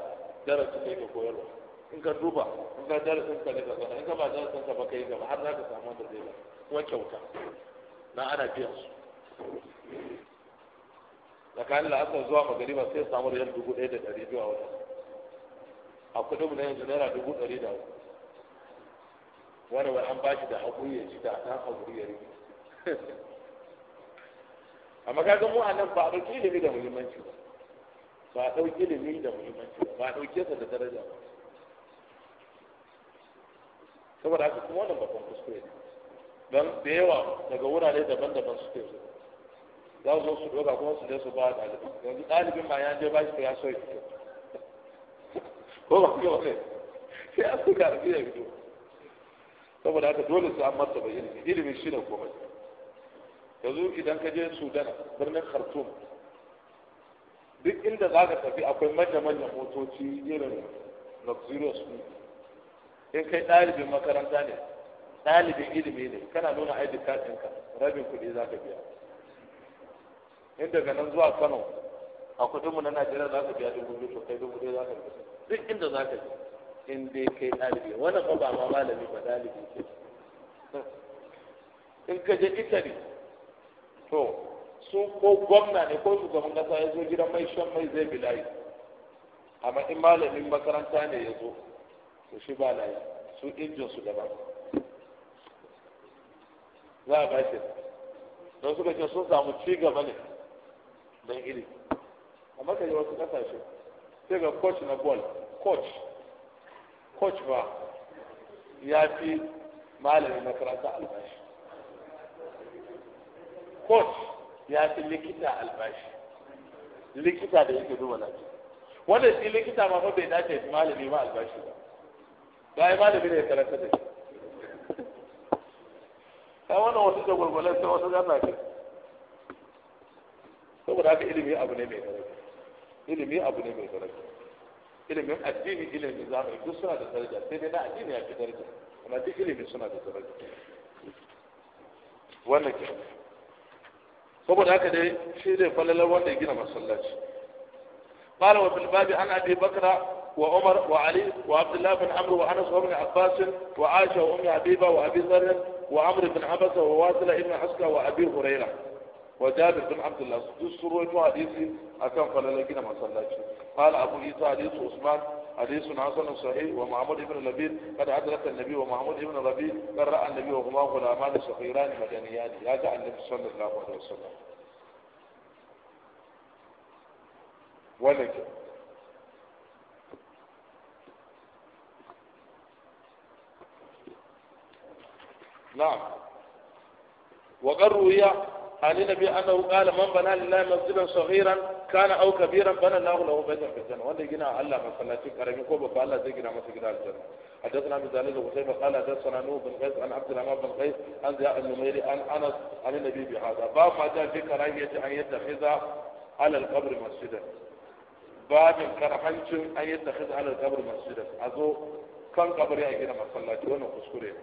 darasi kai ka koyarwa in ka duba in ka darasin ka ne gaba in ka ba darasin ka ba kai gaba har za ka samu wanda zai ba kuma kyauta na ana biyan su tsakanin la'asar zuwa ba sai samu da dubu ɗaya da ɗari biyu a wata a kuɗin mu na yanzu naira dubu ɗari da wani wani an ba shi da haƙuri ya ci da ta haƙuri ya rike *laughs* amma kaga mu a nan ba a ɗauki ilimi da muhimmanci ba ba a ɗauki ilimi da muhimmanci ba ba a ɗauke sa da daraja ba saboda haka kuma wannan babban kuskure ne don da yawa daga wurare daban-daban suke zuwa. za su zo su doga kuma su je su ba alifin. yanzu ɗalibin ma ya je ba shi ya so ya fito ko ba ko ne sai a suka rafi ya fito saboda haka dole su an masa bayyana ilimin shi ne komai yanzu idan ka je sudan birnin khartoum duk inda za ka tafi akwai manya-manyan motoci irin luxurious in kai ɗalibin makaranta ne ɗalibin ilimi ne kana nuna aiki katinka rabin kuɗi za ka biya in daga nan zuwa kano a kuɗinmu na najeriya za ka biya dubu biyu to kai dubu ɗaya za ka biya duk inda za ka biya in dai kai ɗalibi wannan fa ba ma malami ba ɗalibi ce in ka je italy to su ko gwamna ne ko shugaban kasa ya zo gidan mai shan mai zai bilayi amma in malamin makaranta ne ya zo to shi ba na yi su injin su daban za a bashi don suka ce sun samu ci gaba ne don iri amma ka wasu kasashe sai ga coach na ball coach ba ya fi malami makaranta albashi coach ya fi likita albashi likita da yake duba lafiya wanda shi likita ma fa dace malami ma albashi ba ba ai malami ne ya karanta da shi wani wasu da gwargwalar sai wasu zan so saboda haka ilimi abu ne mai daraja ilimi abu ne mai daraja ilimin addini ilimin zamani duk suna da daraja sai dai na addini ya fi daraja amma duk ilimin suna da daraja wannan ke saboda haka dai shi ne falalar wanda ya gina masallaci قال وفي الباب an abi bakra وعمر وعلي وعبد الله بن عمرو وانس وابن عباس وعائشه وام حبيبه وابي ذر وعمرو بن عبسه وواصله ابن حسكه وابي هريره وجابر بن عبد الله سروا حديثي أكم فلا لكن ما صلاتش قال أبو عيسى حديث عثمان حديث حسن صحيح ومحمود بن لبيد قد أدرك النبي ومحمود بن ربيع قد رأى النبي وهما غلامان صغيران مدنيان هذا النبي صلى الله عليه وسلم ولكن نعم وقد روي عن النبي انه قال من بنى لله مسجدا صغيرا كان او كبيرا بنى الله له بيتا في الجنه ولا جينا الله مسلاتي كريم كوبا فالله زي جنا مسجد الجنه حدثنا ابن زالل وقتيبة قال حدثنا نوح بن قيس عن عبد الرحمن بن قيس عن زياء النميري عن انس عن النبي بهذا باب ما جاء في كراهية ان يتخذ على القبر مسجدا باب كراهية ان يتخذ على القبر مسجدا ازو كان قبر يا جنا مسلاتي وانا كسكوري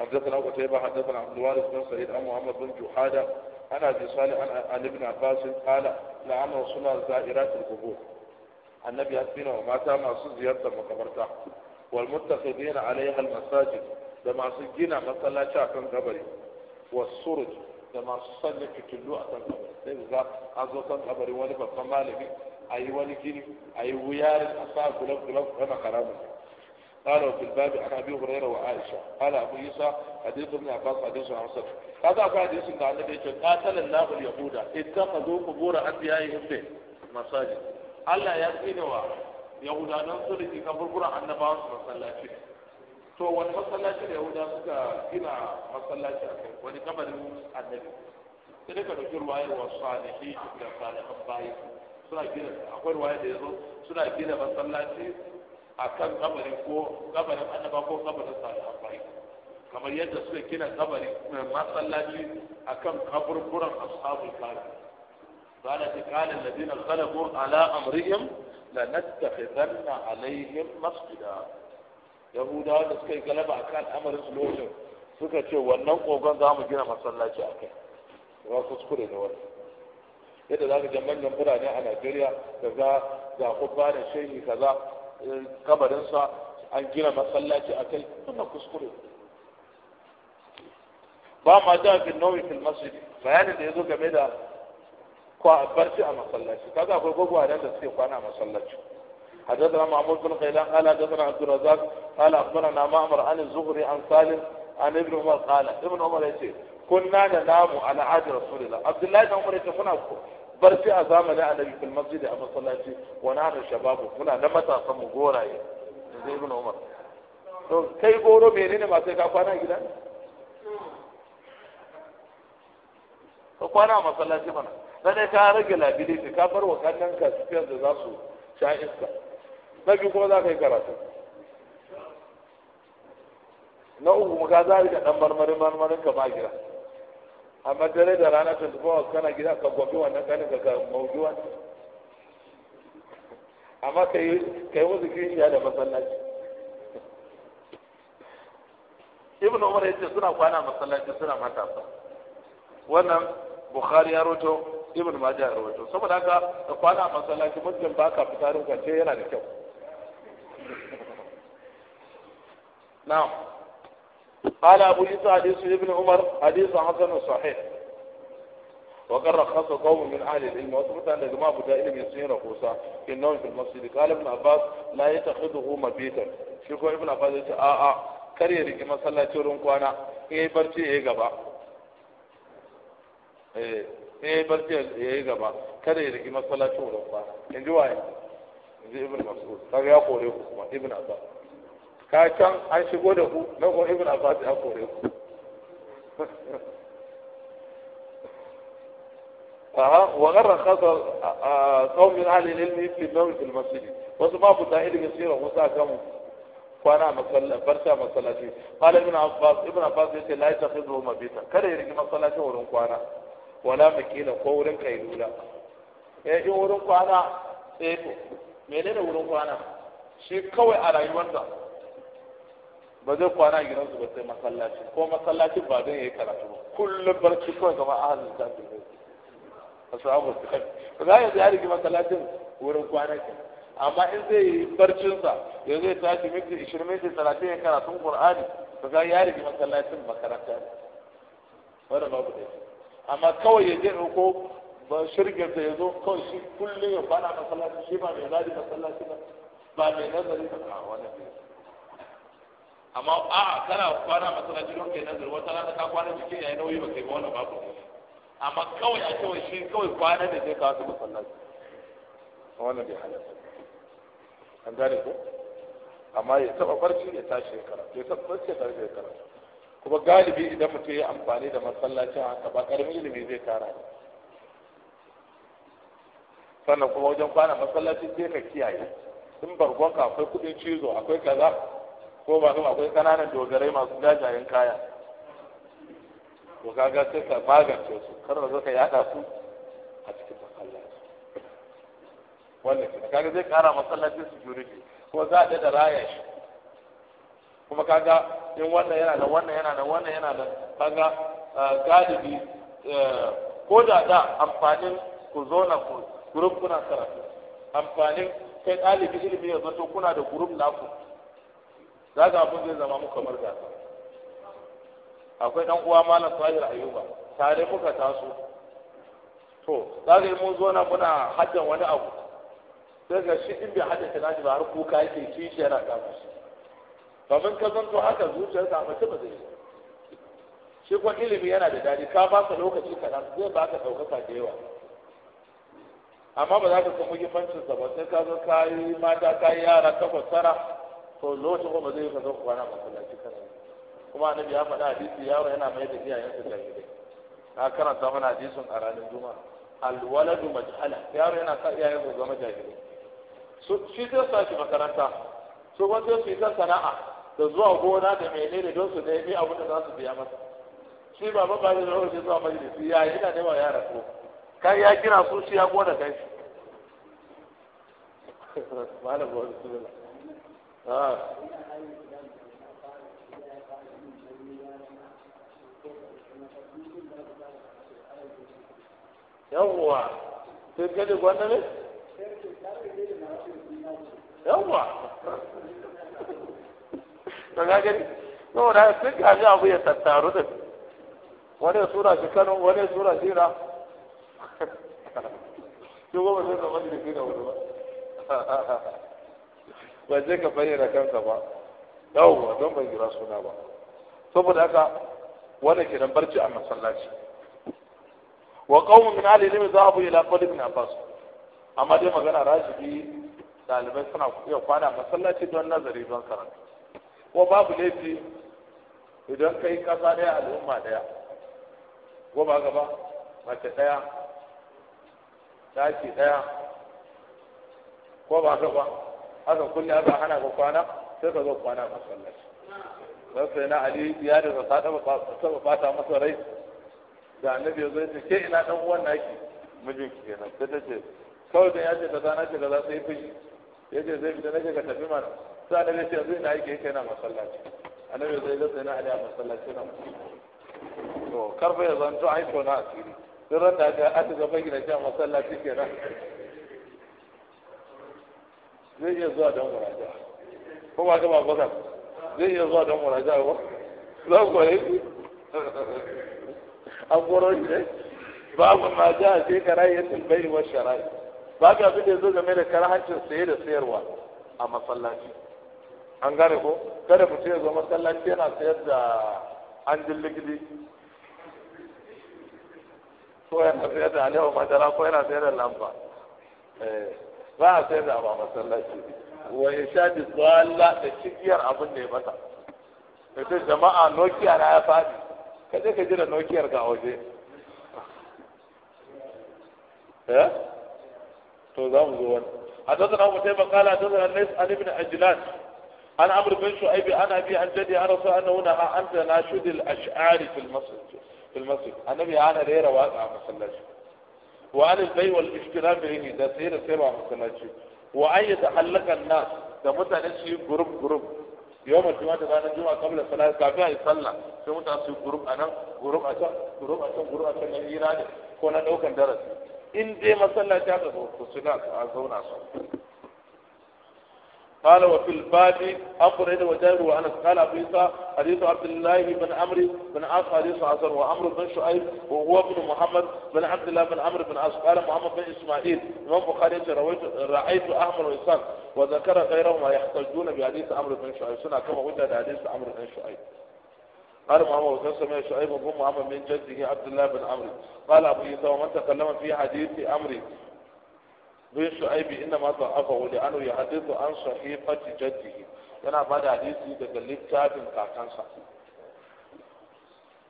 حدثنا أبو تيبة حدثنا عبد الوارث بن سعيد عن محمد بن جحادة عن أبي صالح عن ابن عباس قال لعن نعم رسول الله زائرات القبور النبي أثبنا وما تام أصل زيادة مقبرته والمتخذين عليها المساجد لما سجينا مثلا شاكا قبري والسرج لما سلك كلوة قبري إذا أزوطا قبري ولبا فمالك أي ولكين أي ويارد أصاب قلوب قلوب غنى قال في الباب عن ابي هريره وعائشه قال ابو عيسى حديث ابن عباس حديث عن عصر هذا هو حديث قال النبي صلى قاتل الله اليهود اتخذوا قبور انبيائهم به مساجد الله يسمينه و يهودا ننصر في قبر قرى عن نبا مصلاته تو وان مصلاته اليهودا سكا هنا مصلاته ولقبر النبي تلك الرواية رواية والصالحين كما قال ابن باي سنة كده اقول رواية يزو سنة كده مصلاته a kan kabarin ko kabarin annaba ko kabarin sahabbai kamar yadda suka kina kabarin eh, masallaci a kan kaburburan ashabul kafi قال ladina الذين ala على la nattakhidanna alaihim masjida yahuda da suka yi galaba a kan amarin lokacin suka ce wannan kogon za mu gina masallaci a kai ba kuskure da wani yadda za ka manyan birane a najeriya da za ga kubba da shehi kaza kabarinsa an gina masallaci a kai wannan kuskure ba ma da bin nauyi fil bayanin da ya zo game da kwa barci a masallaci kaga akwai a nan da suke kwana a masallaci حدثنا محمود بن خيلان قال حدثنا عبد الرزاق قال اخبرنا معمر عن الزهري عن سالم عن ابن عمر قال ابن عمر يقول كنا ننام على عهد رسول الله عبد الله بن عمر يقول barci a zamanin annabi fil masjid a masallaci wa da shababu muna da matasan mu goraye zai ibn umar to kai goro menene ba sai ka kwana gida ka kwana a masallaci mana sai ka rage lability ka bar wa kannan ka sufiyar da za su sha iska na biyu kuma za ka yi karatu na uku ka zari da dan marmarin marmarin ka ba gida amma dare da rana 24 hours kana gida ka gobe wannan kanin ka ka mawjuwa wani amma ka yi wasu kishiya da masallaci ibn umar yace suna kwana masallaci suna matasa wannan bukhari ya roto ibn majah ya roto saboda haka ka kwana masallaci mutum ba ka fitarin kwance yana da kyau *laughs* na'am قال أبو عيسى حديث ابن عمر حديث حسن صحيح وقد رخص قوم من أهل العلم وثبت أن جماعة بدا علم يسير قوسا في النوم في المسجد قال ابن عباس لا يتخذه مبيتا شكو ابن عباس يقول آآ آآ كريه ركي صلى تورن كوانا إيه برتي إيه غبا إيه إيه برتي إيه غبا كريه ركي صلى تورن كوانا إن جوا ابن مسعود قال يا يقول ابن عباس ka can an shigo da ku na kuma ibn abbas ya kore ku fa wa garra khasa qawm min ahli ilmi fi mawt al masjid wa sama bu ta ilmi sira wa sa kam kwana masalla barsa masallaci qala ibn abbas ibn abbas yace la yakhudhu mabita ya yiri masallaci wurin kwana wala makila ko wurin kaidula eh in wurin kwana eh to menene wurin kwana shi kawai a rayuwar ba zai kwana a su ba sai masallaci ko masallacin ba don yayi karatu ba kullum barci kawai gaba a halin zafi ne a samu su kai za a yanzu ya rigi masallacin wurin kwana ki amma in zai yi barcinsa ya zai tashi minti ishirin minti talatin ya karatun qur'ani ba za ya rigi masallacin makaranta ne wanda babu da amma kawai ya je ko ba shirgarsa ya zo kawai shi kullum ya kwana masallaci shi ba mai zadi masallaci ba ba mai nazari ba a wani amma a kana kwana masallaci don kai ruwa, wata rana ka kwana ya yayi nauyi ba kai wani babu amma kawai a cewa shi kawai kwana da zai kawo su masallaci wannan bai halatta an gane ko amma ya taba barci ya tashi ya ya taba barci ya tashi ya kuma galibi idan mutum ya amfani da masallacin haka ba karamin ilimi zai tara ne sannan kuma wajen kwana masallaci sai ka kiyaye in bargonka akwai kudin cizo akwai kaza ko ba kuma akwai kananan dogarai masu jajayen kaya to kaga sai ka magance su kar da ka yada su a cikin Allah wannan kina kaga zai kara masallacin security ko za a da raya shi kuma kaga in wannan yana da wannan yana da wannan yana da kaga eh, galibi eh, ko da da amfanin ku zo na ku grup kuna karatu amfanin kai ɗalibi ilimi ya zato kuna da grup naku za ga abin zai zama muka kamar akwai ɗan uwa malam tahir ayuba tare muka taso to za ga mun zo na muna hajjan wani abu sai ga shi in bai haddace nashi ba har kuka yake kishi yana kama shi domin ka zanto haka zuciyarsa mace ba zai shi kuma ilimi yana da daɗi ka ba ka lokaci kaɗan zai ba ka ɗaukaka da yawa amma ba za ka san muhimmancin ba sai ka zo ka yi mata ka yi yara takwas tara to lokacin ko ba zai yi ka zo kwana masallaci kana kuma annabi ya faɗa hadisi yaro yana mai da da jahilai na karanta mana hadisin a ranar juma'a alwaladu majhala yaro yana sa iyayensa zama jahilai shi zai sa shi makaranta su wanda su yi ta sana'a da zuwa gona da menene don su nemi abin da za su biya masa shi ba ba ba da rahoton zuwa majalisi ya yi na nema yara ko kan ya kira su shi ya gona kai shi *laughs* malam ba wani Ah. yawwa sai kai da gwanda ne yawwa to ga gani saboda sun gaji abu ya tattaru da wani sura shi kano wani sura shi na *laughs* shi goma sai zama da fi da wani ba *laughs* ba je ka bayyana kanka ba yawwa don ban jira suna ba saboda haka wanda ke nan barci a masallaci wa qaumun min ali ilmi zahabu ila qad ibn abbas amma dai magana rajibi dalibai suna iya kwana masallaci don nazari don karatu ko babu laifi idan kai kasa daya al'umma daya ko ba gaba mace daya ɗaki daya ko ba gaba aka kulle aka hana ka kwana sai ka zo kwana a masallaci sai na ali ya da ta taba fata masa rai da annabi ya zo ya ke ina dan uwan naki mijin ki kenan sai ta ce kawai dan ya ce ka na ce za sai fushi ya ce zai fita nake ka tafi mana sai annabi ya ce yanzu ina yake yake na masallaci annabi ya zo ya sai na ali a masallaci na to karfa ya zanto aiko na asiri duk ran da aka aka gaba gina ce a masallaci kenan zai iya zuwa don muraja ko ba ga ba ba zai iya zuwa don muraja ba za ku yi *laughs* an goro shi ne babu ma ja ce karayyatul bai wa shara'i babu abin da yazo game da hancin saye da sayarwa a masallaci an gane ko kada mu ce zo masallaci yana sayar da an likidi ko yana sayar da alewa madara ko yana sayar da lamba eh ba a sayar da abu a masallaci wa ya sha da tsalla da cikiyar abin da ya mata da ta jama'a nokiya حدثنا ابو تيمه قال حدثنا الناس عن ابن عجلان عن عمرو بن شعيب عن ابي عن جدي عن رسول انه نهى عن تناشد الاشعار في المسجد في المسجد النبي أنا ريره واقع مسلاش wa alil bai wal ishkira da sayar da sai masallaci wa an yatahallaka na da mutane su yi group group yau mace ma da ranar juma'a kamar salat kafin a yi sallah sai mutane su yi group a nan group a can group a can group a can na hira ne ko na ɗaukan darasi in dai masallaci aka zo su suna a zauna su قال وفي الباب أمر إن وجابر وأنا قال أبو عيسى حديث عبد الله بن عمرو بن عاص حديث حسن وعمرو بن شعيب وهو ابن محمد بن عبد الله بن عمرو بن عاص قال محمد بن إسماعيل من بخاري رويت رأيت أحمد وإسحاق وذكر ما يحتجون بحديث عمرو بن شعيب سنة كما وجد حديث عمرو بن شعيب قال محمد بن سمع شعيب وهو محمد من جده عبد الله بن عمرو قال أبو عيسى ومن تكلم في حديث عمرو bai shu'aibi inna ma za'afahu li anhu yahdithu an sahifati jaddihi yana ba da hadisi daga littafin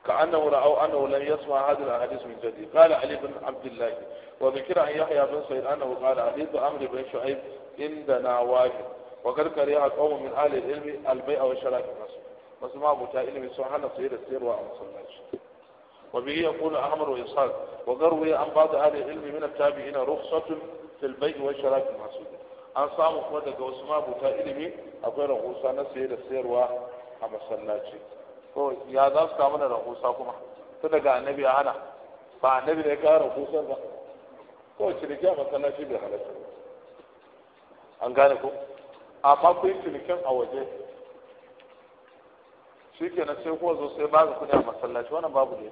كأنه رأوا أنه لم يسمع هذا الحديث من جديد قال علي بن عبد الله وذكر عن يحيى بن سعيد أنه قال حديث أمر بن شعيب عندنا واجب وقد كره قوم من أهل العلم البيع والشراء في مصر بس ما أبو تعالى سبحانه سيد السير وأمصر وبه يقول أحمد وإسحاق وقروي عن بعض أهل العلم من التابعين رخصة filbai wa sharabi masu an samu kuma daga wasu mabuta ilimi akwai rahusa na saye da sayarwa a masallaci to ya za su samu da rahusa kuma tun daga annabi a hana ba annabi da ya kawo rahusar ba ko ciniki a masallaci bai halatta an gane ko amma kuyi cinikin a waje shi na sai ko zo sai ba su kuɗi a masallaci wannan babu ne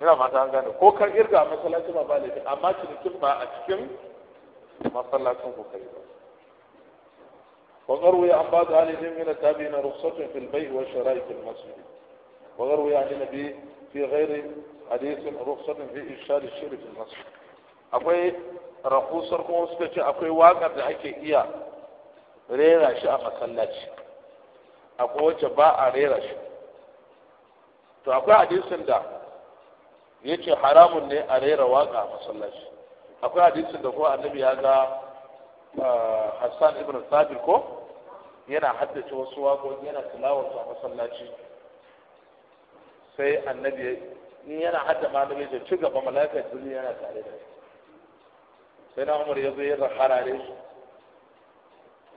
ina mata an gane ko kan irga a masallaci ba ba laifin amma cinikin ba a cikin masallacin ku kai ba وقروي عن بعض اهل العلم من رخصة في البيع والشراء في المسجد وقروي عن النبي في غير حديث رخصة في ارشاد الشير في المسجد akwai rakusar kuma suka ce akwai waƙar da ake iya rera shi a masallaci akwai wacce ba a rera shi to akwai da yace haramun ne a rera waka a masallaci akwai hadisin da ko annabi ya ga ah, Hassan ibn Sabir ko yana haddace wasu waƙoƙi yana tilawar a masallaci sai annabi in yana hadda annabi ya ci gaba malaika jirgin yana tare da sai na umar ya zo ya harare shi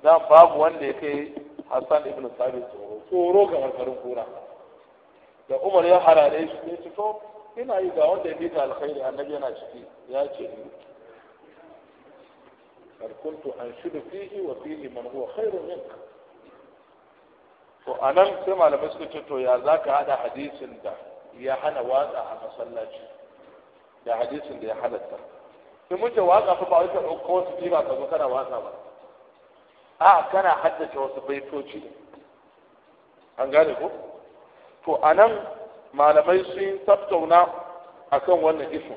dan babu wanda ya kai Hassan ibn Sabir tsoro tsoro ga marfarin kura da umar ya harare shi ne to ina yi ga wanda ya bi ta alkhairi annabi yana ciki ya ce ni bal an shudu fihi wa fihi man huwa khairun minka to anan sai malamai suka ce to ya zaka hada hadisin da ya hana watsa a masallaci da hadisin da ya halatta sai mun ce watsa fa ba wai ka dauko wasu kira ka zo kana watsa ba a kana haddace wasu baitoci an gane ko to anan malamai sun tattauna akan wannan ishu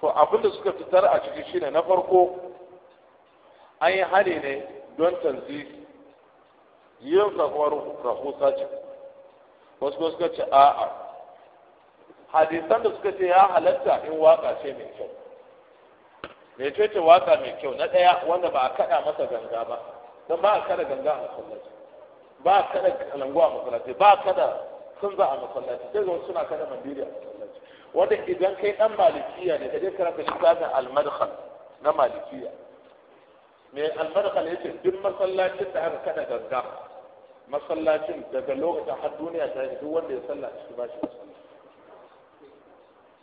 to abin da suka fitar a ciki shine na farko an yi hari ne don tanzi yin rahuwar rahusa ce wasu suka ce a'a hadisan da suka ce ya halatta in waka ce mai kyau mai ce ce waka mai kyau na ɗaya wanda ba a kaɗa masa ganga ba don ba a kaɗa ganga a masallaci ba a kaɗa kalangu a masallaci ba a kaɗa sun za a masallaci sai zuwa suna kada mandiri a masallaci wanda idan kai dan malikiya ne ka je karanta littafin al-madkhal na malikiya me al-madkhal yace duk masallacin da aka kada gagga masallacin daga lokacin har duniya ta duk wanda ya salla shi ba shi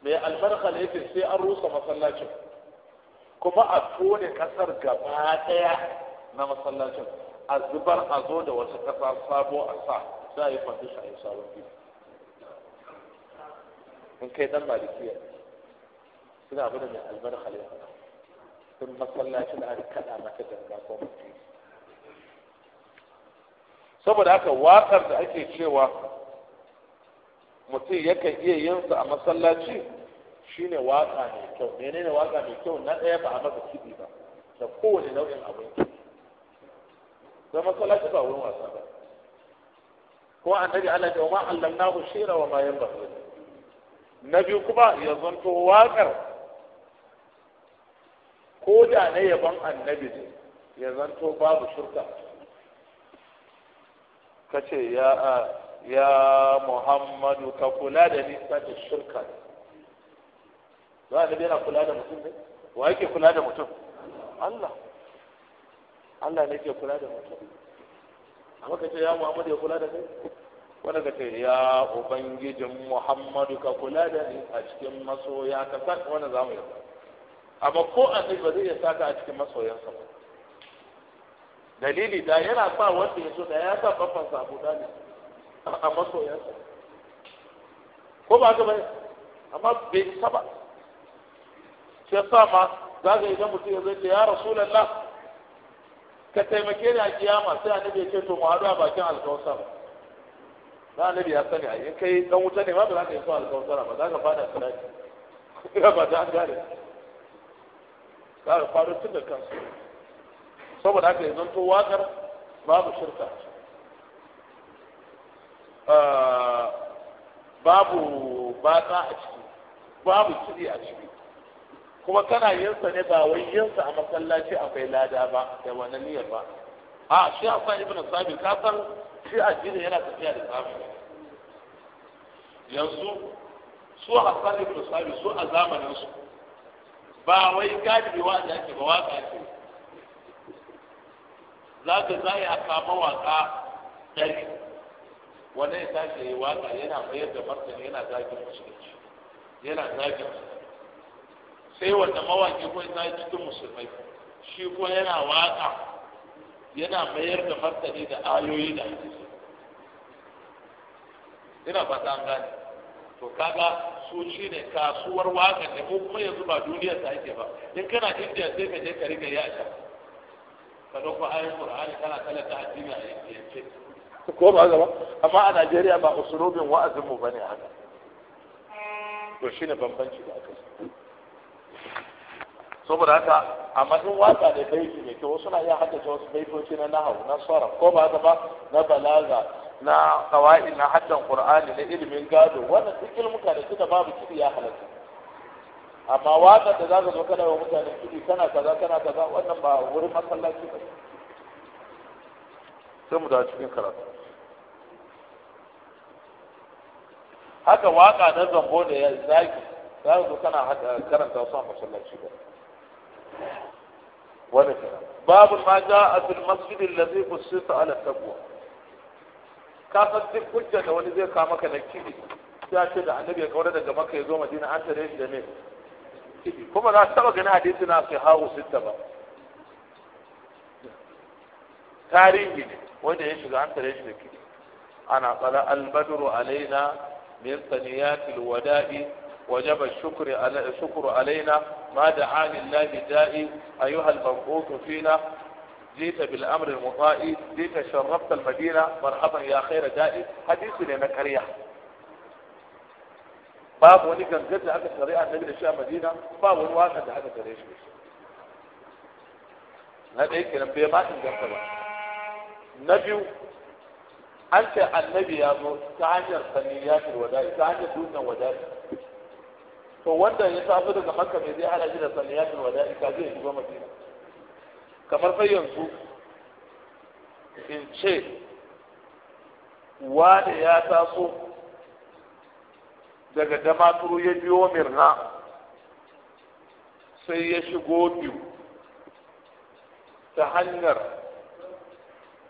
me al-madkhal yace sai an rusa masallacin kuma a tone kasar gaba daya na masallacin a zubar a zo da wata kasa sabo a sa za a yi shi a yi sabon gida in kai dan malikiya suna abin da mai albar ne sun masallacin da aka kada maka ganga ko mutum saboda haka wakar da ake cewa mutum yakan iya yin sa a masallaci shine waka mai kyau menene waka mai kyau na ɗaya ba a masa kiɗi ba da kowane nau'in abinci don masallaci ba wurin wasa ba ko annabi Allah da ma hu shira wa ma yanbaghi na biyu kuma ya zanto waƙar ko da ne yaban annabi ne ya zanto babu shirka kace ya ya Muhammadu ka kula da ni da shirka ba annabi yana kula da mutum ne wa yake kula da mutum Allah Allah ne ke kula da mutum maka ce ya muhammadu ya kula da kai wanda ka ce ya ubangijin muhammadu ka kula da ni a cikin masoya ka saka wanda za mu yi amma ko a kai ba zai iya saka a cikin masoyansa ba dalili da yana sa wanda ya so da ya sa babban sabu dalil a masoyansa ko ba ka bai amma bai saba sai sa ma za ka idan mutum ya zai ce ya rasulallah ka taimake ni a kiyama sai annabi ya ce to mu haɗu a bakin alkawusar na annabi ya sani a yin kai dan wuta ne ma ba za ka yi so alkawusar ba za ka fada salati *laughs* ina ba ta an gane za ka faru tun da kansu saboda haka yanzu to wakar babu shirka ah, babu batsa a ciki babu kiri a ciki kuma kana sa ne ba wai sa a masallaci akwai lada ba da wani niyyar ba a shi a sa ibn sabi ka san shi jini yana tafiya da sabi yanzu su a sa ibn sabi su a zamanin su ba wai galibi da ake ba waka ce za ka za a kama waka ɗari wani ya tashi ya yi waka yana mayar da martani yana zagin musulunci yana zagin musulunci sai wanda mawaƙi ko yana cikin musulmai shi ko yana waƙa yana mayar da martani da ayoyi da hadisi ina ba an gane to kaga su shi ne kasuwar waƙa ne ko kuma yanzu ba duniyar ta ake ba in kana indiya sai ka je ka riga ya ta ka dauko ayoyin qur'ani kana kalata addini a yanke ko ba gaba amma a Najeriya ba usulubin wa'azin mu bane haka to shine bambanci da aka saboda haka amma in waka da baiti mai kyau suna iya haddace wasu baitoci na nahawu na sarraf ko ba ba na balaga na kawai na haddan qur'ani na ilimin gado wannan duk ilmuka da suka babu kidi ya halatta amma waka da zaka zo kana wa mutane kidi kana kaza kana kaza wannan ba wurin masallaci ba sai mu dawo cikin karatu haka waka na zambo da ya zaki za ka zo kana karanta su a masallaci ba wani kira babu ma ja a fil masjidin da zai kusurta ala tabuwa kafin duk hujja da wani zai kama ka na kiɗi ya ce da annabi ya kaura daga maka ya zo jina an tare shi da ne kuma za su taɓa gani hadisi na sai hawo sitta ba tarihi ne wanda ya shiga an tare shi da kiɗi ana tsara albadru alaina min saniyatil wada'i wajaba shukru alaina ما دعان الله دائي أيها المبعوث فينا جيت بالأمر المطائي جيت شرفت المدينة مرحبا يا خير دائي حديث لنا كريح باب وني كان جد هذا الشريعة نبي الأشياء مدينة باب واحد هذا الشريعة هذا يمكن أن بيبات الجنة نبي أنت النبي يا مو تعجر فنيات الودائي تعجر دون وداع to wanda ya taso daga makka mai zai hana shi da wa wada'i ka zai shigo madina kamar fa yanzu in ce wane ya taso daga damaturu ya biyo mirna sai ya shigo biyu ta hanyar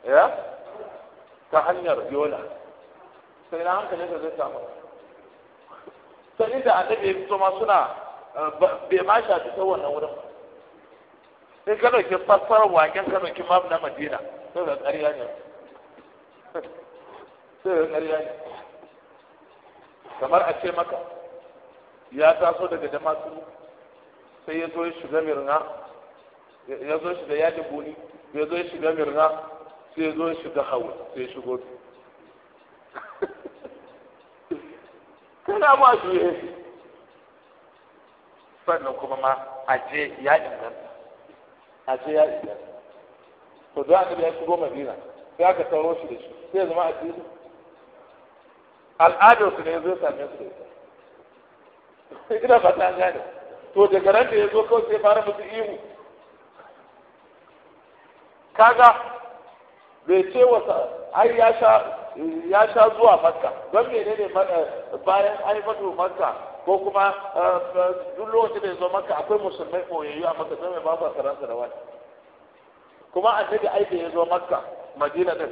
ya ta hanyar yola sai na hankali ka zai samu Sani da annabi ya fito ma suna eh, bai ma shafi ta wannan wurin sai ka ɗauki fassarar waken ka ɗauki mab na madina sai da ƙarya ne sai da ƙarya ne kamar a ce maka ya taso daga damasu sai ya zo ya shiga mirna ya zo shiga yadi goni ya zo ya shiga mirna sai ya zo ya shiga hawa sai ya shigo biyu da ba sannan kuma ma a ya inganta a ya inganta to da aka ya shigo madina Ya aka sauro shi da shi sai zama a al'adar su zai same su da ita *laughs* ina fata an gane to daga ran da ya zo kawai fara musu kaga ya sha zuwa makka don ne eh, bayan an fatu makka ko kuma eh, duk lokacin da ya zo makka akwai musulmai koyayyu a makka don mai babu karansa da wani kuma annabi ai da ya zo makka madina din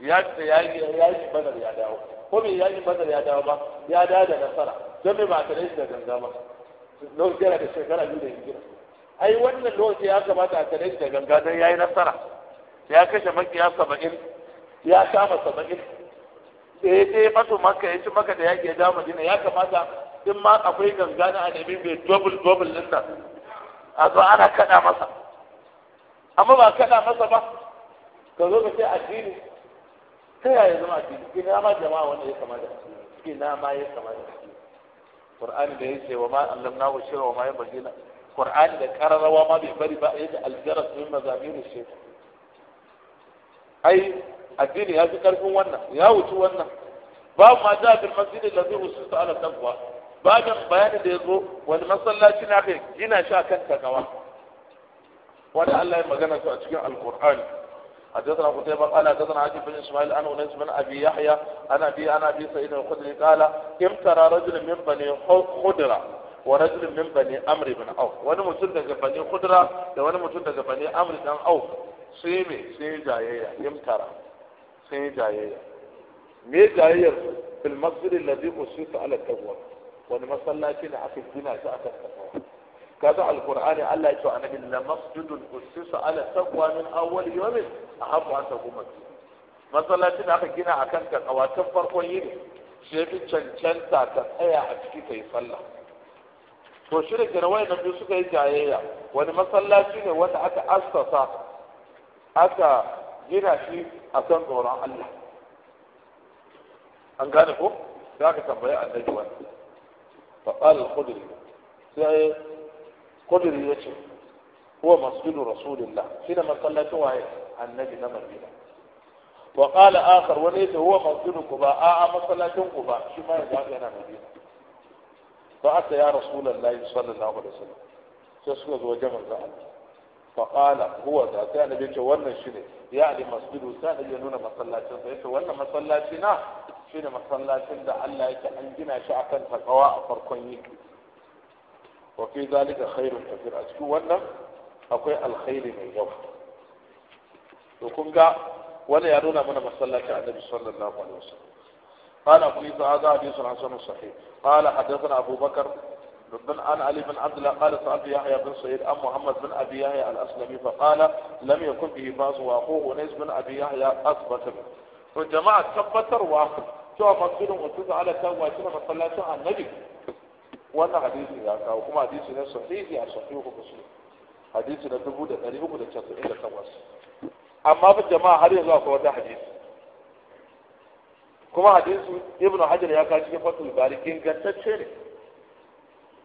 ya ce ya yi ya yi badar ya dawo ko bai ya yi badar ya dawo ba ya dawo da nasara don me ba ta da shi da ganga ba lokacin da shekara biyu da hijira ai wannan lokaci ya kamata a tare shi da ganga don ya yi nasara ya kashe makiya saba'in ya kama saba'in da ya je masu maka ya ci maka da yaƙi ya dawo madina ya kamata in ma akwai gangana a nemi mai dobul dobul din nan a zo ana kaɗa masa amma ba kaɗa masa ba ka zo ka ce addini ta yaya zama addini ina ma jama'a wanda ya kamata na ma ya kamata Qur'ani da yake wa ma wa shira wa ma ya lana Qur'ani da kararrawa ma bai bari ba yadda aljarat min mazamir shaytan ai addini ya fi karfin wannan ya wuce wannan babu ma za da masjid allazi su ala ba babin bayani da ya zo wani masallaci na kai gina shi kan takawa wani Allah ya magana su a cikin alqur'ani حدثنا قتيبة قال حدثنا عجيب بن اسماعيل عن انس بن ابي يحيى عن ابي عن ابي سعيد الخدري قال امترى رجل من بني خدره ورجل من بني امر بن au. Wani مسلم daga bani khudra da wani mutum daga bani amri dan au sai me sai jayayya tara. sun yi jayayya me jayayyar fil masjid alladhi usita ala wa, wani masallaci ne aka gina shi akan ka kaza alqur'ani Allah ya ce annabi la masjidun usita ala tawwa min awwal yawm ahabba an taquma masallaci ne aka gina akan ka tun farkon yini shi yafi cancanta ta tsaya a ciki ka yi sallah to shi da kenan wayannan biyu suka yi jayayya wani masallaci ne wanda aka assasa aka هنا شيء أصنع وراء الله أن كان فوق ذاك تبايع النجوة فقال الخدري سيئ خدري يشف هو مسجد رسول الله حينما صليتوا النجم نمر بنا وقال آخر وليس هو مسجد قباء آآ آه مصلاة قباء شما يجعل أنا مدينة فأتى يا رسول الله صلى الله عليه وسلم تسكت وجمع ذلك faƙala huwa da sai annabi ce wannan shi ne ya ali masjidu sai annabi nuna masallacin sa yace wannan masallaci na shi masallacin da Allah yake an gina shi akan takawa a farkon yi wa fi zalika khairun kafir a cikin wannan akwai alkhairi mai yawa to kun ga wannan ya nuna mana masallacin annabi sallallahu alaihi wasallam قال أبو إسحاق هذا حديث حسن صحيح قال حدثنا أبو بكر ربنا أن علي بن عبد الله قال سألت يحيى بن سعيد أم محمد بن أبي يحيى الأسلمي فقال لم يكن به باس وأخوه ونيس بن أبي يحيى أثبت به فجماعة تبتر واحد شو مقصود وتدعى على كم واجبة فصلاته عن النبي وانا حديثي يا كاو كما حديثي نفسه صحيح يا صحيح وكسر حديثي نتبو ده قريبه ده شاسو إلا كواس أما في الجماعة هل يزال صوت حديث كما حديث ابن حجر يا كاشي فتو الباري كين قد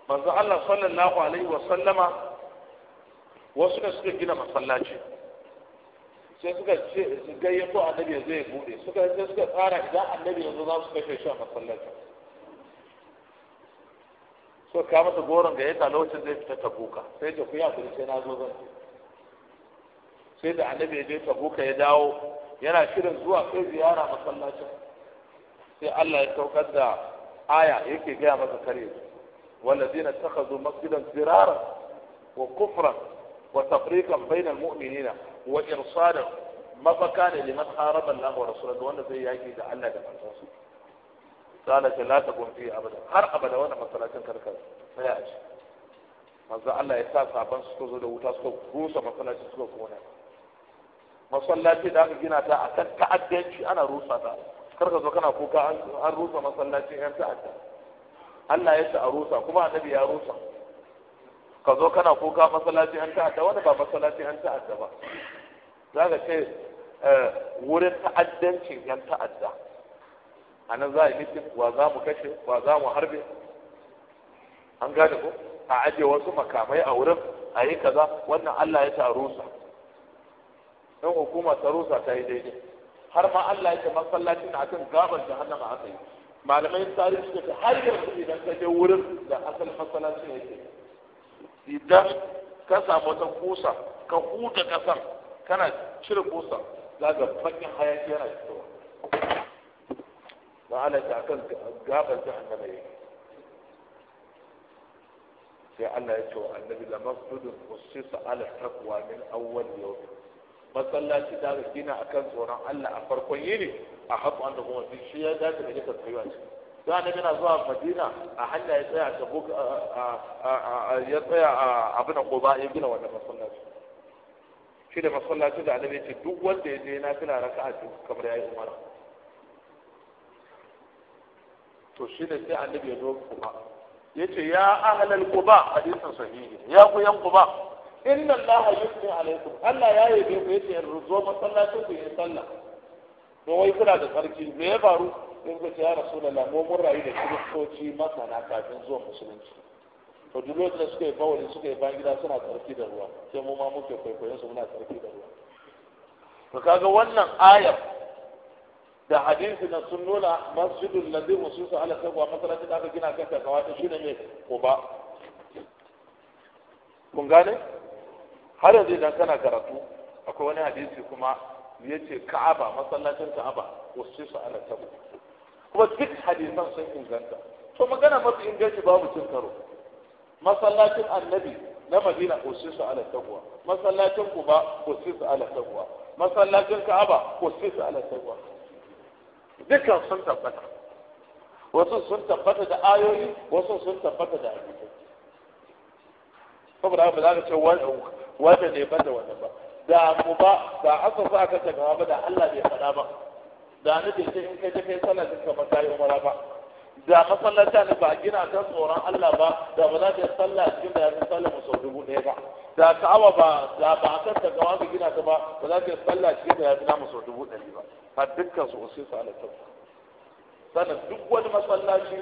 manzo Allah sallallahu alaihi wa sallama wasu da suka gina masallaci sai suka ce gayyato annabi ya zai bude suka sai suka tsara idan annabi yanzu za su kashe shi a masallaci so ka mata goron ga yata lokacin zai fita tabuka sai ta kuya kuri sai na zo zan sai da annabi ya je tabuka ya dawo yana shirin zuwa kai ziyara masallacin sai Allah ya saukar da aya yake gaya masa kare su والذين اتخذوا مسجدا فرارا وكفرا وتفريقا بين المؤمنين وإرصادا فكان لمن حارب الله ورسوله وانا زي يجي ده الله ده قال قالت لا تكون فيه أبدا هر أبدا وانا مسلاتين كركز فياش manzo Allah ya sa saban suka zo da wuta suka rusa masallaci suka ما masallaci da aka gina ta a kan ta'addanci ana rusa ta kar ka zo kana kuka an rusa masallacin yan ta'adda Allah ya sa a rusa kuma annabi ya rusa ka zo kana kuka masallaci an ta'adda wani ba masallaci an ta'adda ba za ka ce eh, wurin ta'addancin yan ta'adda a nan za a yi mitin wa za mu kashe wa za mu harbe an gane ko a ajiye wasu makamai a wurin a yi kaza wannan Allah ya ta rusa in hukuma ta rusa ta yi daidai har ma Allah ya ce masallacin a kan gaban jahannama aka yi malamai tsari suka ce har yanzu idan ka je wurin da asal ne ke, idan ka samu wata kusa ka huta kasar kana cire kusa za ga fakin hayaki yana fitowa ba ala ta akan gabar jahannama yake sai Allah ya ce wa annabi lamar tudun usisa ala takwa min awwal yau. masallaci da ga gina akan tsoron Allah a farkon yini a haƙu an da kuma fi shi ya dace da nika tsayuwa ce da annabi yana zuwa Madina a hanya ya tsaya ta buka ya tsaya a abin Quba ya gina wannan masallaci shi da masallaci da annabi ce duk wanda ya je na fila raka'a duk kamar yayi umara to shi ne sai annabi ya zo kuma yace ya ahlal quba hadisin sahihi ya ku yan quba inna allaha yusni alaikum allah ya yi ku ce in ruzo masallacin ku yin sallah to wai kuna da tsarki me ya faru in ku ce ya rasulullah mu mun rayu da kiristoci masana kafin zuwa musulunci to duk lokacin da suka yi bawali suka yi ban gida suna tsarki da ruwa sai mu ma muke kwaikwayon su muna tsarki da ruwa to kaga wannan ayar da hadisi na sun nuna masjidul ladhi mususa ala sabwa masallacin da aka gina kasa kawai shine ne ko ba kun gane har yanzu idan kana karatu akwai wani hadisi kuma ya ce ka'aba masallacin ka'aba wasu su ala tabu kuma duk hadisan sun inganta to magana masu inganci babu cin karo masallacin annabi na madina wasu su ala tabuwa masallacin kuba wasu su ala tabuwa masallacin ka'aba wasu su ala tabuwa dukkan sun tabbata wasu sun tabbata da ayoyi wasu sun tabbata da hadisi saboda haka ba za ka ce wanda ne da wannan ba da mu ba ba aka sa aka ta ba da Allah bai faɗa ba da ni bai ce in kai ta kai sallar ka ba kai umara ba da masallaci ne ba gina ta tsoron Allah ba da ba za ta sallah cikin da ya fi sallar mu sau dubu ɗaya ba da ka'aba ba da ba a kan ta gina ta ba ba za ta sallah cikin da ya fi namu sau dubu ɗari ba fa dukkan su usisu ala tauhid sana duk wani masallaci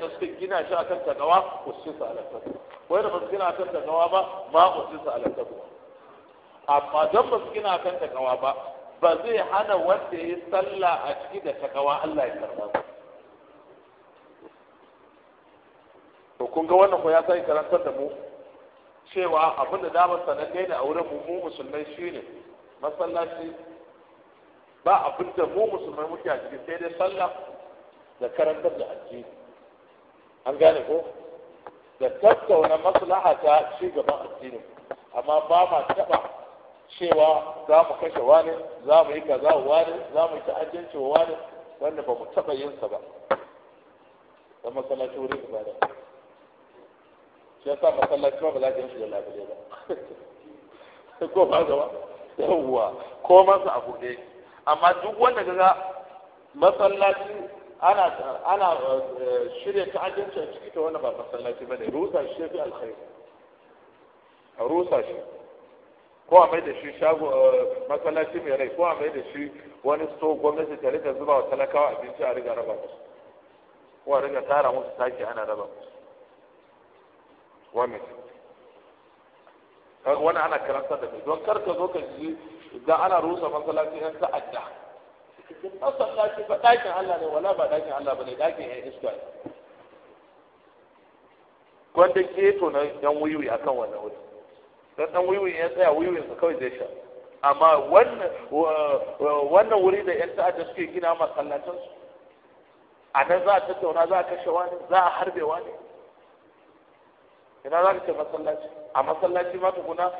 da suka gina shi akan tagawa usisa ala taqwa wayanda ba su gina akan tagawa ba ma usisa ala ba amma don ba su gina akan tagawa ba ba zai hana wanda ya sallah a ciki da tagawa Allah ya karba to kun ga wannan ko ya sai karantar da mu cewa abinda dama sananne da a wurin mu musulmai shine masallaci ba abinda mu musulmai muke a ciki sai dai sallah da karantar da addini an gane ko da tattauna maslaha ta ci gaban addini amma ba ma taɓa cewa za mu kashe wani za mu yi kaza wani za mu yi ta'addanci wa wani wanda ba mu taɓa yin sa ba dan masallaci wurin ibada shi yasa masallaci ba za ka yi shi da labule ba *laughs* ko ba gaba yawwa ko masa abu ne amma duk wanda ga masallaci ana ana eh, shirya ta'addanci a ciki ta wani ba masallaci bane rusa shi fi alkhairi a rusa shi ko a mai da shi shago eh, masallaci mai rai ko a mai da shi wani sto gwamnati ta rika zuba wa talakawa abinci a riga raba musu ko a riga tara musu taki ana raba musu wannan wani ana karanta da mai don kar ka zo ka ji idan ana rusa masallaci yan ta'adda cikin masallaci ba ɗakin Allah ne wala ba ɗakin Allah ba ne ɗakin ya iska ne gwanda keto na yan wiwi a kan wannan wuri don ɗan wiwi ya tsaya wiwin kawai zai sha amma wannan wuri da yan ta'adda suke gina masallacinsu su a nan za a tattauna za a kashe wani za a harbe wani ina za ka ce masallaci a masallaci ma tukuna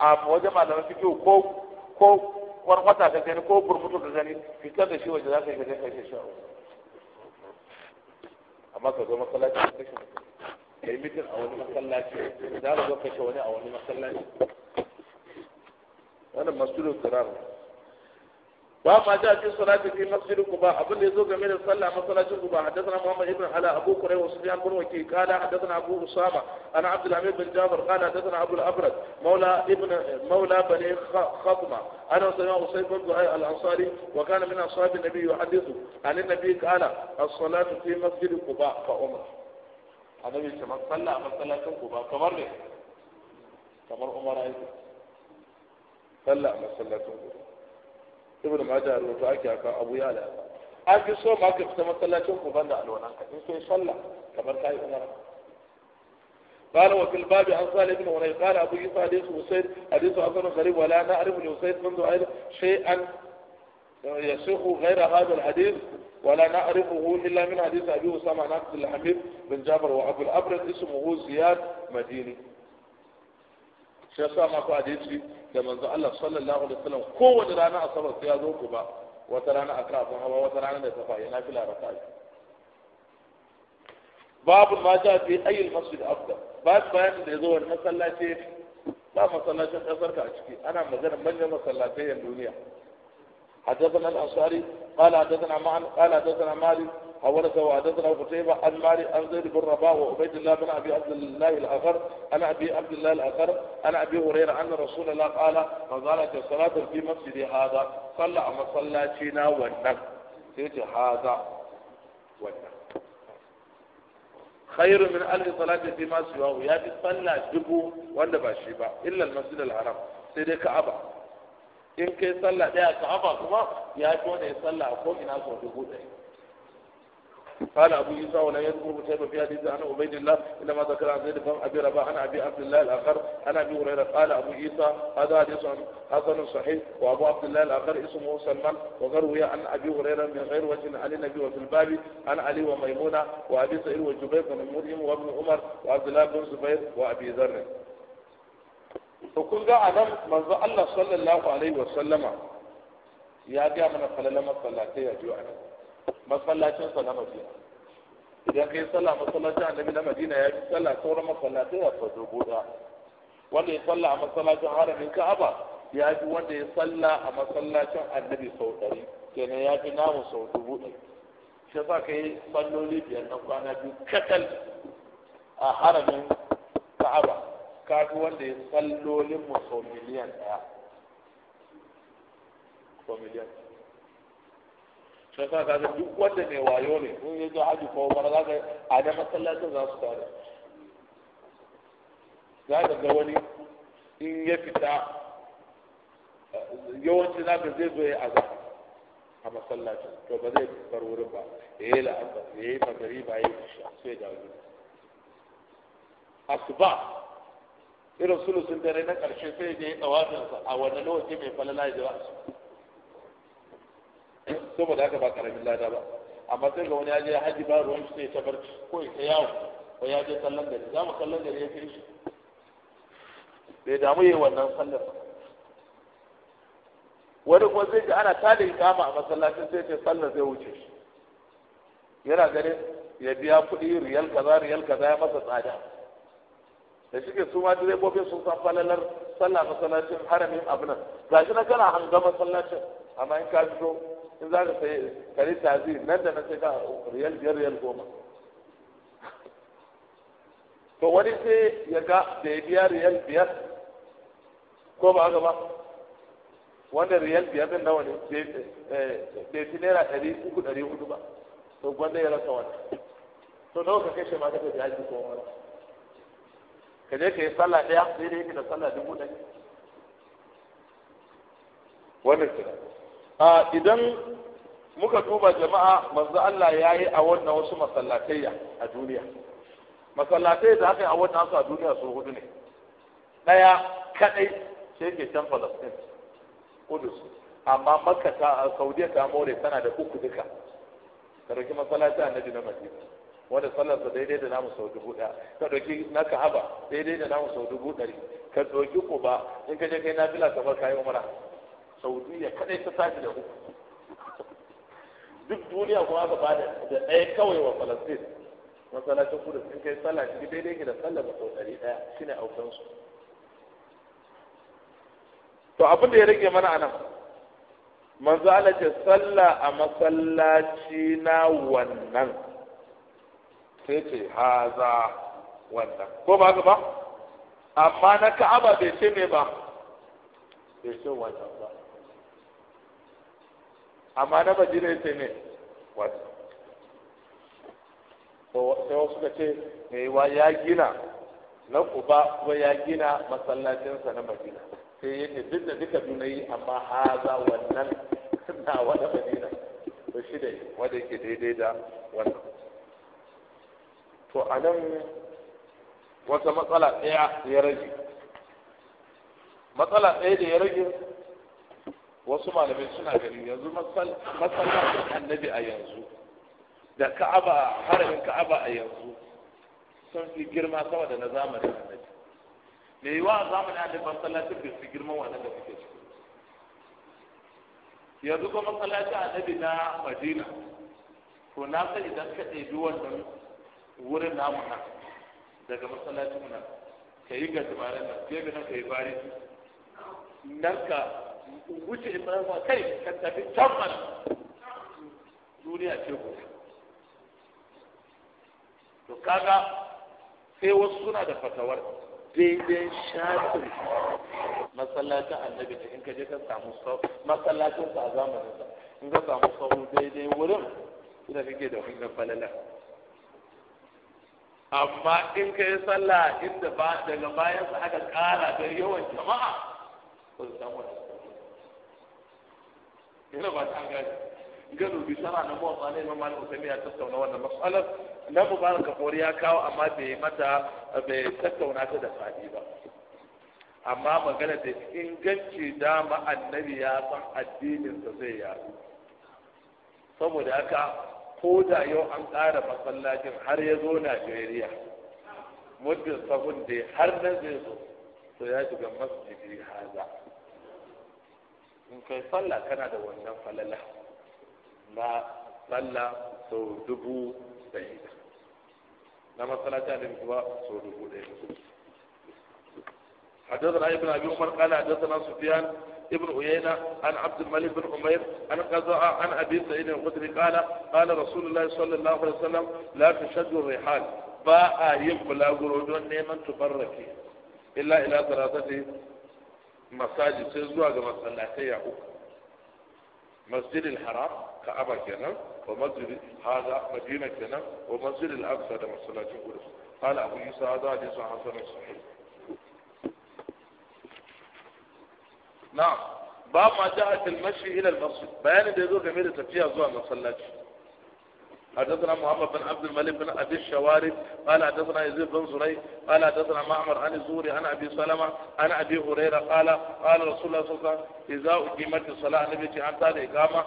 a wajen malaman fikiyo ko ko warwata ka gani ko burbutu ka gani fitar da shi waje za ka yi gani kai shi amma ka zo masallaci ka kashe kai mitin a wani masallaci za ka zo kashe wani a wani masallaci wannan masulun tsirar وما جاء في صلاة في مسجد قباء أبن يزوج من صلى مصلاة قباء حدثنا محمد بن على أبو كريم وسفيان بن وكي قال حدثنا أبو أسامة أنا عبد الحميد بن جابر قال حدثنا أبو الأبرد مولى ابن مولى بني خطمة أنا سمع أسيد بن الأنصاري وكان من أصحاب النبي يحدثه عن النبي قال الصلاة في مسجد قباء فأمر النبي كما صلى مصلاة قباء فمر كمر أمر أيضا صلى مصلاة قباء ibn majah rubutu ake haka abu ya la an fi so ma ka fita masallacin ku banda alwalan ka in kai sallah kamar kai umara قال وفي الباب عن صالح بن هنيه قال ابو يوسف حديث وسيد حديث حسن غريب ولا نعرف لوسيد منذ عين شيئا يسوق غير هذا الحديث ولا نعرفه الا من حديث ابي اسامه عن عبد الحميد بن جابر وابو الابرد اسمه زياد مديني شيخ سامع حديثي da manzo Allah sallallahu alaihi wasallam kowace rana asabar sai ya zo ku ba wata rana a kafin hawa wata rana da safa yana fila raka'a babu ma ja fi ayyul masjid afdal babu bayanin da yazo wani masallaci ba masallacin kasar ka a ciki ana magana manyan masallatai yan duniya حدثنا الأنصاري قال حدثنا معن قال حدثنا مالك حولك وحدثنا قتيبة عن مالي أنزل بالرباء بن وعبيد الله بن أبي عبد الله الآخر أنا أبي عبد الله الآخر أنا أبي هريرة أن رسول الله قال فقالت صلاة في مسجد هذا صلى مصلاتنا والنم سيتي هذا ونك خير من ألف صلاة في ما سواه يا بي صلى جبو وأنا باشيبا إلا المسجد الحرام سيدي كعبة إن كي صلى ده كعبة كما يا كوني يصلى فوق ناس ودبو دايما قال أبو يوسف ولا يذكر قتيبة في حديث عن عبيد الله انما ذكر عن زيد بن أبي رباح عن أبي عبد الله الآخر عن أبي هريرة قال أبو عيسى هذا حديث حسن صحيح وأبو عبد الله الآخر اسمه سلمان وغروي عن أبي هريرة من غير وجه عن النبي وفي الباب عن علي وميمونة وأبي سعيد وجبير بن مريم وابن عمر وعبد الله بن زبير وأبي ذر وكل kun ga من manzo صلى الله عليه وسلم يا ga mana falalan masallatai a biyu masallacinsa na madina idan ka yi sallah masallacin annabi na madina ya fi sallah sauran masallatai ya fa dubu da wanda ya salla a masallacin haramin ka'aba ya fi wanda ya salla a masallacin annabi sau ɗari kenan ya fi namu sau dubu ɗari shi yasa ka yi salloli biyar na kwana biyu kakal a haramin ka'aba ka fi wanda ya sallolin mu sau miliyan ɗaya sau miliyan ɗaya sai ka ga duk wanda mai wayo ne in ya zo haji ko bara za ka a da masallacin za su tare za ka ga wani in ya fita yawanci za ka zai zo ya aza a masallacin to ba zai bar wurin ba ya yi la'asar ya yi magari ba ya yi isha sai a su asuba irin sulusun dare na ƙarshe sai ya ya tsawafinsa a wani lokaci mai falala ya jira asuba saboda haka ba karamin lada ba amma sai ga wani ya je haji ba ruwan shi sai ta barci ko ya ta yawo ko ya je sallan gari za mu sallan gari ya kai shi bai damu yi wannan sallar wani kuma zai ji ana tada kama a masallacin sai ce sallar zai wuce shi yana ganin ya biya kuɗi riyal kaza riyal kaza ya masa tsada da shike su ma direbobin sun san falalar sallah masallacin haramin abu nan gashi na kana hanga masallacin amma in ka fito in za ka sai kare tazi nan da nan sai ka riyal biyar riyal goma to wani sai ya ga da ya biya riyal biyar ko ba haka ba wanda riyal biyar din nawa ne bai eh, fi naira ɗari uku ɗari hudu ba to gwanda ya rasa wani to nawa ka kai shi ma kake da haji goma wani ka je ka yi sallah ɗaya sai da yake da sallah dubu ɗari wannan kira a idan muka duba jama'a manzo Allah ya yi a wannan wasu masallatayya a duniya masallatai da aka yi a wannan su a duniya su hudu ne ɗaya kaɗai sai ke can Falastin Kudus amma Makka ta Saudiya ta more tana da uku duka ka ɗauki masallaci annabi na Madina wanda sallarsa daidai da namu sau dubu ɗaya ka ɗauki na Ka'aba daidai da namu sau dubu ɗari ka ɗauki Kuba in ka je kai na fila kamar kayan umara saudiya kadai ta tashi da uku duk duniya kuma aka ba da ɗaya kawai wa falastin masallacin kudu sun kai sallah shi daidai ke da sallah ba sau ɗari ɗaya ne aukansu to abin da ya rage mana a nan manzo Allah ce sallah a masallaci na wannan sai ce haza wannan ko ba ka ba amma na ka'aba bai ce me ba bai ce wannan ba amma na madina ya sai ne wasu sai wasu ka ce mai wa ya gina na kuba kuma ya gina masallacinsa na madina sai yake duk da duka duna na yi amma haza wannan *laughs* na wani madina to shi ne wanda yake daidai da wannan to a nan wata matsala ɗaya ya rage matsala ɗaya da ya rage wasu malamai suna gani yanzu masallacin annabi a yanzu da ka'aba haramin ka'aba a yanzu sun fi girma sama da na zamanin annabi me yiwa a zamanin annabi masallacin bai fi girman wannan da kuke ciki yanzu ko masallacin annabi na madina ko na san idan ka ɗebi wannan wurin namu daga masallacin na, ka yi gajimaren nan gefe nan ka yi bari nan ka wuce in ba kai ka tafi can mana duniya ce ku to kaga sai wasu suna da fatawar daidai shafin masallacin annabi ta in ka je ka samu sau masallacin sa a zamanin sa in ka samu sau daidai wurin ina kake da wannan falala amma in ka yi sallah inda ba daga bayan sa aka kara da yawan jama'a ko da samu wannan Yana ba ta gani gano bishara na mawafa ne ma malam usaimi ya tattauna wannan matsalar na mubarak ka koriya kawo amma bai mata bai tattauna ta da fadi ba amma magana da inganci dama annabi ya san addininsa zai yaru saboda haka ko da yau an ƙara masallacin har ya zo najeriya muddin sabon da har nan zai zo to ya shiga masjidi haza in kai sallah kana da wannan falala na sallah sau dubu ɗaya na masalata da kuma dubu ɗaya حدثنا ابن ابي عمر قال حدثنا سفيان ابن عيينة عن عبد الملك بن عمير عن قزاء عن أبي سعيد الخدري قال قال رسول الله صلى الله عليه وسلم لا تشدوا الرحال باء يبلغ رجل نيما تبركي إلا إلى ثلاثة masajid sai zuwa ga masallatai ya uku masjidil haram ka'aba kenan wa masjid hada madina kenan wa masjidil aqsa da masallacin qudus qala abu yusa hada hadithun hasan sahih Na ba ma ja'at al-mashi ila al-masjid bayanin da yazo game da tafiya zuwa masallaci حدثنا محمد بن عبد الملك بن ابي الشوارب قال حدثنا يزيد بن زريع قال حدثنا معمر عن الزهري عن ابي سلمه عن ابي هريره قال قال رسول الله صلى الله عليه وسلم اذا اقيمت الصلاه النبي عن تاري اقامه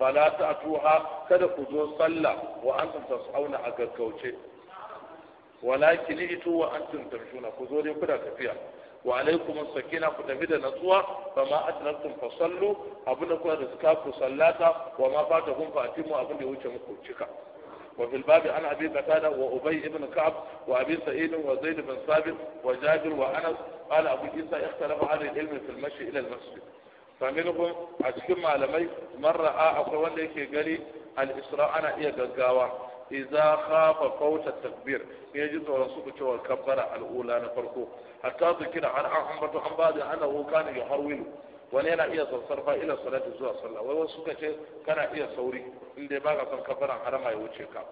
فلا تاتوها كذا ku صلى وانتم تصحون antum ولكن ائتوا وانتم تمشون itu wa antum وعليكم السكينة كتفيد نسوة فما أدركتم فصلوا أبن كنا رزقاكم صلاة وما فاتكم فأتموا أبن يوجه مكوشكا وفي الباب عن أبي بكادة وأبي بن كعب وأبي سعيد وزيد بن ثابت وجابر وأنس قال أبو عيسى اختلف عن العلم في المشي إلى المسجد فمنهم أشكم على مي مرة أخوان لك قالي الإسراء أنا إيه قاوة Iza khafa fawta takbir ya ji tsoron su cewa kabbara al'ula na farko hatta zikira har an ambata an ba da ana wuka ne harwilu wani yana iya sassarfa ila salati zuwa sallah wai wasu suka ce kana iya sauri Inda dai baka son kabbaran harama ya wuce ka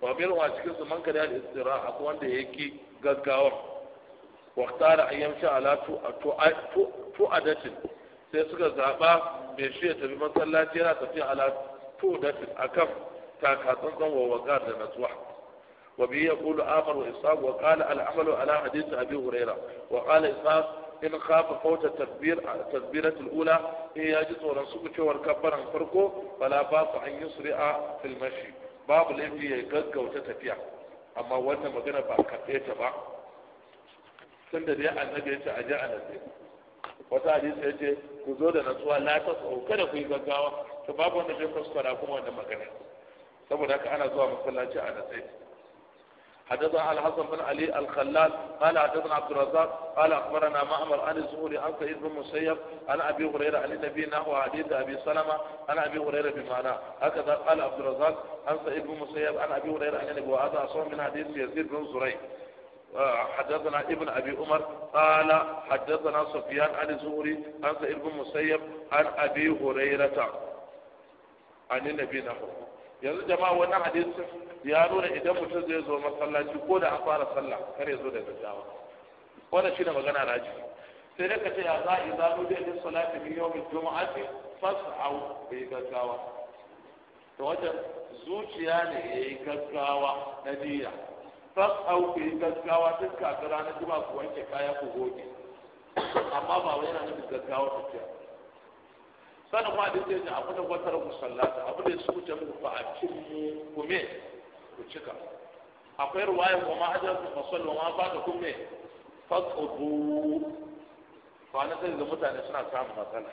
wa bil wa cikin su man kada al-istira akwai wanda yake gaggawa wa tara ayyamsha ala tu tu adatin sai suka zaba bai shi ya tafi masallaci yana tafiya ala tu adatin akan تاكا تنظم ووقار لنسوح وبه يقول آمر وإسحاق وقال العمل على حديث أبي هريرة وقال إسحاق إن خاف فوت التكبير التكبيرة الأولى هي يجد ورسوك وركبر عن فرقه فلا باس أن يسرع في المشي باب الذي يقلق وتتفيع أما وانا ما قنا بأكفيت با سند بيع النبي يجي أجاء نبي wata hadisi ya ce ku zo da natsuwa la ta tsawo kada ku yi gaggawa to babu saboda haka ana zuwa masallaci a nasai حدثنا الحسن بن علي الخلال قال حدثنا عبد الرزاق قال اخبرنا معمر عن الزهري عن سعيد بن مسيب عن ابي هريره عن النبي نحو حديث ابي سلمه عن ابي هريره بمعنى هكذا قال عبد الرزاق عن سعيد بن مسيب عن ابي هريره عن النبي وهذا اصح من حديث يزيد بن زريع حدثنا ابن ابي عمر قال حدثنا سفيان عن الزهري عن سعيد بن مسيب عن ابي هريره عن النبي نحوه yanzu jama'a wannan hadisin ya nuna idan mutum zai zo masallaci ko da an fara sallah kar ya zo da gaggawa shi da magana raji sai dai ka ce ya za a nudiya lis salati min ce al-jum'ati da ya gaggawa to wajen zuciya ne ya yi gaggawa na niyya da ya gaggawa duk kafin ranar juma'a ku wanke kaya ku goge amma ba wani yana nufin gaggawa ta ce sani ma da ce a wata gwatar musallata abu da su wuce muku a cikin ku me ku cika akwai ruwaya ko ma ajar ku masallu ma ba da ku me fasqudu sai da mutane suna samun matsala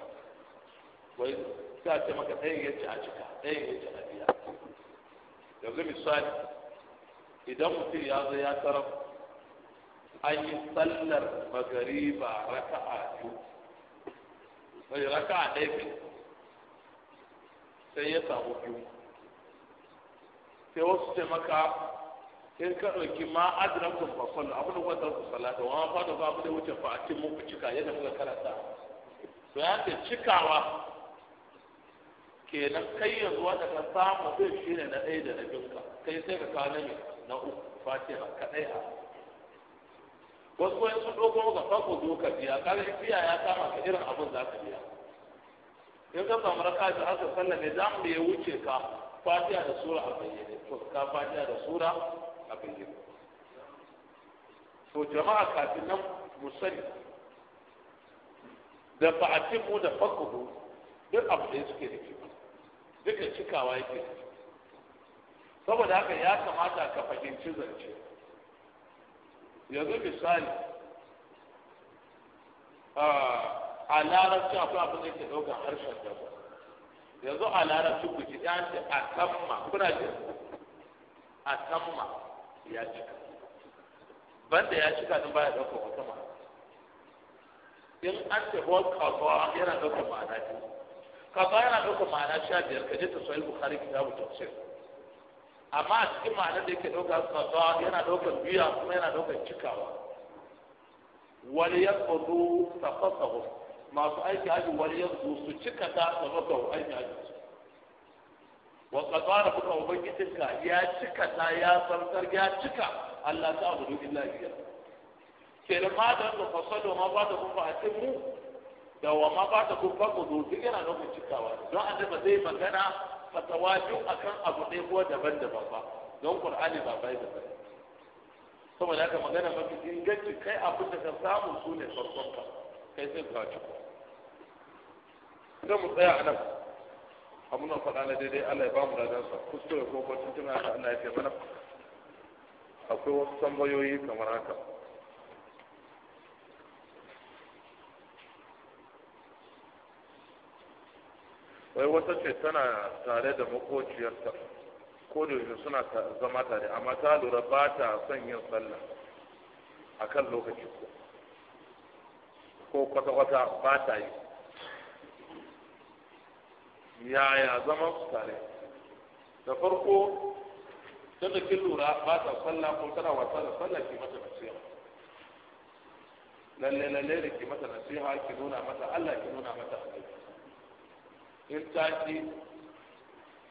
wai ta ce maka ɗayan yace a cika ɗayan yace a biya yanzu misali idan mutum ya zo ya tarar an yi sallar magariba raka'a biyu raka'a ɗaya sai ya samu biyu sai wasu ce maka sai ka ɗauki ma adrakun ba sallu abu da wanda ku salata wa fa da abu da wuce fa a cin muku cika yadda muka karanta to ya ce cikawa kenan kai yanzu wanda ka samu zai ne na ɗaya da na biyu ka kai sai ka kawo na na uku fatiha ka ɗaya wasu wani sun ɗauko ga fako zo ka biya kaga biya ya kama ka irin abin za ka biya in ka samu raka da aka sallame za mu ya wuce ka fatiha da sura a bayyane to ka fatiha da sura a bayyane to jama'a kafin nan mu sani da fa'atimu da fakuhu duk abu da suke da kima duka cikawa yake da saboda haka ya kamata ka fahimci zance yanzu misali ah, a larabci akwai abin da yake ɗaukar harshen gaba yanzu a larabci ku ji ɗan ce a tamma kuna ji a tamma ya cika banda ya cika din baya ɗauka wata ma in an ce hol kasuwa yana ɗaukar ma'ana biyu kasuwa yana ɗaukar ma'ana sha biyar ka je ta sahih bukhari kitabu tafsir amma a cikin ma'anar da yake ɗauka kasuwa yana ɗaukar biya kuma yana ɗaukar cikawa wani ya tsoro tafasahun masu aiki hajji wani yanzu su cika ta da maka aiki hajji wa qadara buka ubangijinka ya cika ta ya farkar ya cika Allah ta abudu illa biya kenan ma da ku fasalo ma ba da a fa mu? da wa ma ba da ku fa ku duk yana da ku cikawa don ba zai magana fatawaju kan abu ɗaya ko daban-daban ba don ƙur'ani ba bai da ba saboda haka magana mafi inganci kai abin da ka samu su ne farkon ka kai sai ka ci sai mu tsaya a nan a nan faɗa na daidai Allah ya ba mu ladansa kuskure ko ko tun tuna ka Allah ya ce mana akwai wasu tambayoyi kamar haka wai wata ce tana tare da makociyarta ko da yaushe suna zama tare amma ta lura ba ta son yin sallah a kan lokaci ko kwata-kwata ba ta yi yaya zama su tare da farko ta da kin lura ba ta sallah ko tana wasa da sallah ki mata nasiha lalle lalle da ki mata nasiha ki nuna mata Allah ki nuna mata Allah in ta ki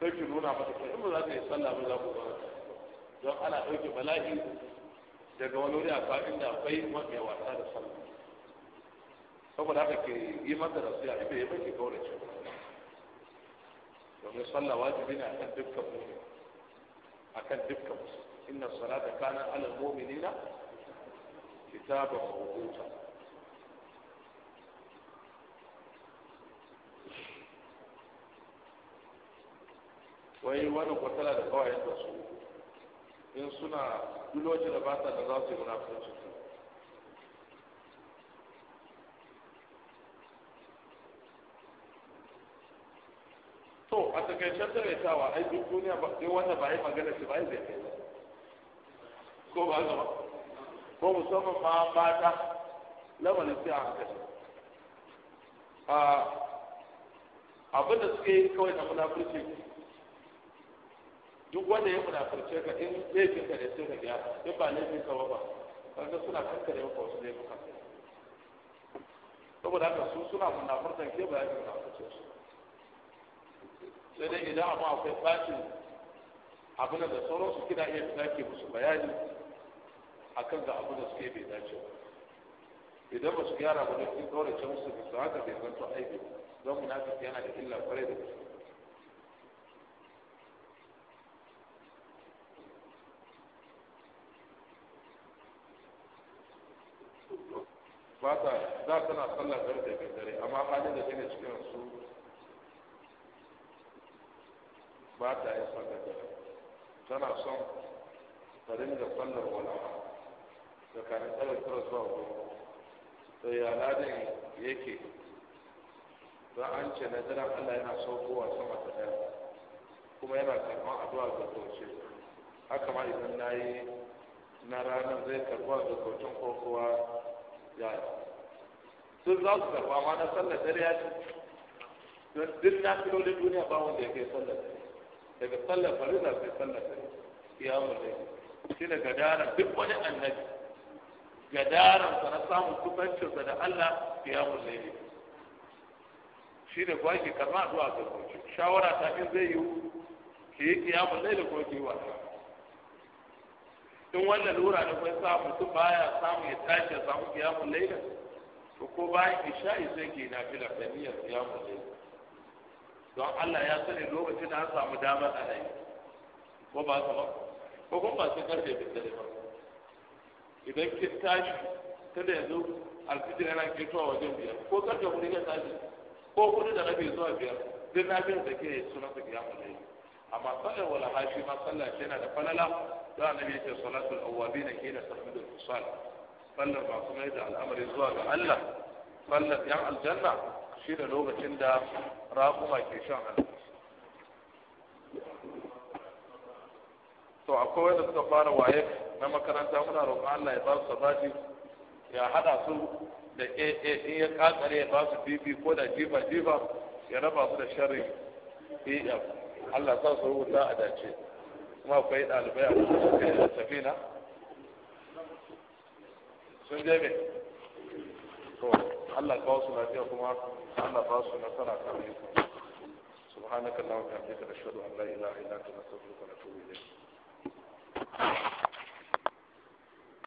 sai ki nuna mata ko in ba za ta yi sallah ba za ku ba don ana dauke bala'i daga wani wuri a fadin da akwai wanda ya wasa da sallah saboda haka ke yi mata nasiha ibe ya bai ki kaurace وهي صلى واجبنا عن دكة مسلم عن دكة مسلم إن الصلاة كان على المؤمنين كتابا موجودا وهي وانا قتلها لقواعد رسول إن صنع كل وجه نباتا نظاتي منافسة takaicen takaitawa ai duk duniya ba sai wanda ba yi magana shi ba yi zai kai ko ba gaba ko musamman ma mata lamarin sai a hankali abin da suke yi kawai na munafurci duk wanda ya munafurce ka in laifin ka ne sai ka gyara in ba laifin ka ba ba kaga suna kankare maka wasu laifuka saboda haka su suna munafurtan ke ba ya munafurce su sai dai idan abu akwai abu abin da su kina iya sake musu bayani akan ga abin da suke bai dace ba idan ba su gyara ba don kin kaurace musu da su haka bai zanto aibi don munafiki yana da illa kwarai da gaske ba ta za tana sallah dare da dare amma halin da take cikin su ba ta yi son daga tana son ta ringa sallar walawa tsakanin tsawon tura zuwa wani da ya ladin yake za an ce na jiran allah yana saukowa sama ta daya kuma yana karɓar addu'a ga kauce haka ma idan na yi na ranar zai karɓi ga kaucen ko kuwa ya sun za su karɓa ma na sallar dare ya ce duk na filolin duniya ba wanda ya kai sallar dare daga sallar farilla sai sallar dare kiyamun laili shi da gadara duk wani annabi gadaran sa na samun kusancinsa da Allah kiyamun laili shi da kuwa ke karma zuwa ga kwanci shawara ta in zai yiwu ki yi kiyamun laili ko ki yi wasa in wannan lura da kwai sa mutum baya samu ya tashi ya samu kiyamun laifin, to ko bayan isha'i sai ke na fila da niyyar kiyamun laifin. don Allah ya sani lokacin da an samu damar a rai ko ba ka ba ko kuma ba sai karfe bin dare ba idan kin tashi kada yanzu alfijir yana ketowa wajen biyar ko karfe kudi ya tashi ko hudu da rabi zuwa biyar duk na biyar da ke suna su biya mulai amma sallar wala hashi ma sallah shi yana da falala don annabi ya ce salatul awwabi na ke da sahmidul fusal sallar masu mai da al'amari zuwa ga Allah sallar yan aljanna shi da lokacin da raƙuma ke shan alwashi to akwai wanda suka fara waye na makaranta muna roƙon Allah ya ba su sabati ya hada su da AA in ya kakare ya ba su BB ko da jifa-jifa ya raba su da sharri EF Allah sa su rubuta a dace kuma akwai ɗalibai a cikin safina sun je mai to Allah ya kawo su lafiya kuma Allah ba su nasara kan yi subhanaka allahumma wa bihamdika ashhadu an la ilaha illa anta astaghfiruka wa atubu ilayk